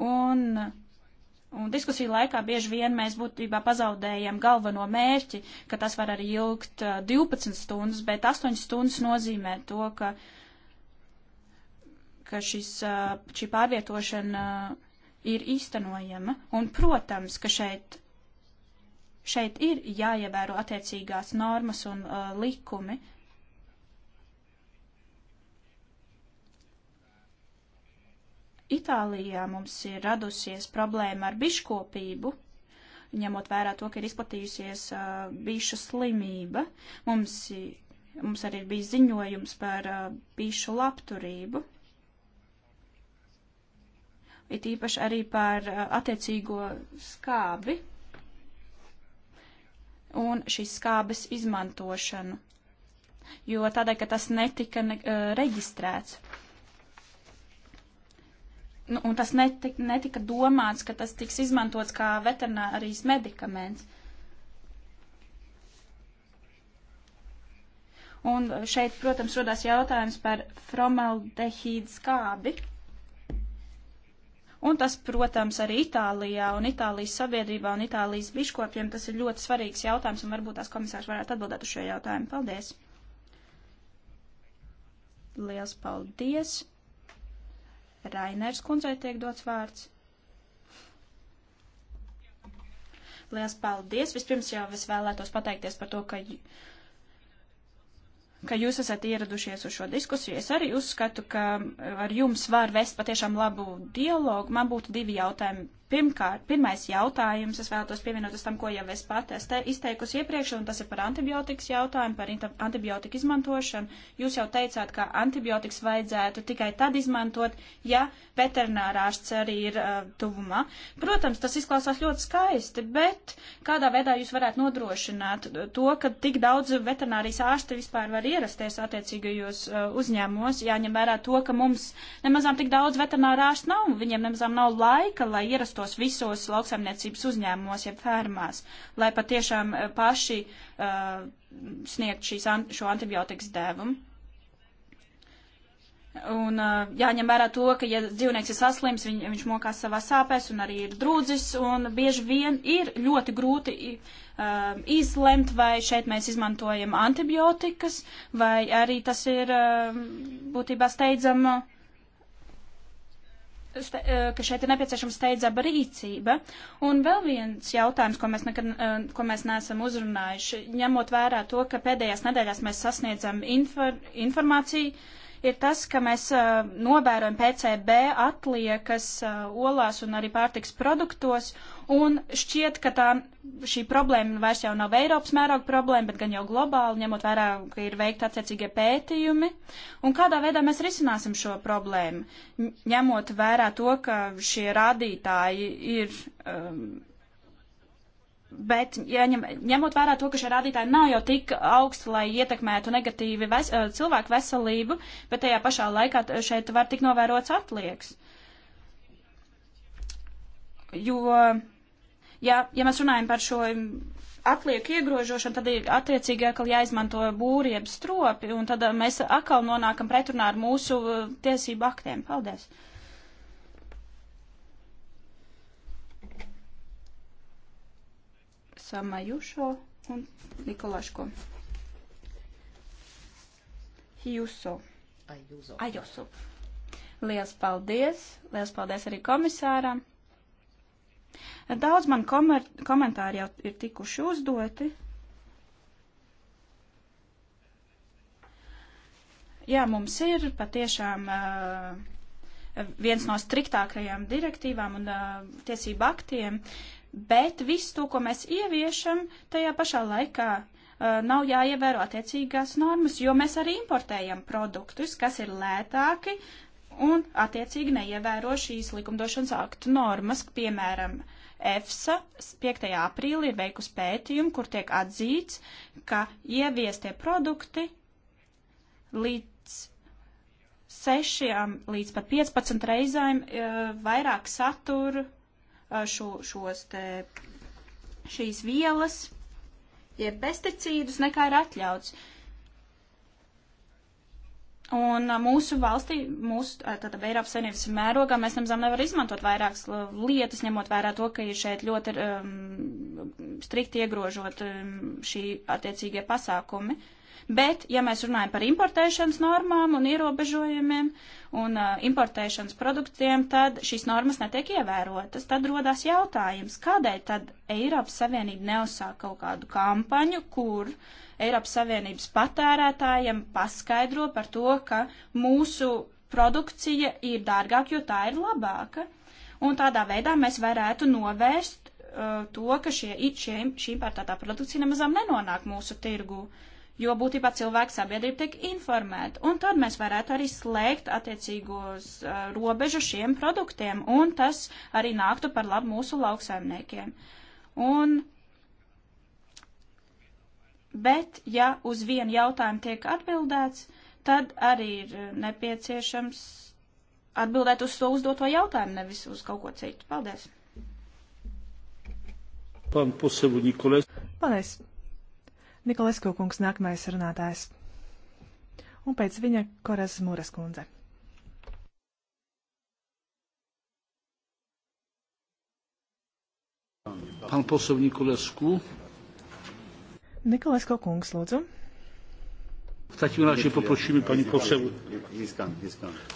Un, un diskusiju laikā bieži vien mēs būtībā pazaudējam galveno mērķi, ka tas var arī ilgt 12 eh, stundas, bet 8 stundas nozīmē to, ka, ka šis, eh, šī pārvietošana eh, ir īstenojama. Un, protams, ka šeit, šeit ir jāievēro attiecīgās normas un uh, likumi, Itālijā mums ir radusies problēma ar biškopību, ņemot vērā to, ka ir izplatījusies uh, bišu slimība. Mums, mums arī bija ziņojums par uh, bišu labturību. It īpaši arī par uh, attiecīgo skābi un šīs skābes izmantošanu, jo tādēļ, ka tas netika ne, uh, reģistrēts nu, un tas netika, netika domāts, ka tas tiks izmantots kā veterinārijas medikaments. Un šeit, protams, rodās jautājums par formaldehīdu skābi. Un tas, protams, arī Itālijā un Itālijas sabiedrībā un Itālijas biškopiem tas ir ļoti svarīgs jautājums, un varbūt tās komisārs varētu atbildēt uz šo jautājumu. Paldies! Liels paldies! Rainers kundzei tiek dots vārds. Lielas paldies! Vispirms jau es vēlētos pateikties par to, ka, ka jūs esat ieradušies uz šo diskusiju. Es arī uzskatu, ka ar jums var vest patiešām labu dialogu. Man būtu divi jautājumi. Pirmkārt, pirmais jautājums, es vēlētos pievienoties tam, ko jau es pati esmu izteikusi iepriekš, un tas ir par antibiotikas jautājumu, par antibiotiku izmantošanu. Jūs jau teicāt, ka antibiotikas vajadzētu tikai tad izmantot, ja veterinārārsts arī ir uh, tuvumā. Protams, tas izklausās ļoti skaisti, bet kādā veidā jūs varētu nodrošināt to, ka tik daudz veterinārijas ārsti vispār var ierasties attiecīgajos uh, uzņēmumos, jāņem vērā to, ka mums nemazām tik daudz veterinārārstu nav, viņiem nemazām nav laika, lai ierastu iesaistos visos lauksaimniecības uzņēmumos, jeb fermās, lai patiešām eh, paši uh, sniegt šīs, an šo antibiotikas devumu. Un uh, jāņem vērā to, ka, ja dzīvnieks ir saslims, viņ, viņš mokās savā sāpēs un arī ir drūdzis, un bieži vien ir ļoti grūti uh, izlemt, vai šeit mēs izmantojam antibiotikas, vai arī tas ir uh, būtībā steidzama. Uh, Ste, eh, ka šeit ir nepieciešama steidzama rīcība. Un vēl viens jautājums, ko mēs, nekad, eh, ko mēs neesam uzrunājuši, ņemot vērā to, ka pēdējās nedēļās mēs sasniedzam infor, informāciju, ir tas, ka mēs eh, novērojam PCB atliekas olās un arī pārtiks produktos, Un šķiet, ka tā, šī problēma vairs jau nav Eiropas mēroga problēma, bet gan jau globāli, ņemot vērā, ka ir veikti attiecīgie pētījumi. Un kādā veidā mēs risināsim šo problēmu, ņemot vērā to, ka šie rādītāji ir. Um, Bet, ja ņem, ņemot vērā to, ka šie rādītāji nav jau tik augsti, lai ietekmētu negatīvi ves, uh, cilvēku veselību, bet tajā pašā laikā šeit var tik novērots atlieks. Jo Ja, ja mēs runājam par šo atlieku iegrožošanu, tad ir attiecīgi atkal jāizmanto būri jeb stropi, un tad uh, mēs atkal nonākam pretrunā ar mūsu uh, tiesību aktiem. Paldies! Samajušo un Nikolaško. Juso. Ajuso. Ajuso. Liels paldies! Liels paldies arī komisāram! Daudz man komer, komentāri jau ir tikuši uzdoti. Jā, mums ir patiešām uh, viens no striktākajām direktīvām un uh, tiesību aktiem, bet viss to, ko mēs ieviešam, tajā pašā laikā eh, nav jāievēro attiecīgās normas, jo mēs arī importējam produktus, kas ir lētāki un attiecīgi neievēro šīs likumdošanas aktu normas, piemēram, EFSA 5. aprīlī ir veikusi pētījumu, kur tiek atzīts, ka ieviestie produkti līdz 6 līdz pat 15 reizēm e, vairāk satur e, šo, šos te, šīs vielas, jeb pesticīdus, nekā ir atļauts. Un mūsu valstī, mūsu tātad Eiropas Savienības mērogā, mēs nemazam nevar izmantot vairākas lietas, ņemot vērā to, ka ir šeit ļoti um, strikti iegrožot um, šī attiecīgie pasākumi. Uh, Bet, ja mēs runājam par importēšanas normām un ierobežojumiem un uh, importēšanas produktiem, tad šīs normas netiek ievērotas. Tad rodas jautājums, kādēļ tad Eiropas Savienība neuzsāk kaut kādu kampaņu, kur Eiropas Savienības patērētājiem paskaidro par to, ka mūsu produkcija ir dārgāka, jo tā ir labāka. Un tādā veidā mēs varētu novērst uh, to, ka šie, šie, šī importētā produkcija nemazām nenonāk mūsu tirgu. Uh, jo būtībā cilvēku sabiedrība tiek informēta. Un tad mēs varētu arī slēgt attiecīgos uh, robežu šiem produktiem, un tas arī nāktu par labu mūsu lauksaimniekiem. Un Bet, ja uz vienu jautājumu tiek atbildēts, tad arī ir nepieciešams atbildēt uz to uzdoto jautājumu, nevis uz kaut ko citu. Paldies! Paldies! Nikolesko kungs nākamais runātājs. Un pēc viņa Koras Mūras kundze. Pan poseł Nikolesku. Nikolesko kungs, lūdzu. W takim razie poprosimy pani poseł.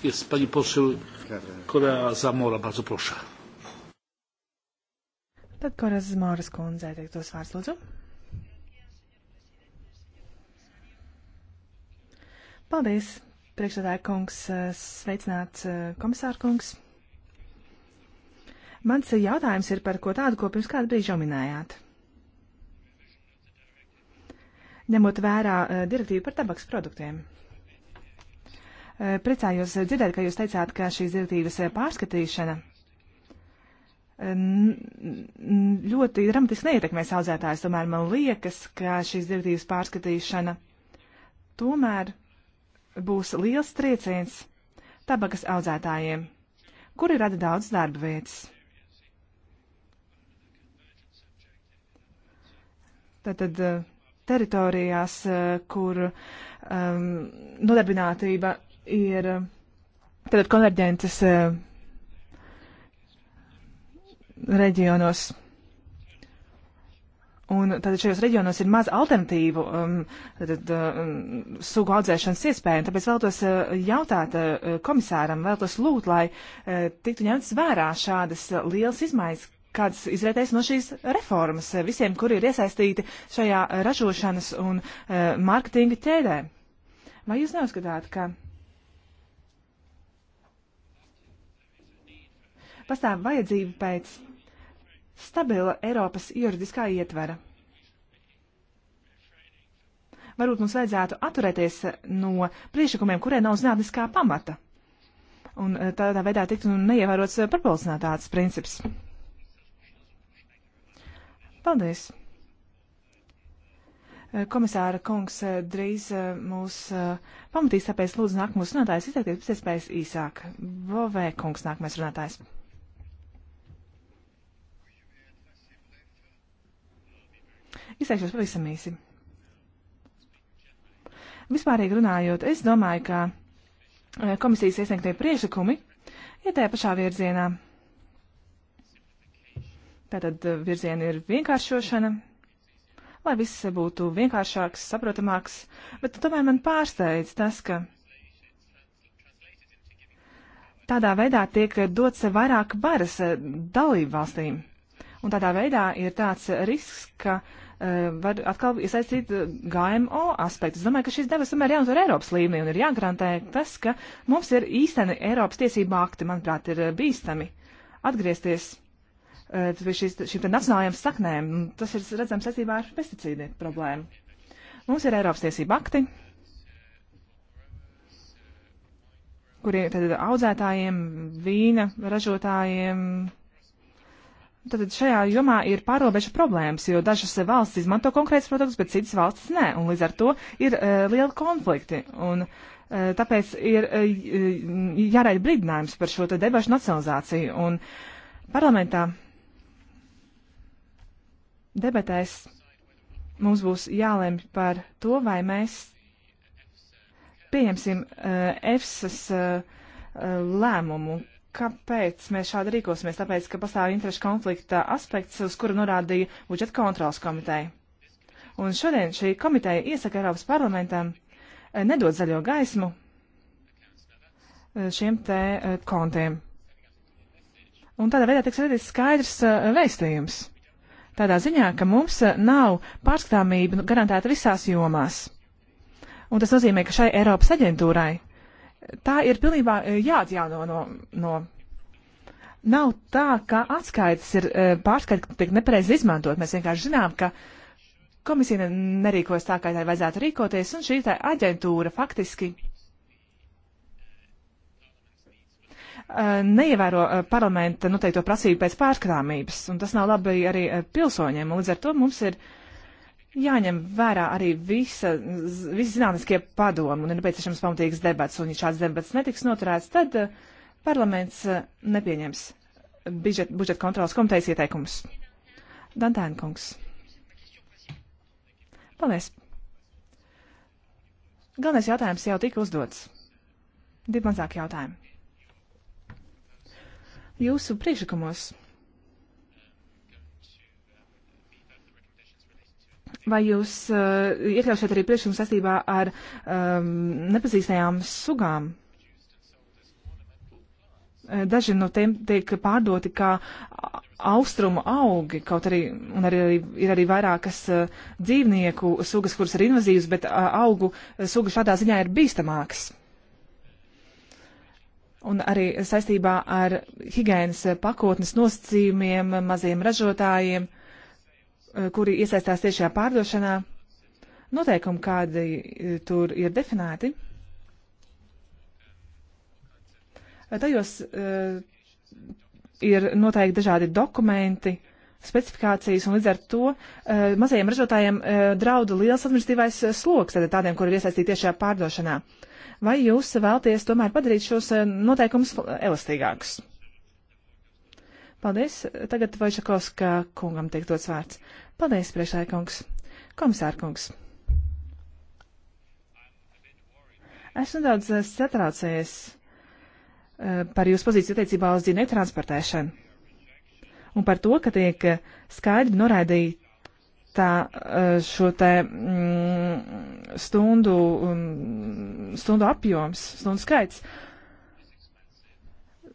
Jest pani poseł Korea Zamora, bardzo proszę. Tad Koras Zamoras kundze, teiktos vārds, lūdzu. Paldies, priekšsēdētāja kungs, eh, sveicināts eh, komisāra kungs. Mans jautājums ir par ko tādu, ko pirms kāda brīža jau minējāt. Ņemot vērā eh, direktīvu par tabaks produktiem. Priecājos dzirdēt, ka jūs teicāt, ka šīs direktīvas pārskatīšana ļoti dramatiski neietekmēs audzētājus. Tomēr man liekas, ka šīs direktīvas pārskatīšana tomēr būs liels trieciens tabakas audzētājiem, kuri rada daudz darba vietas. Tātad eh, teritorijās, eh, kur um, nodarbinātība ir tātad konverģences uh, reģionos. Un tātad šajos reģionos ir maz alternatīvu um, tad, um, sugu audzēšanas iespējām, tāpēc vēlos uh, jautāt uh, komisāram, vēlos lūgt, lai uh, tiktu ņemts vērā šādas uh, lielas izmaiņas, kādas izrietēs no šīs reformas uh, visiem, kuri ir iesaistīti šajā ražošanas un uh, mārketinga ķēdē. Vai jūs neuzskatāt, ka pastāv vajadzība pēc stabila Eiropas juridiskā ietvera. Varbūt mums vajadzētu atturēties no priekšlikumiem, kuriem nav zinātniskā pamata. Un eh, tādā veidā tiktu neievērots eh, proporcionātāts princips. Paldies! Eh, komisāra kungs drīz mūs pamatīs, tāpēc lūdzu nākamos runātājus izteikties pēc iespējas īsāk. Bovē kungs nākamais runātājs. Izteikšos pavisam īsi. Vispārīgi runājot, es domāju, ka eh, komisijas iesniegtie priekšlikumi ir tajā pašā virzienā. Tātad eh, virziena ir vienkāršošana, lai viss būtu vienkāršāks, saprotamāks, bet tomēr man pārsteidz tas, ka tādā veidā tiek dots vairāk varas eh, dalību valstīm. Un tādā veidā ir tāds risks, ka uh, Eh, var atkal iesaistīt eh, GMO aspektu. Es domāju, ka šīs devas tomēr jāuzvar Eiropas līmenī un ir jāgarantē tas, ka mums ir īsteni Eiropas tiesība akti, manuprāt, ir eh, bīstami atgriezties pie šīs, šīm nacionālajām saknēm. Tas ir redzams saistībā ar pesticīdu problēmu. Mums ir Eiropas tiesība akti, kuriem tad audzētājiem, vīna ražotājiem, Tātad šajā jomā ir pārobežu problēmas, jo dažas valstis izmanto konkrēts produkts, bet citas valstis nē, un līdz ar to ir uh, e, liela konflikti. Un, uh, tāpēc ir uh, e, jāraida brīdinājums par šo debašu nacionalizāciju. Un parlamentā debatēs mums būs jālemj par to, vai mēs pieņemsim uh, EFSAS uh, lēmumu, Kāpēc mēs šādi rīkosimies? Tāpēc, ka pastāv interešu konflikta aspekts, uz kuru norādīja budžeta kontrolas komiteja. Un šodien šī komiteja iesaka Eiropas parlamentam eh, nedot zaļo gaismu eh, šiem te eh, kontiem. Un tādā veidā tiks radīts skaidrs vēstījums. Tādā ziņā, ka mums nav pārskatāmība garantēta visās jomās. Un tas nozīmē, ka šai Eiropas aģentūrai tā ir pilnībā e, jāatjauno no. no Nav tā, ka atskaites ir e, pārskaitas, tiek nepareizi izmantot. Mēs vienkārši zinām, ka komisija nerīkojas tā, kā tai vajadzētu rīkoties, un šī tā aģentūra faktiski e, neievēro parlamenta noteikto prasību pēc pārskatāmības, un tas nav labi arī pilsoņiem. Līdz ar to mums ir uh, jāņem vērā arī visa, visi zinātniskie padomi un ir nepieciešams pamatīgs debats, un ja šāds debats netiks noturēts, tad eh, parlaments eh, nepieņems budžet, budžeta kontrolas komitejas ieteikumus. Dantēna kungs. Paldies. Galvenais jautājums jau tika uzdots. Divi mazāki jautājumi. Jūsu priekšlikumos Vai jūs uh, iekļaušat arī priekšlikumu saistībā ar um, nepazīstajām sugām? Eh, daži no tiem tiek pārdoti kā austrumu augi, kaut arī, un arī ir arī vairākas uh, dzīvnieku sugas, kuras ir invazīvas, bet uh, augu suga šādā ziņā ir bīstamāks. Un arī saistībā ar higienas pakotnes nosacījumiem maziem ražotājiem. Uh, Eh, kuri iesaistās tiešajā pārdošanā, noteikumi, kādi eh, tur ir definēti, eh, tajos ir noteikti dažādi dokumenti, specifikācijas, un līdz ar to uh, mazajiem ražotājiem uh, draudu liels administratīvais sloks, tad tādiem, kur ir iesaistīti tiešā pārdošanā. Vai jūs vēlties tomēr padarīt šos uh, noteikumus elastīgākus? Paldies. Tagad Vaišakovska kungam tiek dots vārds. Paldies, priekšsēkungs. Komisārkungs. Esmu daudz eh, satraucies eh, par jūsu pozīciju attiecībā uz dzīvnieku transportēšanu un par to, ka tiek eh, skaidri noraidīta tā, šo te mm, stundu, mm, stundu apjoms, stundu skaits.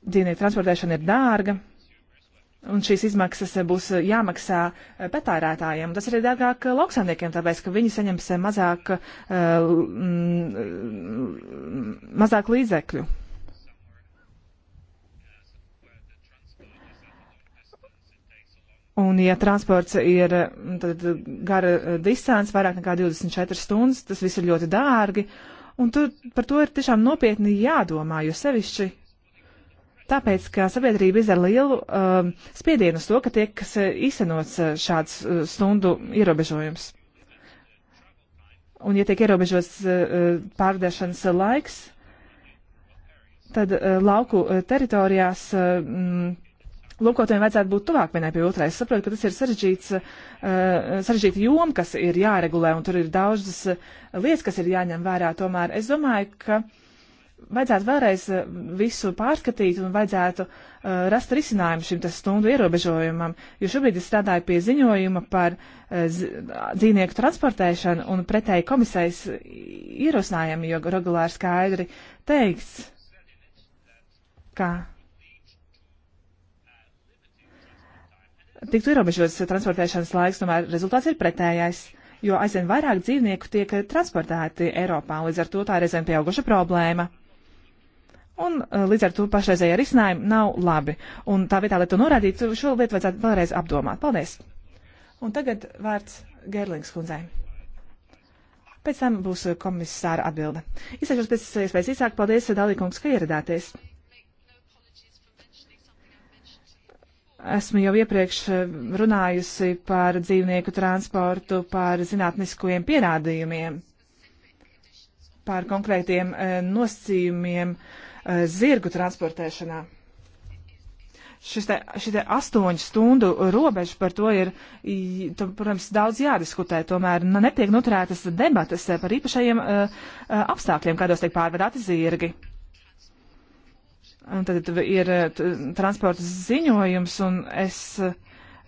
Dzīvnieku transportēšana ir dārga, Un šīs izmaksas būs jāmaksā eh, patērētājiem. Tas arī dārgāk lauksaimniekiem, tāpēc, ka viņi saņems eh, mazāk, eh, mm, mazāk līdzekļu. Un, ja transports ir mm, tad, gara distance, vairāk nekā 24 stundas, tas viss ir ļoti dārgi. Un tur par to ir tiešām nopietni jādomā, jo sevišķi Tāpēc, ka sabiedrība izdara lielu uh, spiedienu uz to, ka tiek uh, īstenots uh, šāds uh, stundu ierobežojums. Un, ja tiek ierobežots uh, uh pārdešanas laiks, tad uh, lauku teritorijās uh, mm, lūkotājiem vajadzētu būt tuvāk vienai pie otrai. Es saprotu, ka tas ir sarežģīts, uh, sarežģīta joma, kas ir jāregulē, un tur ir daudzas lietas, kas ir jāņem vērā. Tomēr es domāju, ka uh, vajadzētu vēlreiz eh, visu pārskatīt un vajadzētu uh, rast risinājumu šim stundu ierobežojumam, jo šobrīd es strādāju pie ziņojuma par uh, dzīvnieku transportēšanu un pretēji komisijas ierosinājumu, jo regulāri skaidri teikts, ka tiktu ierobežots transportēšanas laiks, tomēr rezultāts ir pretējais jo aizvien vairāk dzīvnieku tiek transportēti Eiropā, līdz ar to tā ir aizvien pieauguša problēma. Un eh, līdz ar to pašreizējie risinājumi nav labi. Un tā vietā, lai to norādītu, šo lietu vajadzētu vēlreiz apdomāt. Paldies! Un tagad vārds Gerlings kundzei. Pēc tam būs eh, komisāra atbilde. Izsēžos pēc iespējas īsāk. Paldies, eh, Dalīkungs, ka ieradāties. Esmu jau iepriekš runājusi par dzīvnieku transportu, par zinātniskajiem pierādījumiem, par konkrētiem nosacījumiem. Uh, Eh, zirgu transportēšanā. Šis te, šis te astoņu stundu robeža par to ir, to, protams, daudz jādiskutē, tomēr nu, netiek noturētas debatas par īpašajiem uh, apstākļiem, kādos tiek pārvadāti zirgi. Un tad ir transporta ziņojums, un es uh,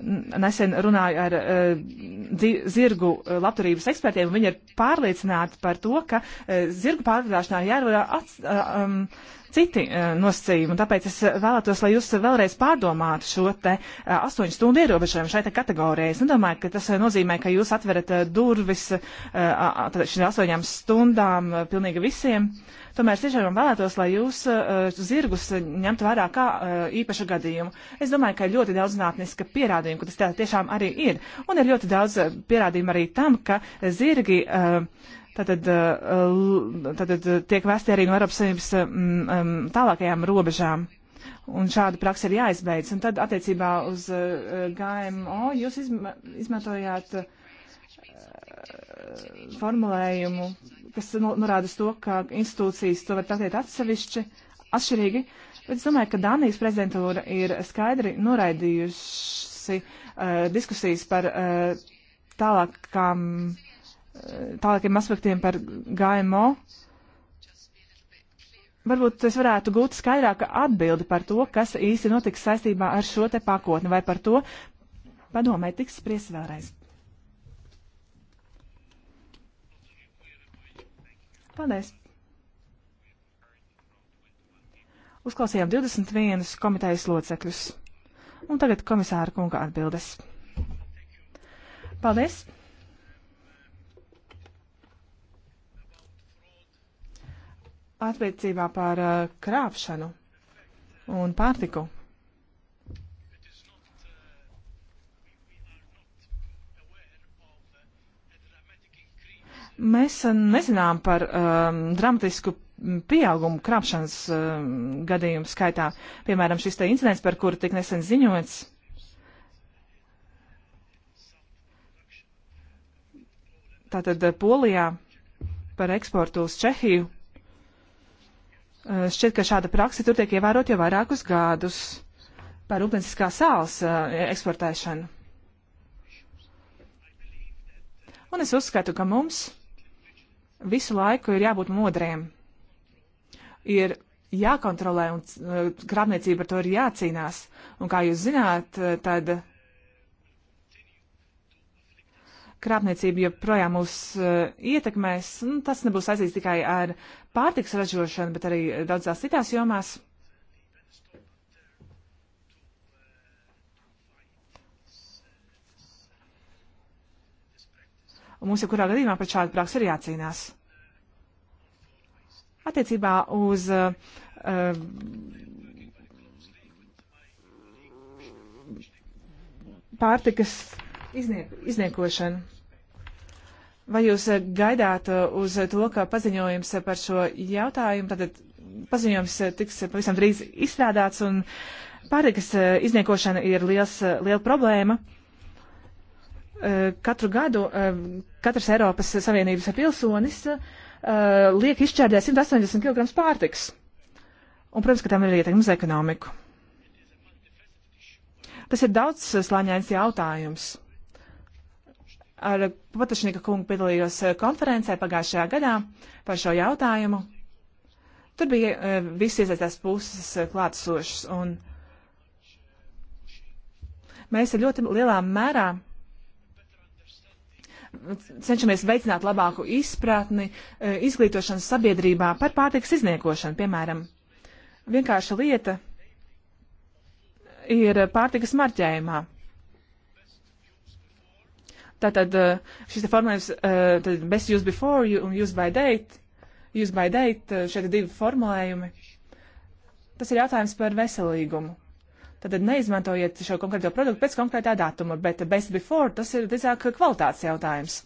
nesen runāju ar uh, zirgu eh, labturības ekspertiem, un viņi ir pārliecināti par to, ka uh, zirgu pārvadāšanā jārunā uh, um, citi nosacījumi, un tāpēc es vēlētos, lai jūs vēlreiz pārdomātu šo te astoņu stundu ierobežojumu šai te kategorijai. Es nedomāju, ka tas nozīmē, ka jūs atverat durvis šīm astoņām stundām pilnīgi visiem. Uh, Tomēr es tiešām vēlētos, lai jūs uh, zirgus eh, ņemtu vērā kā uh, īpašu gadījumu. Es domāju, ka ir ļoti daudz zinātniska pierādījumu, ka tas tā tiešām arī ir. Un ir ļoti daudz pierādījumu arī tam, ka zirgi. Uh, Tātad, tātad tiek vēsti arī no Eiropas Savienības tālākajām robežām. Un šāda praksa ir jāizbeidz. Un tad attiecībā uz GMO jūs izma izmantojāt formulējumu kas nu, norāda uz to, ka institūcijas to var tātiet atsevišķi, atšķirīgi, bet es domāju, ka Dānijas prezidentūra ir skaidri noraidījusi uh, diskusijas par uh, tālākām, uh, tālākiem aspektiem par GMO. Varbūt es varētu gūt skaidrāku atbildi par to, kas īsti notiks saistībā ar šo te pakotni, vai par to padomē tiks spriest vēlreiz. Paldies! Uzklausījām 21 komitejas locekļus. Un tagad komisāra kunga atbildes. Paldies! Attiecībā par uh, krāpšanu un pārtiku Mēs nezinām par um, dramatisku pieaugumu krāpšanas um, gadījumu skaitā. Piemēram, šis te incidents, par kuru tik nesen ziņots. Tātad uh, Polijā par eksportu uz Čehiju. Uh, šķiet, ka šāda praksa tur tiek ievērot jau vairākus gadus par rūpnieciskā sāls uh, eksportēšanu. Un es uzskatu, ka mums visu laiku ir jābūt modriem. Ir jākontrolē un eh, krāpniecība par to ir jācīnās. Un kā jūs zināt, eh, tad krāpniecība joprojām mūs uh, ietekmēs. Nu, tas nebūs saistīts tikai ar pārtiks ražošanu, bet arī daudzās citās jomās. Un mums jau kurā gadījumā pret šādu praksi ir jācīnās. Attiecībā uz uh, uh pārtikas izniek, izniekošanu. Vai jūs uh, gaidāt uh, uz to, ka paziņojums par šo jautājumu, tad paziņojums tiks pavisam drīz izstrādāts un pārtikas izniekošana ir liels, liela problēma? Uh, katru gadu eh, katrs Eiropas Savienības pilsonis eh, liek izšķērdē 180 kg pārtiks. Un, protams, ka tam ir ietekme uz ekonomiku. Tas ir daudz slāņains jautājums. Ar Potašnika kungu piedalījos eh, konferencē pagājušajā gadā par šo jautājumu. Tur bija visi iesaistās puses klātsošas, un mēs ļoti lielā mērā cenšamies veicināt labāku izpratni e, izglītošanas sabiedrībā par pārtiks izniekošanu, piemēram. Vienkārša lieta ir pārtikas marķējumā. Tātad e, šis formulējums e, best use before you un use by date, use by date, šeit ir divi formulējumi. Tas ir jautājums par veselīgumu. Tad neizmantojiet šo konkrēto produktu pēc konkrētā datuma, bet best before tas ir drīzāk kvalitātes jautājums.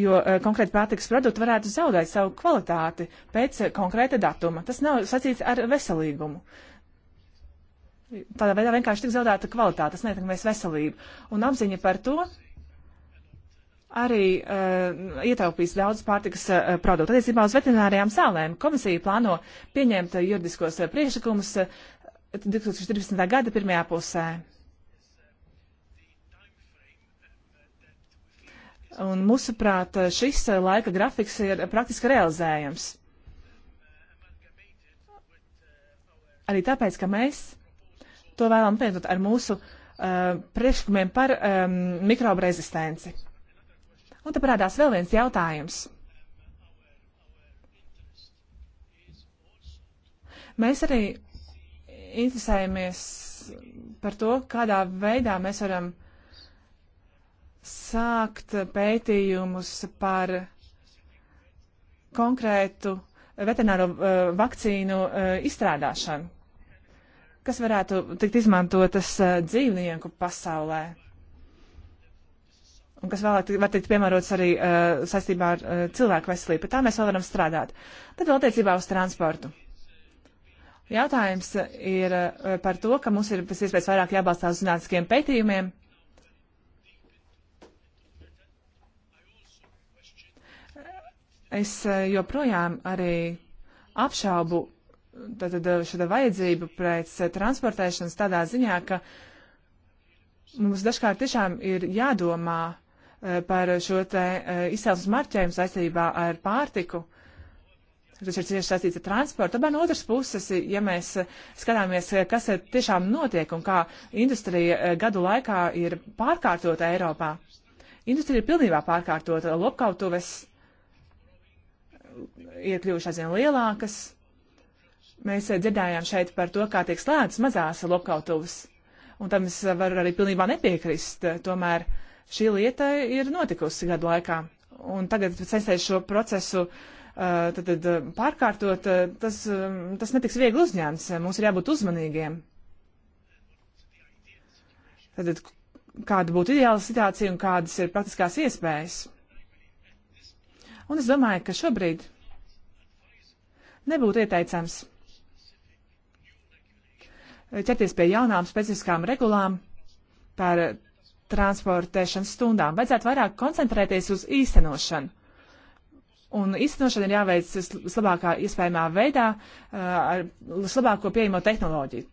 jo uh, konkrēti pārtiks produkti varētu zaudēt savu kvalitāti pēc uh, konkrēta datuma. Tas nav sacīts ar veselīgumu. Tādā veidā vienkārši tik zaudēta kvalitāte, tas neietekmēs veselību. Un apziņa par to, arī uh, ietaupīs daudz pārtikas uh, produktu. Attiecībā uz veterinārijām zālēm komisija plāno pieņemt uh, juridiskos uh, priekšlikumus uh, 2030. gada pirmajā pusē. Un mūsuprāt, šis uh, laika grafiks ir praktiski realizējams. Arī tāpēc, ka mēs to vēlam pieņemt ar mūsu uh, priekšlikumiem par um, mikrobu rezistenci. Un te parādās vēl viens jautājums. Mēs arī interesējamies par to, kādā veidā mēs varam sākt pētījumus par konkrētu veterināro uh, vakcīnu uh, izstrādāšanu, kas varētu tikt izmantotas uh, dzīvnieku pasaulē un kas vēlāk var tikt piemērots arī uh, saistībā ar uh, cilvēku veselību. Pat tā mēs vēl varam strādāt. Tad vēl attiecībā uz transportu. Jautājums ir uh, par to, ka mums ir pēc iespējas vairāk jābalstās uz zinātniskiem pētījumiem. Es uh, joprojām arī apšaubu tātad šāda vajadzība pēc transportēšanas tādā ziņā, ka mums dažkārt tiešām ir jādomā Eh, par šo te eh, izcelsmes marķējumu saistībā ar pārtiku. Tas ir cieši saistīts ar transportu. Tomēr no otras puses, ja mēs eh, skatāmies, kas tiešām notiek un kā industrija gadu laikā ir pārkārtota Eiropā, industrija ir pilnībā pārkārtota. Lopkautuves ir kļuvušas aizvien lielākas. Mēs dzirdējām šeit par to, kā tiek slēgtas mazās lopkautuves. Un tam es varu arī pilnībā nepiekrist. Tomēr uh, Šī lieta ir notikusi gadu laikā, un tagad censties šo procesu uh, tad, tad, uh, pārkārtot, uh, tas, um, tas netiks viegli uzņēmts. Mums ir jābūt uzmanīgiem. Tad, kāda būtu ideāla situācija un kādas ir praktiskās iespējas? Un es domāju, ka šobrīd nebūtu ieteicams ķerties pie jaunām specifiskām regulām par transportēšanas stundām. Vajadzētu vairāk koncentrēties uz īstenošanu. Un īstenošana ir jāveic vislabākā iespējamā veidā ar vislabāko pieejamo tehnoloģiju.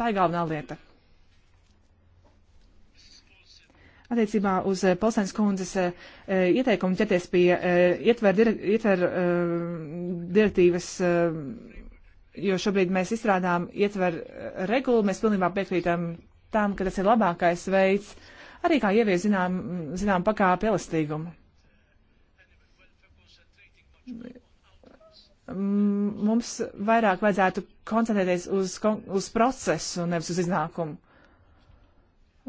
Tā ir galvenā lieta. Attiecībā uz Polsēnas kundzes ieteikumu ķerties pie ietver, dir ietver direktīvas, jo šobrīd mēs izstrādām ietver regulu, mēs pilnībā piekrītam tam, ka tas ir labākais veids, arī kā ievies zinām, zinām pakāpi elastīgumu. Mums vairāk vajadzētu koncentrēties uz, uz procesu, nevis uz iznākumu.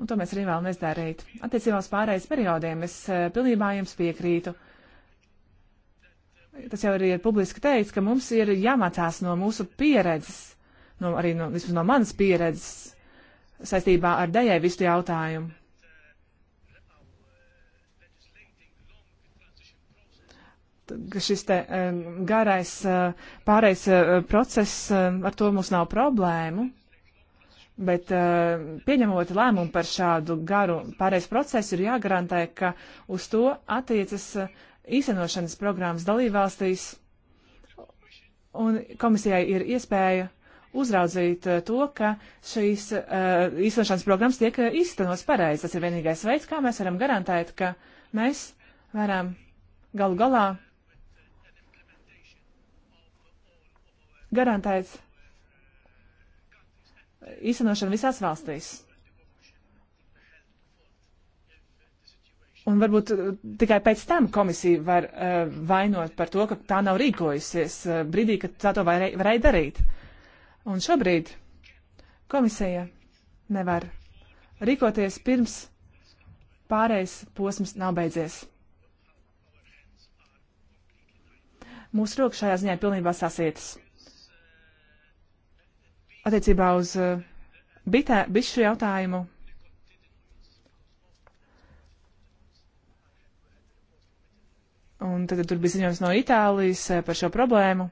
Un to mēs arī vēlamies darīt. Attiecībā uz pārējais periodiem es eh, pilnībā jums piekrītu. Tas jau arī ir publiski teikts, ka mums ir jāmācās no mūsu pieredzes, no, arī no, vismaz no manas pieredzes, saistībā ar dejēvistu jautājumu. ka šis te garais eh, pārējais eh, process, eh, ar to mums nav problēmu, bet pieņemot lēmumu par šādu garu pārējais procesu ir jāgarantē, ka uz to attiecas īstenošanas programmas dalībvalstīs, un komisijai ir iespēja uzraudzīt eh, to, ka šīs uh, īstenošanas programmas tiek eh, īstenots pareizi. Tas ir vienīgais veids, kā mēs varam garantēt, ka mēs varam galu galā garantēt īstenošanu visās valstīs. Un varbūt tikai pēc tam komisija var uh, vainot par to, ka tā nav rīkojusies uh, brīdī, kad tā to varēja, varēja darīt. Uh, Un šobrīd komisija nevar rīkoties pirms pārējais posms nav beidzies. Mūsu rokas šajā ziņā ir pilnībā sasietas. Attiecībā uz uh, bitē, bišu jautājumu. Un tad tur bija ziņojums no Itālijas uh, par šo problēmu.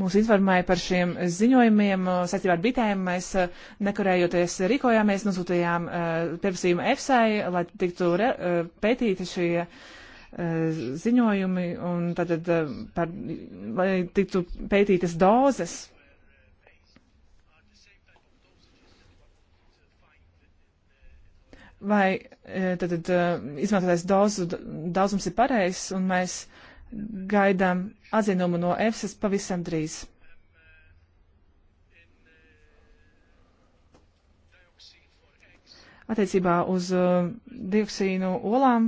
mūs informēja par šiem ziņojumiem saistībā ar bitēm. Mēs e, nekorējoties rīkojāmies, nosūtījām e, pieprasījumu EFSAI, lai tiktu re, e, pētīti šie ziņojumi un tātad par, lai tiktu pētītas dozes. Vai tātad izmantotais dozu daudzums ir pareizs un mēs gaidām atzinumu no EFSAS pavisam drīz. Attiecībā uz uh, dioksīnu olām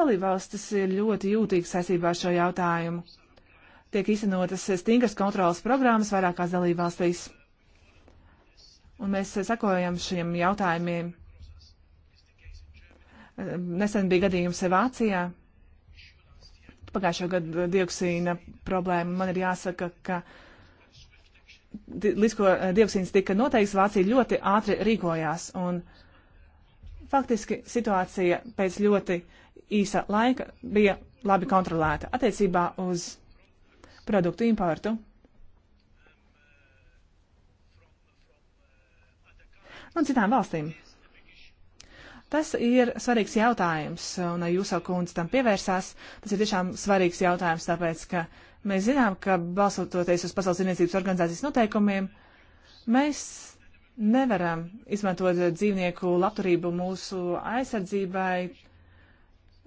dalībvalstis ir ļoti jūtīgas saistībā ar šo jautājumu. Tiek īstenotas stingras kontrolas programmas vairākās dalībvalstīs. Un mēs sakojam šiem jautājumiem. Nesen bija gadījums Vācijā pagājušā gada dioksīna problēma. Man ir jāsaka, ka līdz ko eh, dioksīns tika noteikts, Vācija ļoti ātri rīkojās. Un faktiski situācija pēc ļoti īsa laika bija labi kontrolēta attiecībā uz produktu importu. Un nu, citām valstīm. Tas ir svarīgs jautājums, un jūs jau kundze tam pievērsās. Tas ir tiešām svarīgs jautājums, tāpēc, ka mēs zinām, ka balsoties uz Pasaules zinības organizācijas noteikumiem, mēs nevaram izmantot dzīvnieku labturību mūsu aizsardzībai,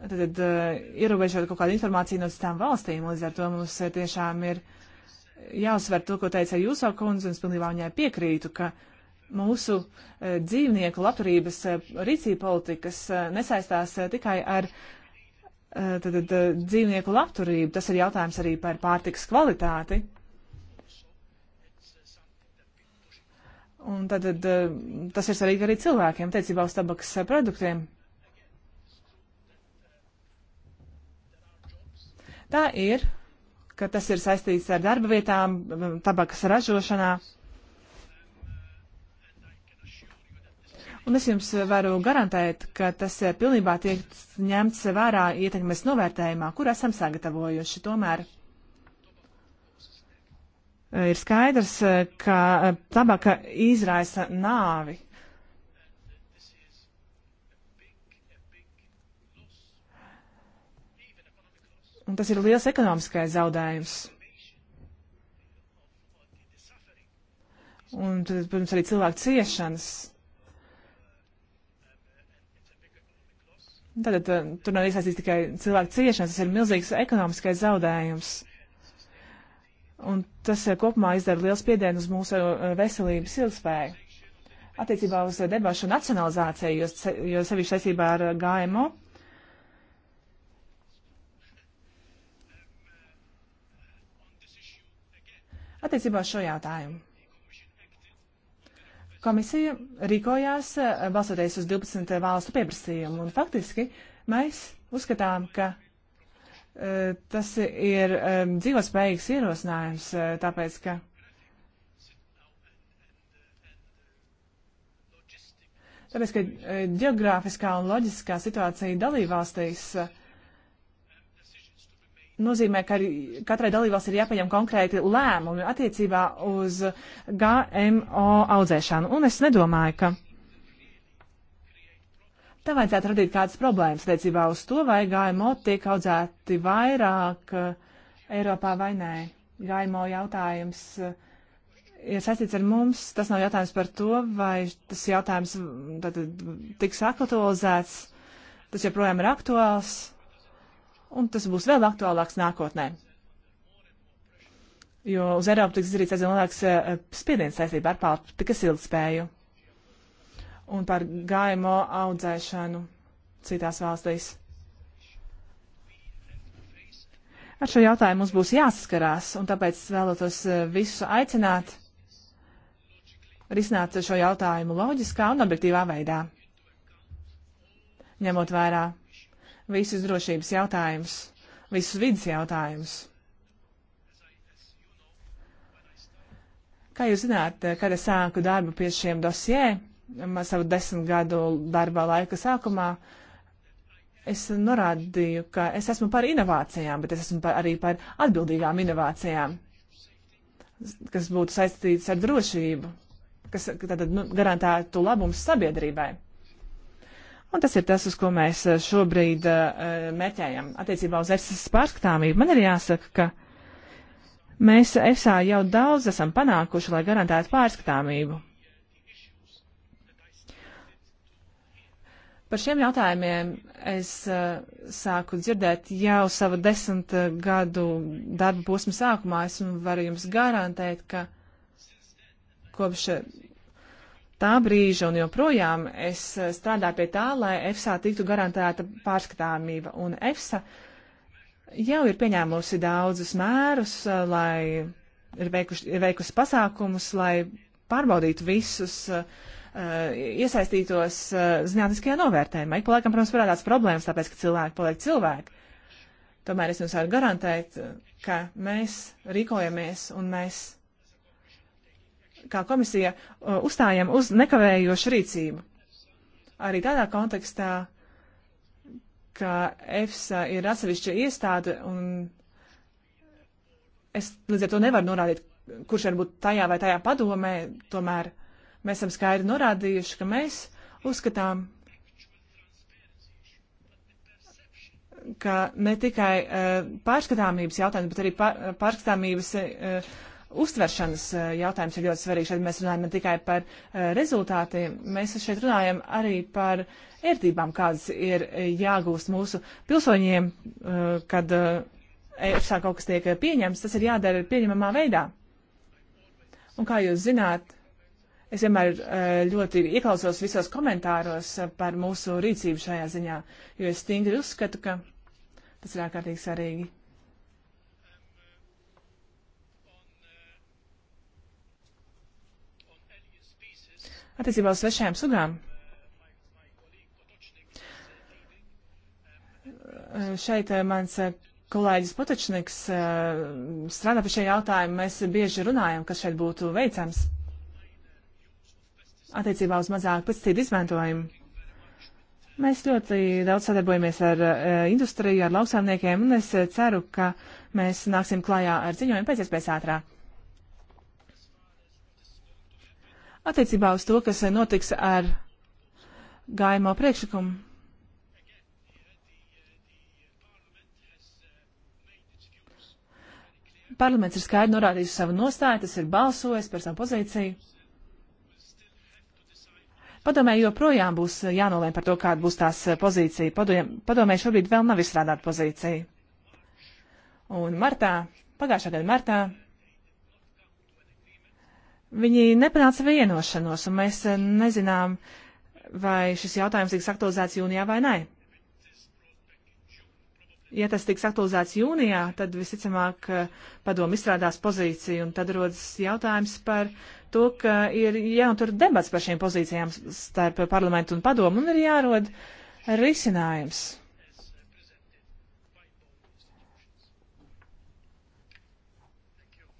tad, tad uh, ierobežot kaut kādu informāciju no citām valstīm. Līdz ar to mums eh, tiešām ir jāuzsver to, ko teica Jūso kundze, un es pilnībā viņai piekrītu, ka mūsu e, dzīvnieku labturības e, rīcība politikas e, nesaistās tikai ar tad, tad, dzīvnieku labturību, tas ir jautājums arī par pārtikas kvalitāti. Un tad, tad tas ir svarīgi arī cilvēkiem, teicībā uz tabakas produktiem. Tā ir, ka tas ir saistīts ar darba vietām, tabakas ražošanā. Uh, Un es jums varu garantēt, ka tas eh, pilnībā tiek ņemts vērā ietekmes novērtējumā, kur esam sagatavojuši. Tomēr eh, ir skaidrs, eh, ka tabaka izraisa nāvi. Un tas ir liels ekonomiskais zaudējums. Un, protams, arī cilvēku ciešanas. Tātad eh, tur nav iesaistīts tikai cilvēku ciešanas, tas ir milzīgs ekonomiskais zaudējums. Un tas eh, kopumā izdara liels spiedienu uz mūsu eh, veselības ilgspēju. Attiecībā uz debašu nacionalizāciju, jo, se, jo sevišķi saistībā ar GMO, attiecībā uz šo jautājumu. Komisija rīkojās eh, balsoties uz 12 eh, valstu pieprasījumu, un faktiski mēs uzskatām, ka uh, tas ir um, dzīvotspējīgs ierosinājums, uh, tāpēc ka Tāpēc, ka ģeogrāfiskā un loģiskā situācija dalībvalstīs uh, nozīmē, ka katrai dalībvalsts ir jāpieņem konkrēti lēmumi attiecībā uz GMO audzēšanu. Un es nedomāju, ka tā vajadzētu radīt kādas problēmas attiecībā uz to, vai GMO tiek audzēti vairāk eh, Eiropā vai nē. GMO jautājums eh, ir saistīts ar mums. Tas nav jautājums par to, vai tas jautājums tad, tiks aktualizēts. Tas joprojām ir aktuāls un tas būs vēl aktuālāks nākotnē. Jo uz Eiropu tiks izdarīts aizvien lielāks eh, spiediens saistībā ar pārtikas ilgspēju un par gājumu audzēšanu citās valstīs. Ar šo jautājumu mums būs jāsaskarās, un tāpēc es vēlētos eh, visus aicināt risināt šo jautājumu loģiskā un objektīvā veidā, ņemot vērā visus drošības jautājumus, visus vidas jautājumus. Kā jūs zināt, kad es sāku darbu pie šiem dosjē, savu desmit gadu darba laika sākumā, es norādīju, ka es esmu par inovācijām, bet es esmu par, arī par atbildīgām inovācijām, kas būtu saistītas ar drošību, kas tātad nu, garantētu labums sabiedrībai. Un tas ir tas, uz ko mēs eh, šobrīd uh, eh, eh, meķējam. Attiecībā uz EFSAS pārskatāmību man ir jāsaka, ka mēs EFSA jau daudz esam panākuši, lai garantētu pārskatāmību. Par šiem jautājumiem es uh, sāku dzirdēt jau savu desmit gadu darba posmu sākumā. Es varu jums garantēt, ka kopš tā brīža, un joprojām es eh, strādāju pie tā, lai EFSA tiktu garantēta pārskatāmība. Un EFSA jau ir pieņēmusi daudzus mērus, eh, lai ir, veikuši, ir veikusi pasākumus, lai pārbaudītu visus uh, iesaistītos uh, zinātniskajā novērtējumā. Ik pa laikam, protams, parādās problēmas, tāpēc, ka cilvēki paliek cilvēki. Tomēr es jums varu garantēt, ka mēs rīkojamies un mēs kā komisija, uh, uzstājam uz nekavējošu rīcību. Arī tādā kontekstā, ka EFSA ir atsevišķa iestāde, un es līdz ar to nevaru norādīt, kurš var būt tajā vai tajā padomē, tomēr mēs esam skaidri norādījuši, ka mēs uzskatām, ka ne tikai uh, pārskatāmības jautājums, bet arī pār, pārskatāmības uh, uztveršanas eh, jautājums ir ļoti svarīgs. Šeit mēs runājam ne tikai par eh, rezultātiem, mēs šeit runājam arī par ērtībām, kādas ir eh, jāgūst mūsu pilsoņiem, kad EFSA kaut kas tiek pieņemts, tas ir jādara pieņemamā veidā. Un kā jūs zināt, es vienmēr ļoti ieklausos visos komentāros par mūsu rīcību šajā ziņā, jo es stingri uzskatu, ka tas ir ārkārtīgi svarīgi. attiecībā uz svešajām sugām. Šeit eh, mans eh, kolēģis Potočniks eh, strādā pie šī jautājuma. Mēs bieži runājam, kas šeit būtu veicams attiecībā uz mazāk pesticīdu izmantojumu. Mēs ļoti daudz sadarbojamies ar industriju, ar lauksaimniekiem, un es ceru, ka mēs nāksim klājā ar ziņojumu pēc iespējas ātrāk. attiecībā uz to, kas notiks ar gājumo priekšlikumu. Parlaments ir skaidri norādījis savu nostāju, tas ir balsojis par savu pozīciju. Padomē joprojām būs jānolēm par to, kāda būs tās pozīcija. Padomē šobrīd vēl nav izstrādāta pozīcija. Un martā, pagājušā gada martā, Viņi nepanāca vienošanos, un mēs eh, nezinām, vai šis jautājums tiks aktualizēts jūnijā vai nē. Ja tas tiks aktualizēts jūnijā, tad visticamāk eh, padomu izstrādās pozīciju, un tad rodas jautājums par to, ka ir jānotur debats par šīm pozīcijām starp parlamentu un padomu, un ir jārod risinājums.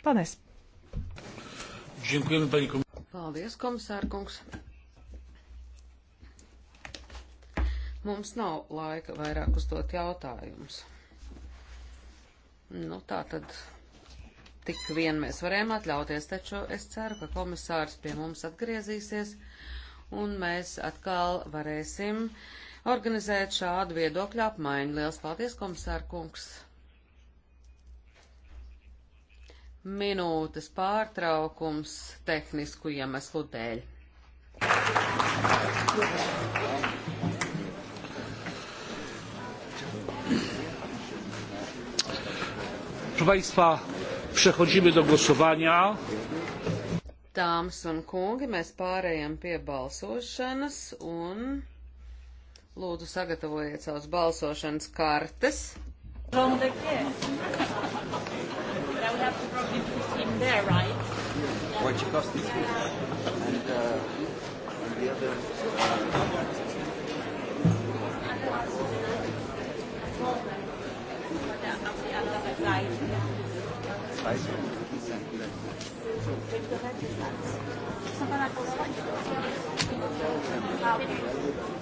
Paldies! Dziękujemy pani komisār. Paldies, komisārkungs. Mums nav laika vairāk uzdot jautājumus. Nu, tā tad tik vien mēs varējām atļauties, taču es ceru, ka komisārs pie mums atgriezīsies un mēs atkal varēsim organizēt šādu viedokļu apmaiņu. Liels paldies, komisārkungs! minūtes pārtraukums tehnisku iemeslu dēļ. Proszę Państwa, przechodzimy do głosowania. Dāmas un kungi, mēs pārējām pie balsošanas un lūdzu sagatavojiet savas balsošanas kartes. Ronde, have to drop into the stream there, right? Yeah. What you cost this week. And, uh, and the other. Uh, okay.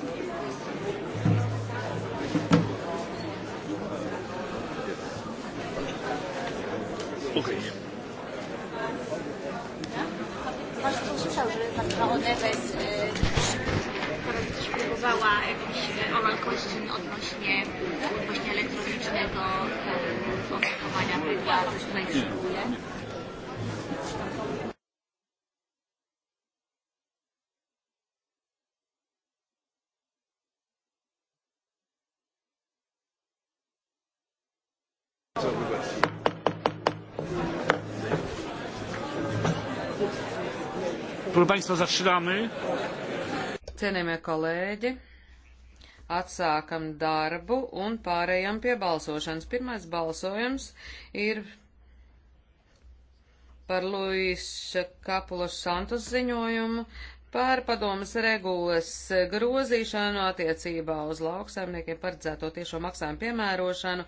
Okej. Okay. Pan słyszał, że Patrao Neves szpiegowała jakiś oral question odnośnie właśnie elektronicznego e, opracowania prawa, coś tutaj szykuje. Proszę Państwa, zaczynamy. Cienījamie kolēģi, atsākam darbu un pārējām pie balsošanas. Pirmais balsojums ir par Luisa Kapulas Santos ziņojumu par padomas regulas grozīšanu attiecībā uz lauksaimniekiem paredzēto tiešo maksājumu piemērošanu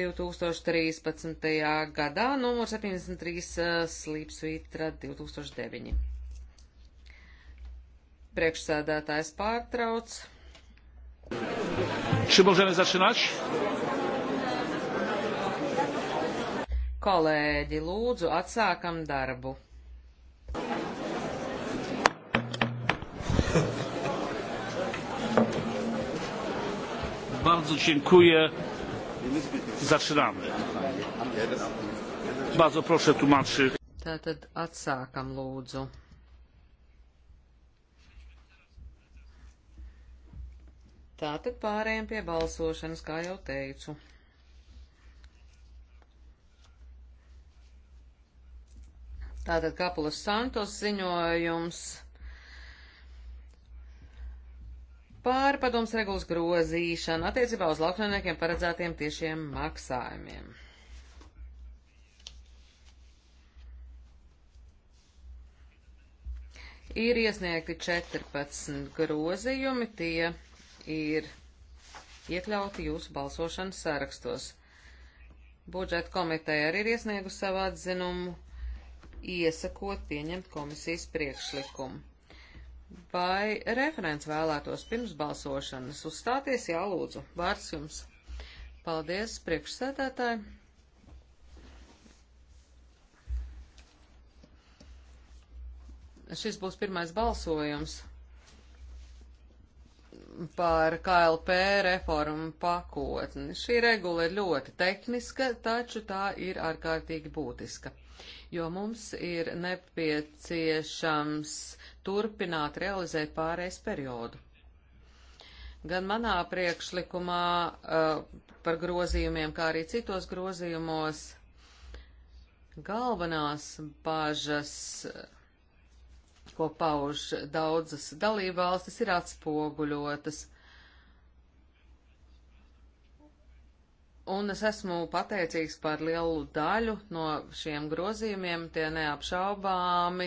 2013. gadā, numur 73 slīpsvītra 2009. Priekšsēdētājs pārtrauc. Czy możemy zaczynać? Kolēģi, lūdzu, atsākam darbu. Bardzo dziękuję. Zaczynamy. Bardzo proszę tłumaczy. Tātad atsākam lūdzu. Tātad pārējiem pie balsošanas, kā jau teicu. Tātad Kapulas Santos ziņojums pār padoms regulas grozīšanu attiecībā uz lauksaimniekiem paredzētiem tiešiem maksājumiem. Ir iesniegti 14 grozījumi, tie ir iekļauti jūsu balsošanas sarakstos. Budžeta komiteja arī ir iesniegusi savu atzinumu, iesakot pieņemt komisijas priekšlikumu. Vai referents vēlētos pirms balsošanas uzstāties? Jā, lūdzu, vārds jums. Paldies, priekšsēdētāji. Šis būs pirmais balsojums par KLP reformu pakotni. Šī regula ir ļoti tehniska, taču tā ir ārkārtīgi būtiska, jo mums ir nepieciešams turpināt realizēt pārējais periodu. Gan manā priekšlikumā uh, par grozījumiem, kā arī citos grozījumos galvenās bažas uh, ko pauž daudzas dalībvalstis, ir atspoguļotas. Un es esmu pateicīgs par lielu daļu no šiem grozījumiem. Tie neapšaubāmi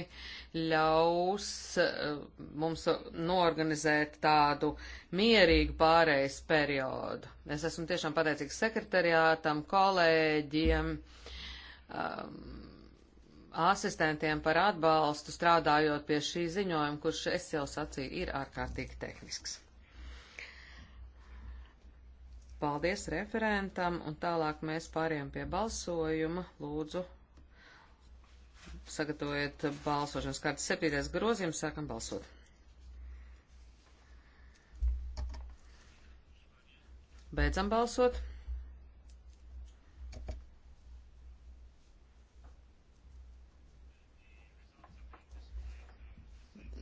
ļaus eh, mums norganizēt tādu mierīgu pārējais periodu. Es esmu tiešām pateicīgs sekretariātam, kolēģiem. Um, asistentiem par atbalstu strādājot pie šī ziņojuma, kurš es jau sacīju, ir ārkārtīgi tehnisks. Paldies referentam, un tālāk mēs pāriem pie balsojuma. Lūdzu, sagatavojiet balsošanas kārtas septītais grozījums, sākam balsot. Beidzam balsot.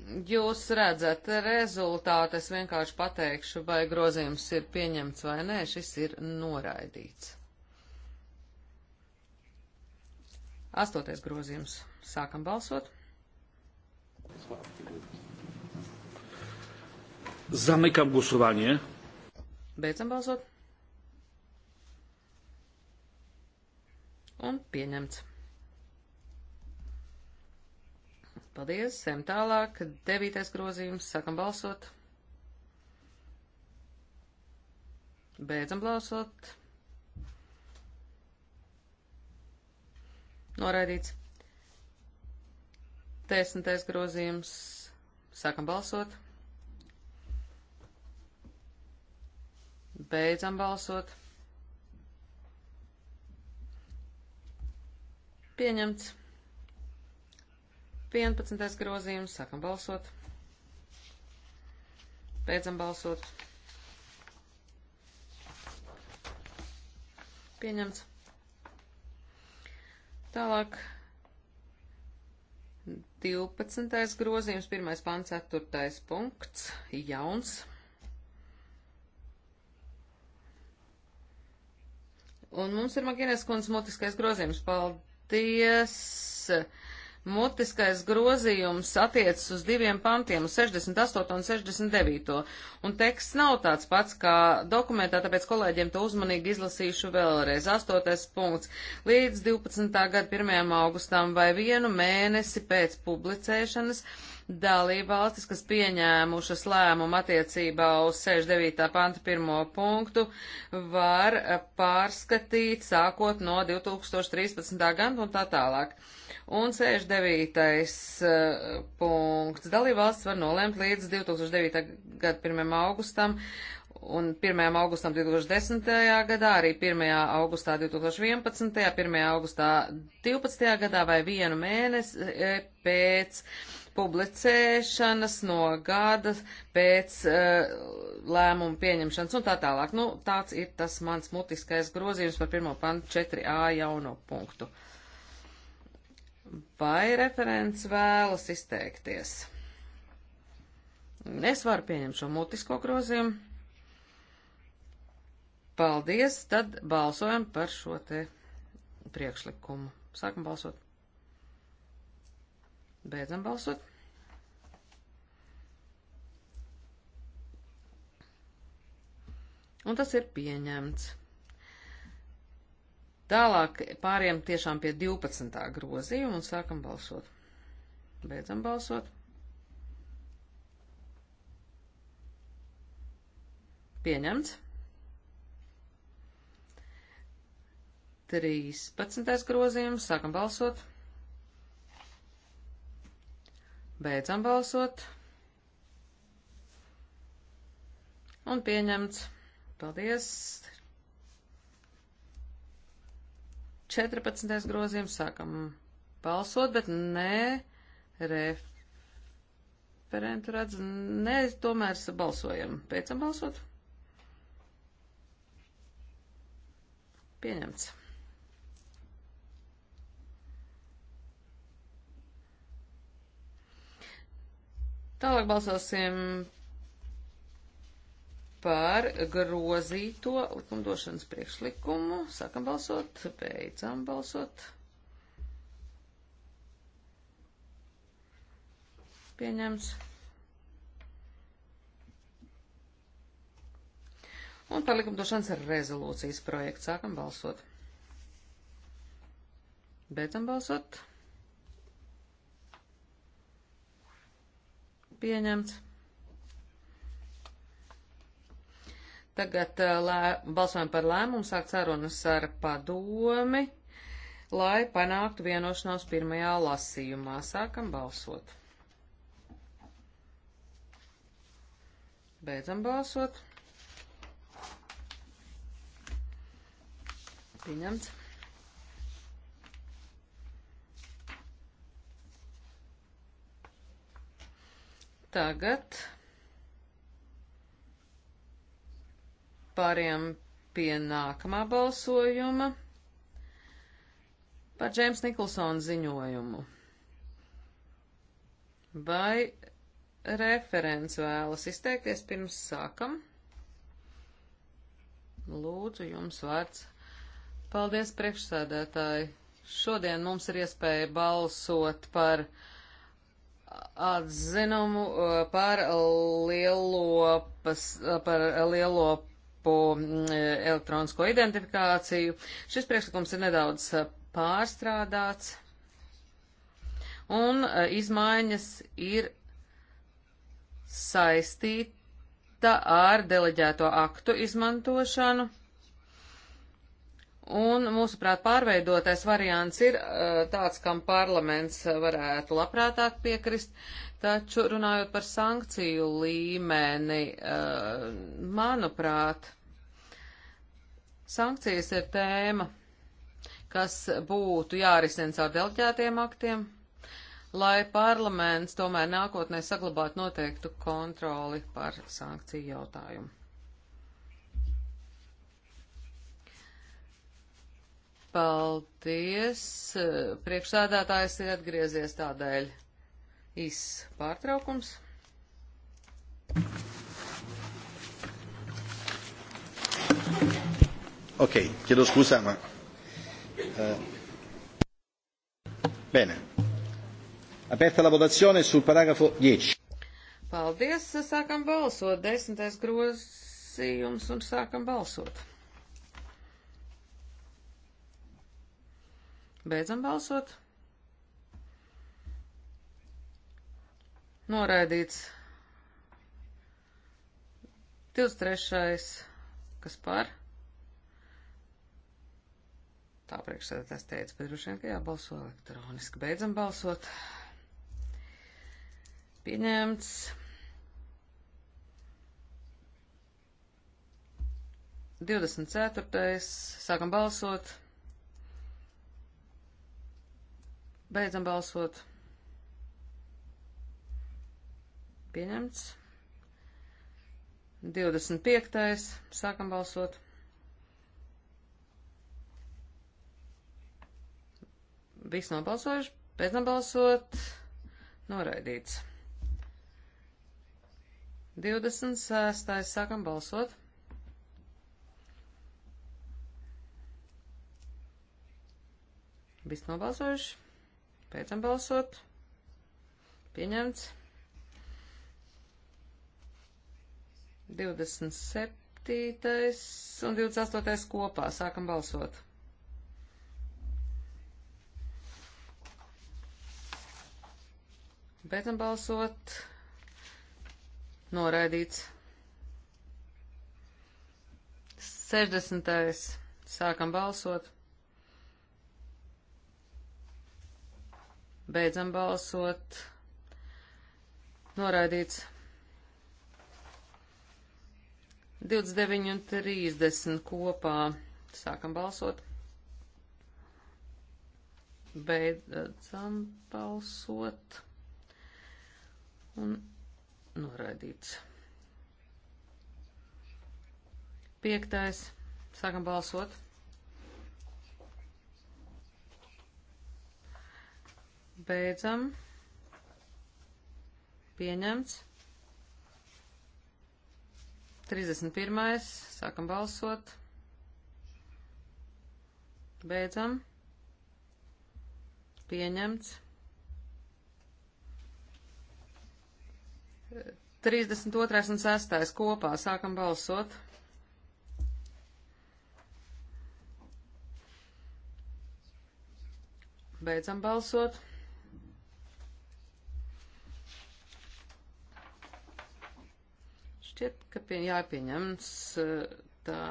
Jūs redzat rezultātu, es vienkārši pateikšu, vai grozījums ir pieņemts vai nē, šis ir noraidīts. Astoties grozījums. Sākam balsot. Zamykam głosowanie. Beidzam balsot. Un pieņemts. Paldies, ejam tālāk. Devītais grozījums, sākam balsot. Beidzam balsot. Noraidīts. Desmitais grozījums, sākam balsot. Beidzam balsot. Pieņemts. 11. grozījums. Sākam balsot. Beidzam balsot. Pieņemts. Tālāk. 12. grozījums, 1. pants, 4. punkts, jauns. Un mums ir Magīnēs kundz mutiskais grozījums. Paldies! Paldies! Mutiskais grozījums attiecas uz diviem pantiem, uz 68 un 69. Un teksts nav tāds pats kā dokumentā, tāpēc kolēģiem to uzmanīgi izlasīšu vēlreiz. 8. punkts. Līdz 12. gada 1. augustam vai vienu mēnesi pēc publicēšanas Dalībvalstis, kas pieņēmušas lēmumu attiecībā uz 69. panta pirmo punktu, var pārskatīt sākot no 2013. gada un tā tālāk. Un 69. Eh, punkts. Dalībvalstis var nolēmt līdz 2009. gada 1. augustam un 1. augustam 2010. gadā, arī 1. augustā 2011., 1. augustā 2012. gadā vai vienu mēnesi eh, pēc publicēšanas no gada pēc uh, lēmumu pieņemšanas un tā tālāk. Nu, tāds ir tas mans mutiskais grozījums par pirmo pantu 4a jauno punktu. Vai referents vēlas izteikties? Es varu pieņemt šo mutisko grozījumu. Paldies, tad balsojam par šo te priekšlikumu. Sākam balsot. Beidzam balsot. Un tas ir pieņemts. Tālāk pāriem tiešām pie 12. grozījuma un sākam balsot. Beidzam balsot. Pieņemts. 13. grozījums. Sākam balsot. Beidzam balsot. Un pieņemts. Paldies! 14. grozījums sākam balsot, bet nē, referentu redz, nē, tomēr balsojam. Pēcam balsot. Pieņemts. Tālāk balsosim par grozīto likumdošanas priekšlikumu. Sākam balsot, beidzam balsot. Pieņems. Un par likumdošanas rezolūcijas projektu sākam balsot. Beidzam balsot. Pieņemts. Tagad uh, lē, balsojam par lēmumu sākt sarunas ar padomi, lai panāktu vienošanos pirmajā lasījumā. Sākam balsot. Beidzam balsot. Pieņemts. Tagad pāriem pie nākamā balsojuma par Džēms Niklsona ziņojumu. Vai referents vēlas izteikties pirms sākam? Lūdzu, jums vārds. Paldies, priekšsēdētāji. Šodien mums ir iespēja balsot par atzinumu eh, par lielopas, eh, par lielo starpu mm, elektronisko identifikāciju. Šis priekšlikums ir nedaudz eh, pārstrādāts, un eh, izmaiņas ir saistīta ar deleģēto aktu izmantošanu. Un, mūsuprāt, pārveidotais variants ir eh, tāds, kam parlaments varētu labprātāk piekrist, taču runājot par sankciju līmeni, manuprāt, Sankcijas ir tēma, kas būtu jārisina caur delģētiem aktiem, lai parlaments tomēr nākotnē saglabātu noteiktu kontroli par sankciju jautājumu. Paldies. Priekšsādātājs ir atgriezies tādēļ. Īs pārtraukums. Thank you. Ok, chiedo scusa ma... Eh, bene. Aperta la votazione sul paragrafo 10. Paldies, sākam balsot. Desmitais grozījums un sākam balsot. Beidzam balsot. Noraidīts 23. kas par? Tā priekšsēdētājs teica, bet droši vien, ka jābalso elektroniski. Beidzam balsot. Pieņemts. Divdesmit ceturtais. Sākam balsot. Beidzam balsot. Pieņemts. 25. Sākam balsot. Viss nobalsojuši, pēc nobalsot, noraidīts. 26. sākam balsot. Viss nobalsojuši, pēcam balsot, pieņemts. 27. un 28. kopā sākam balsot. Beidzam balsot. Noraidīts. 60. Sākam balsot. Beidzam balsot. Noraidīts. 29 un 30 kopā. Sākam balsot. Beidzam balsot un noraidīts. Piektais. Sākam balsot. Beidzam. Pieņemts. 31. Sākam balsot. Beidzam. Pieņemts. 32. un 6. kopā sākam balsot. Beidzam balsot. Šķiet, ka pie, jāpieņems uh, tā.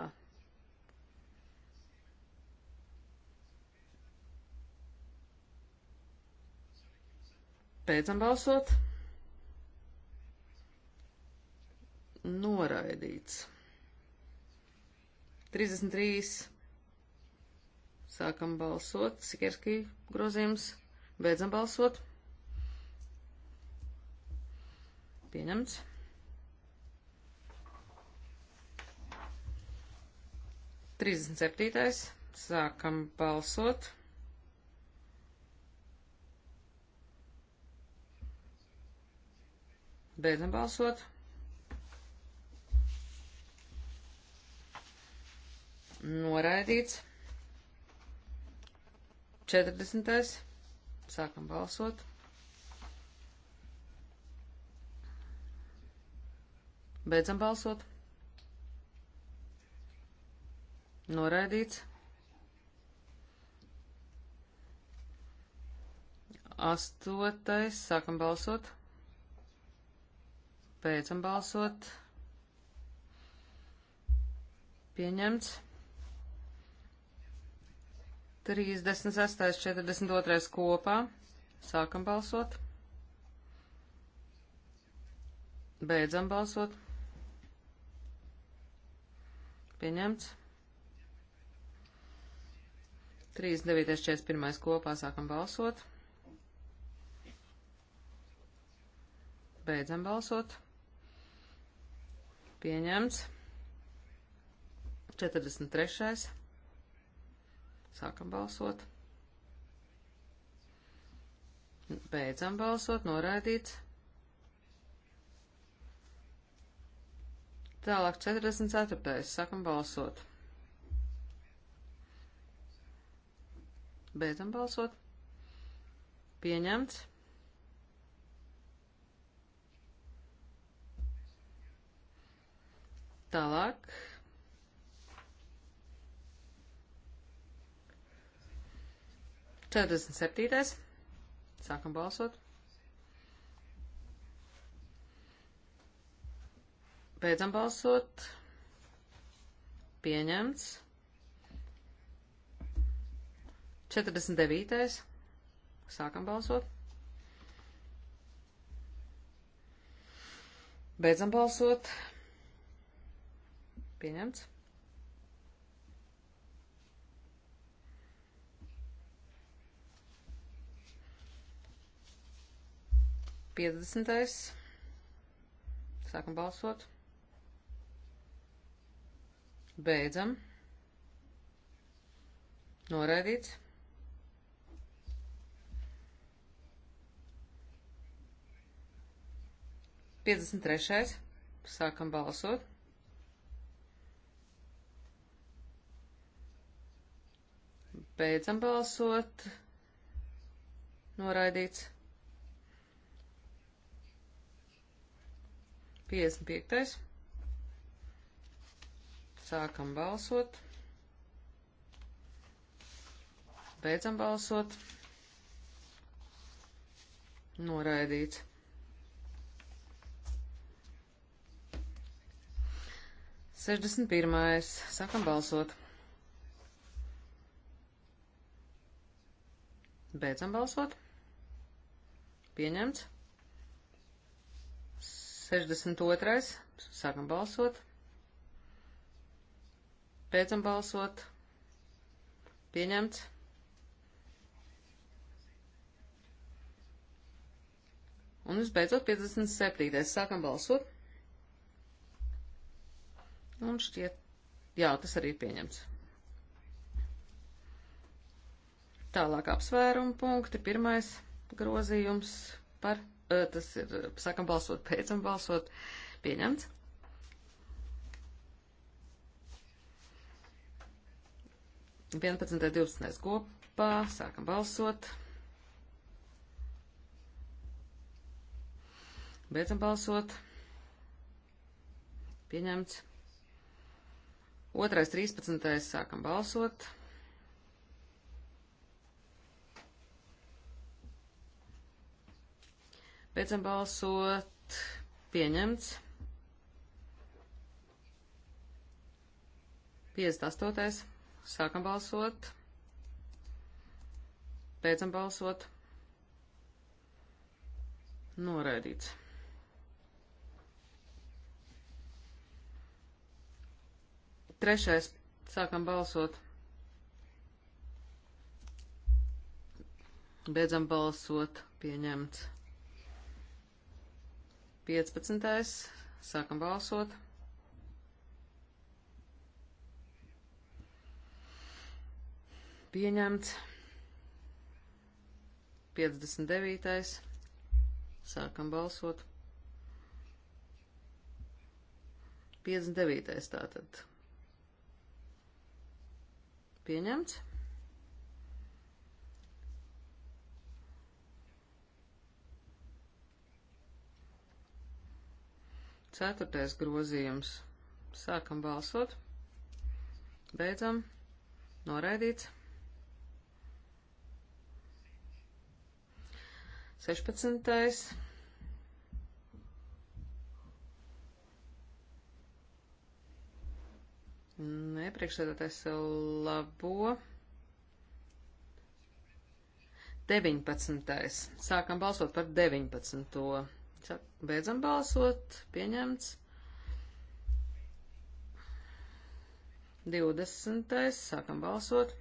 Beidzam balsot. noraidīts. 33. Sākam balsot. Sikerski grozījums. Beidzam balsot. Pieņemts. Trīsdesmit septītais. Sākam balsot. Beidzam balsot. Noraidīts. 40. Sākam balsot. Beidzam balsot. Noraidīts. 8. Sākam balsot. Beidzam balsot. Pieņemts. 36, 42 kopā. Sākam balsot. Beidzam balsot. Pieņemts. 39, 41 kopā. Sākam balsot. Beidzam balsot. Pieņemts. 43. Sākam balsot. Beidzam balsot, noraidīts. Tālāk 44. Sākam balsot. Beidzam balsot. Pieņemts. Tālāk 47. Sākam balsot. Beidzam balsot. Pieņemts. 49. Sākam balsot. Beidzam balsot. Pieņemts. 50. Sākam balsot. Beidzam. Noraidīts. Piecdesmit trešais. Sākam balsot. Beidzam balsot. Noraidīts. 55. Sākam balsot. Beidzam balsot. Noraidīts. Sešdesmit pirmais. Sākam balsot. Beidzam balsot. Pieņemts. 62. Sākam balsot. Beidzam balsot. Pieņemts. Un visbeidzot 57. Sākam balsot. Un šķiet, jā, tas arī ir pieņemts. Tālāk apsvērumu punkti. Pirmais grozījums par Eh, tas ir, sākam balsot, pēcam balsot, pieņemts. Vienpadsmitais, divpadsmitais kopā, sākam balsot. Beidzam balsot. Pieņemts. Otrais, trīspadsmitais, sākam balsot. Beidzam balsot. Pieņemts. 58. Sākam balsot. Beidzam balsot. Noraidīts. Trešais. Sākam balsot. Beidzam balsot. Pieņemts. 15. Sākam balsot. Pieņemts. 59. Sākam balsot. 59. tātad. Pieņemts. Ceturtais grozījums. Sākam balsot. Beidzam. Noraidīts. 16. Nē, priekšsēdētājs labo. 19. Sākam balsot par 19. Čak, beidzam balsot. Pieņemts. 20. Sākam balsot.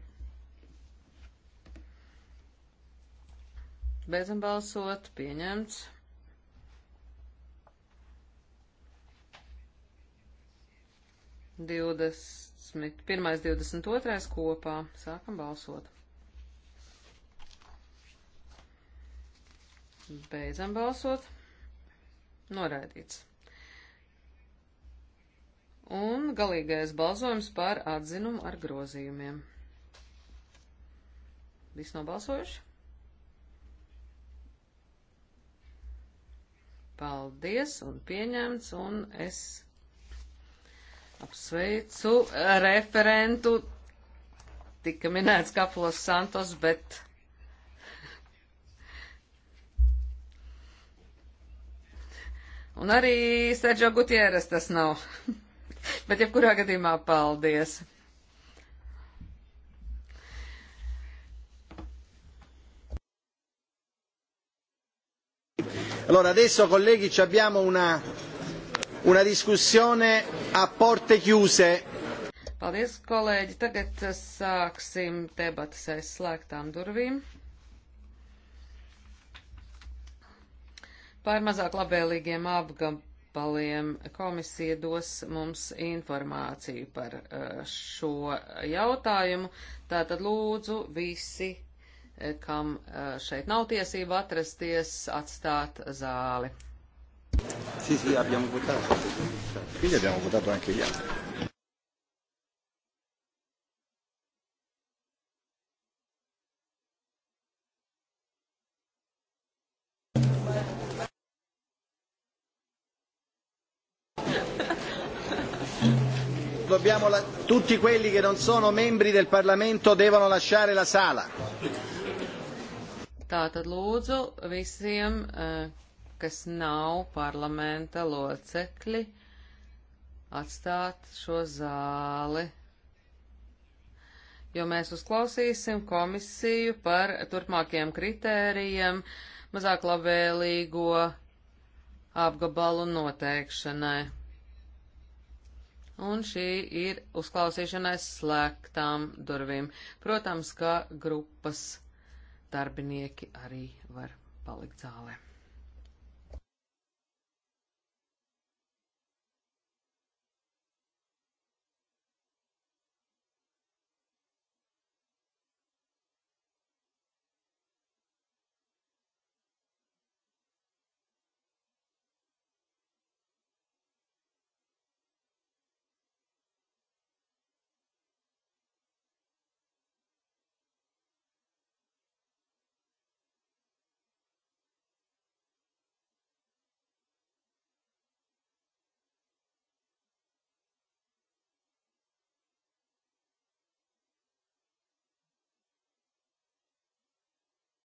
Beidzam balsot. Pieņemts. Divdesmit, pirmais, divdesmit otrais kopā. Sākam balsot. Beidzam balsot. Noraidīts. Un galīgais balsojums par atzinumu ar grozījumiem. Viss nobalsojuši? Paldies un pieņemts, un es apsveicu referentu. Tika minēts Kaplos Santos, bet Un arī Sergio Gutieres tas nav. Bet jebkurā gadījumā paldies. Allora adesso colleghi ci abbiamo una, una discussione a porte chiuse. Paldies kolēģi, tagad sāksim debatas aiz slēgtām durvīm. Par mazāk labvēlīgiem apgabaliem komisija dos mums informāciju par eh, šo jautājumu. Tātad lūdzu visi, eh, kam eh, šeit nav tiesība atrasties, atstāt zāli. Sì, sì, abbiamo votato. Quindi abbiamo votato anche gli altri. Preghiamo la... tutti quelli che non sono membri del Parlamento devono lasciare la sala. Tātad lūdzu visiem, eh, kas nav parlamenta locekļi, atstāt šo zāli, jo mēs uzklausīsim komisiju par turpmākiem kritērijiem mazāk labvēlīgo apgabalu noteikšanai un šī ir uzklausīšanai slēgtām durvīm. Protams, ka grupas darbinieki arī var palikt zālē.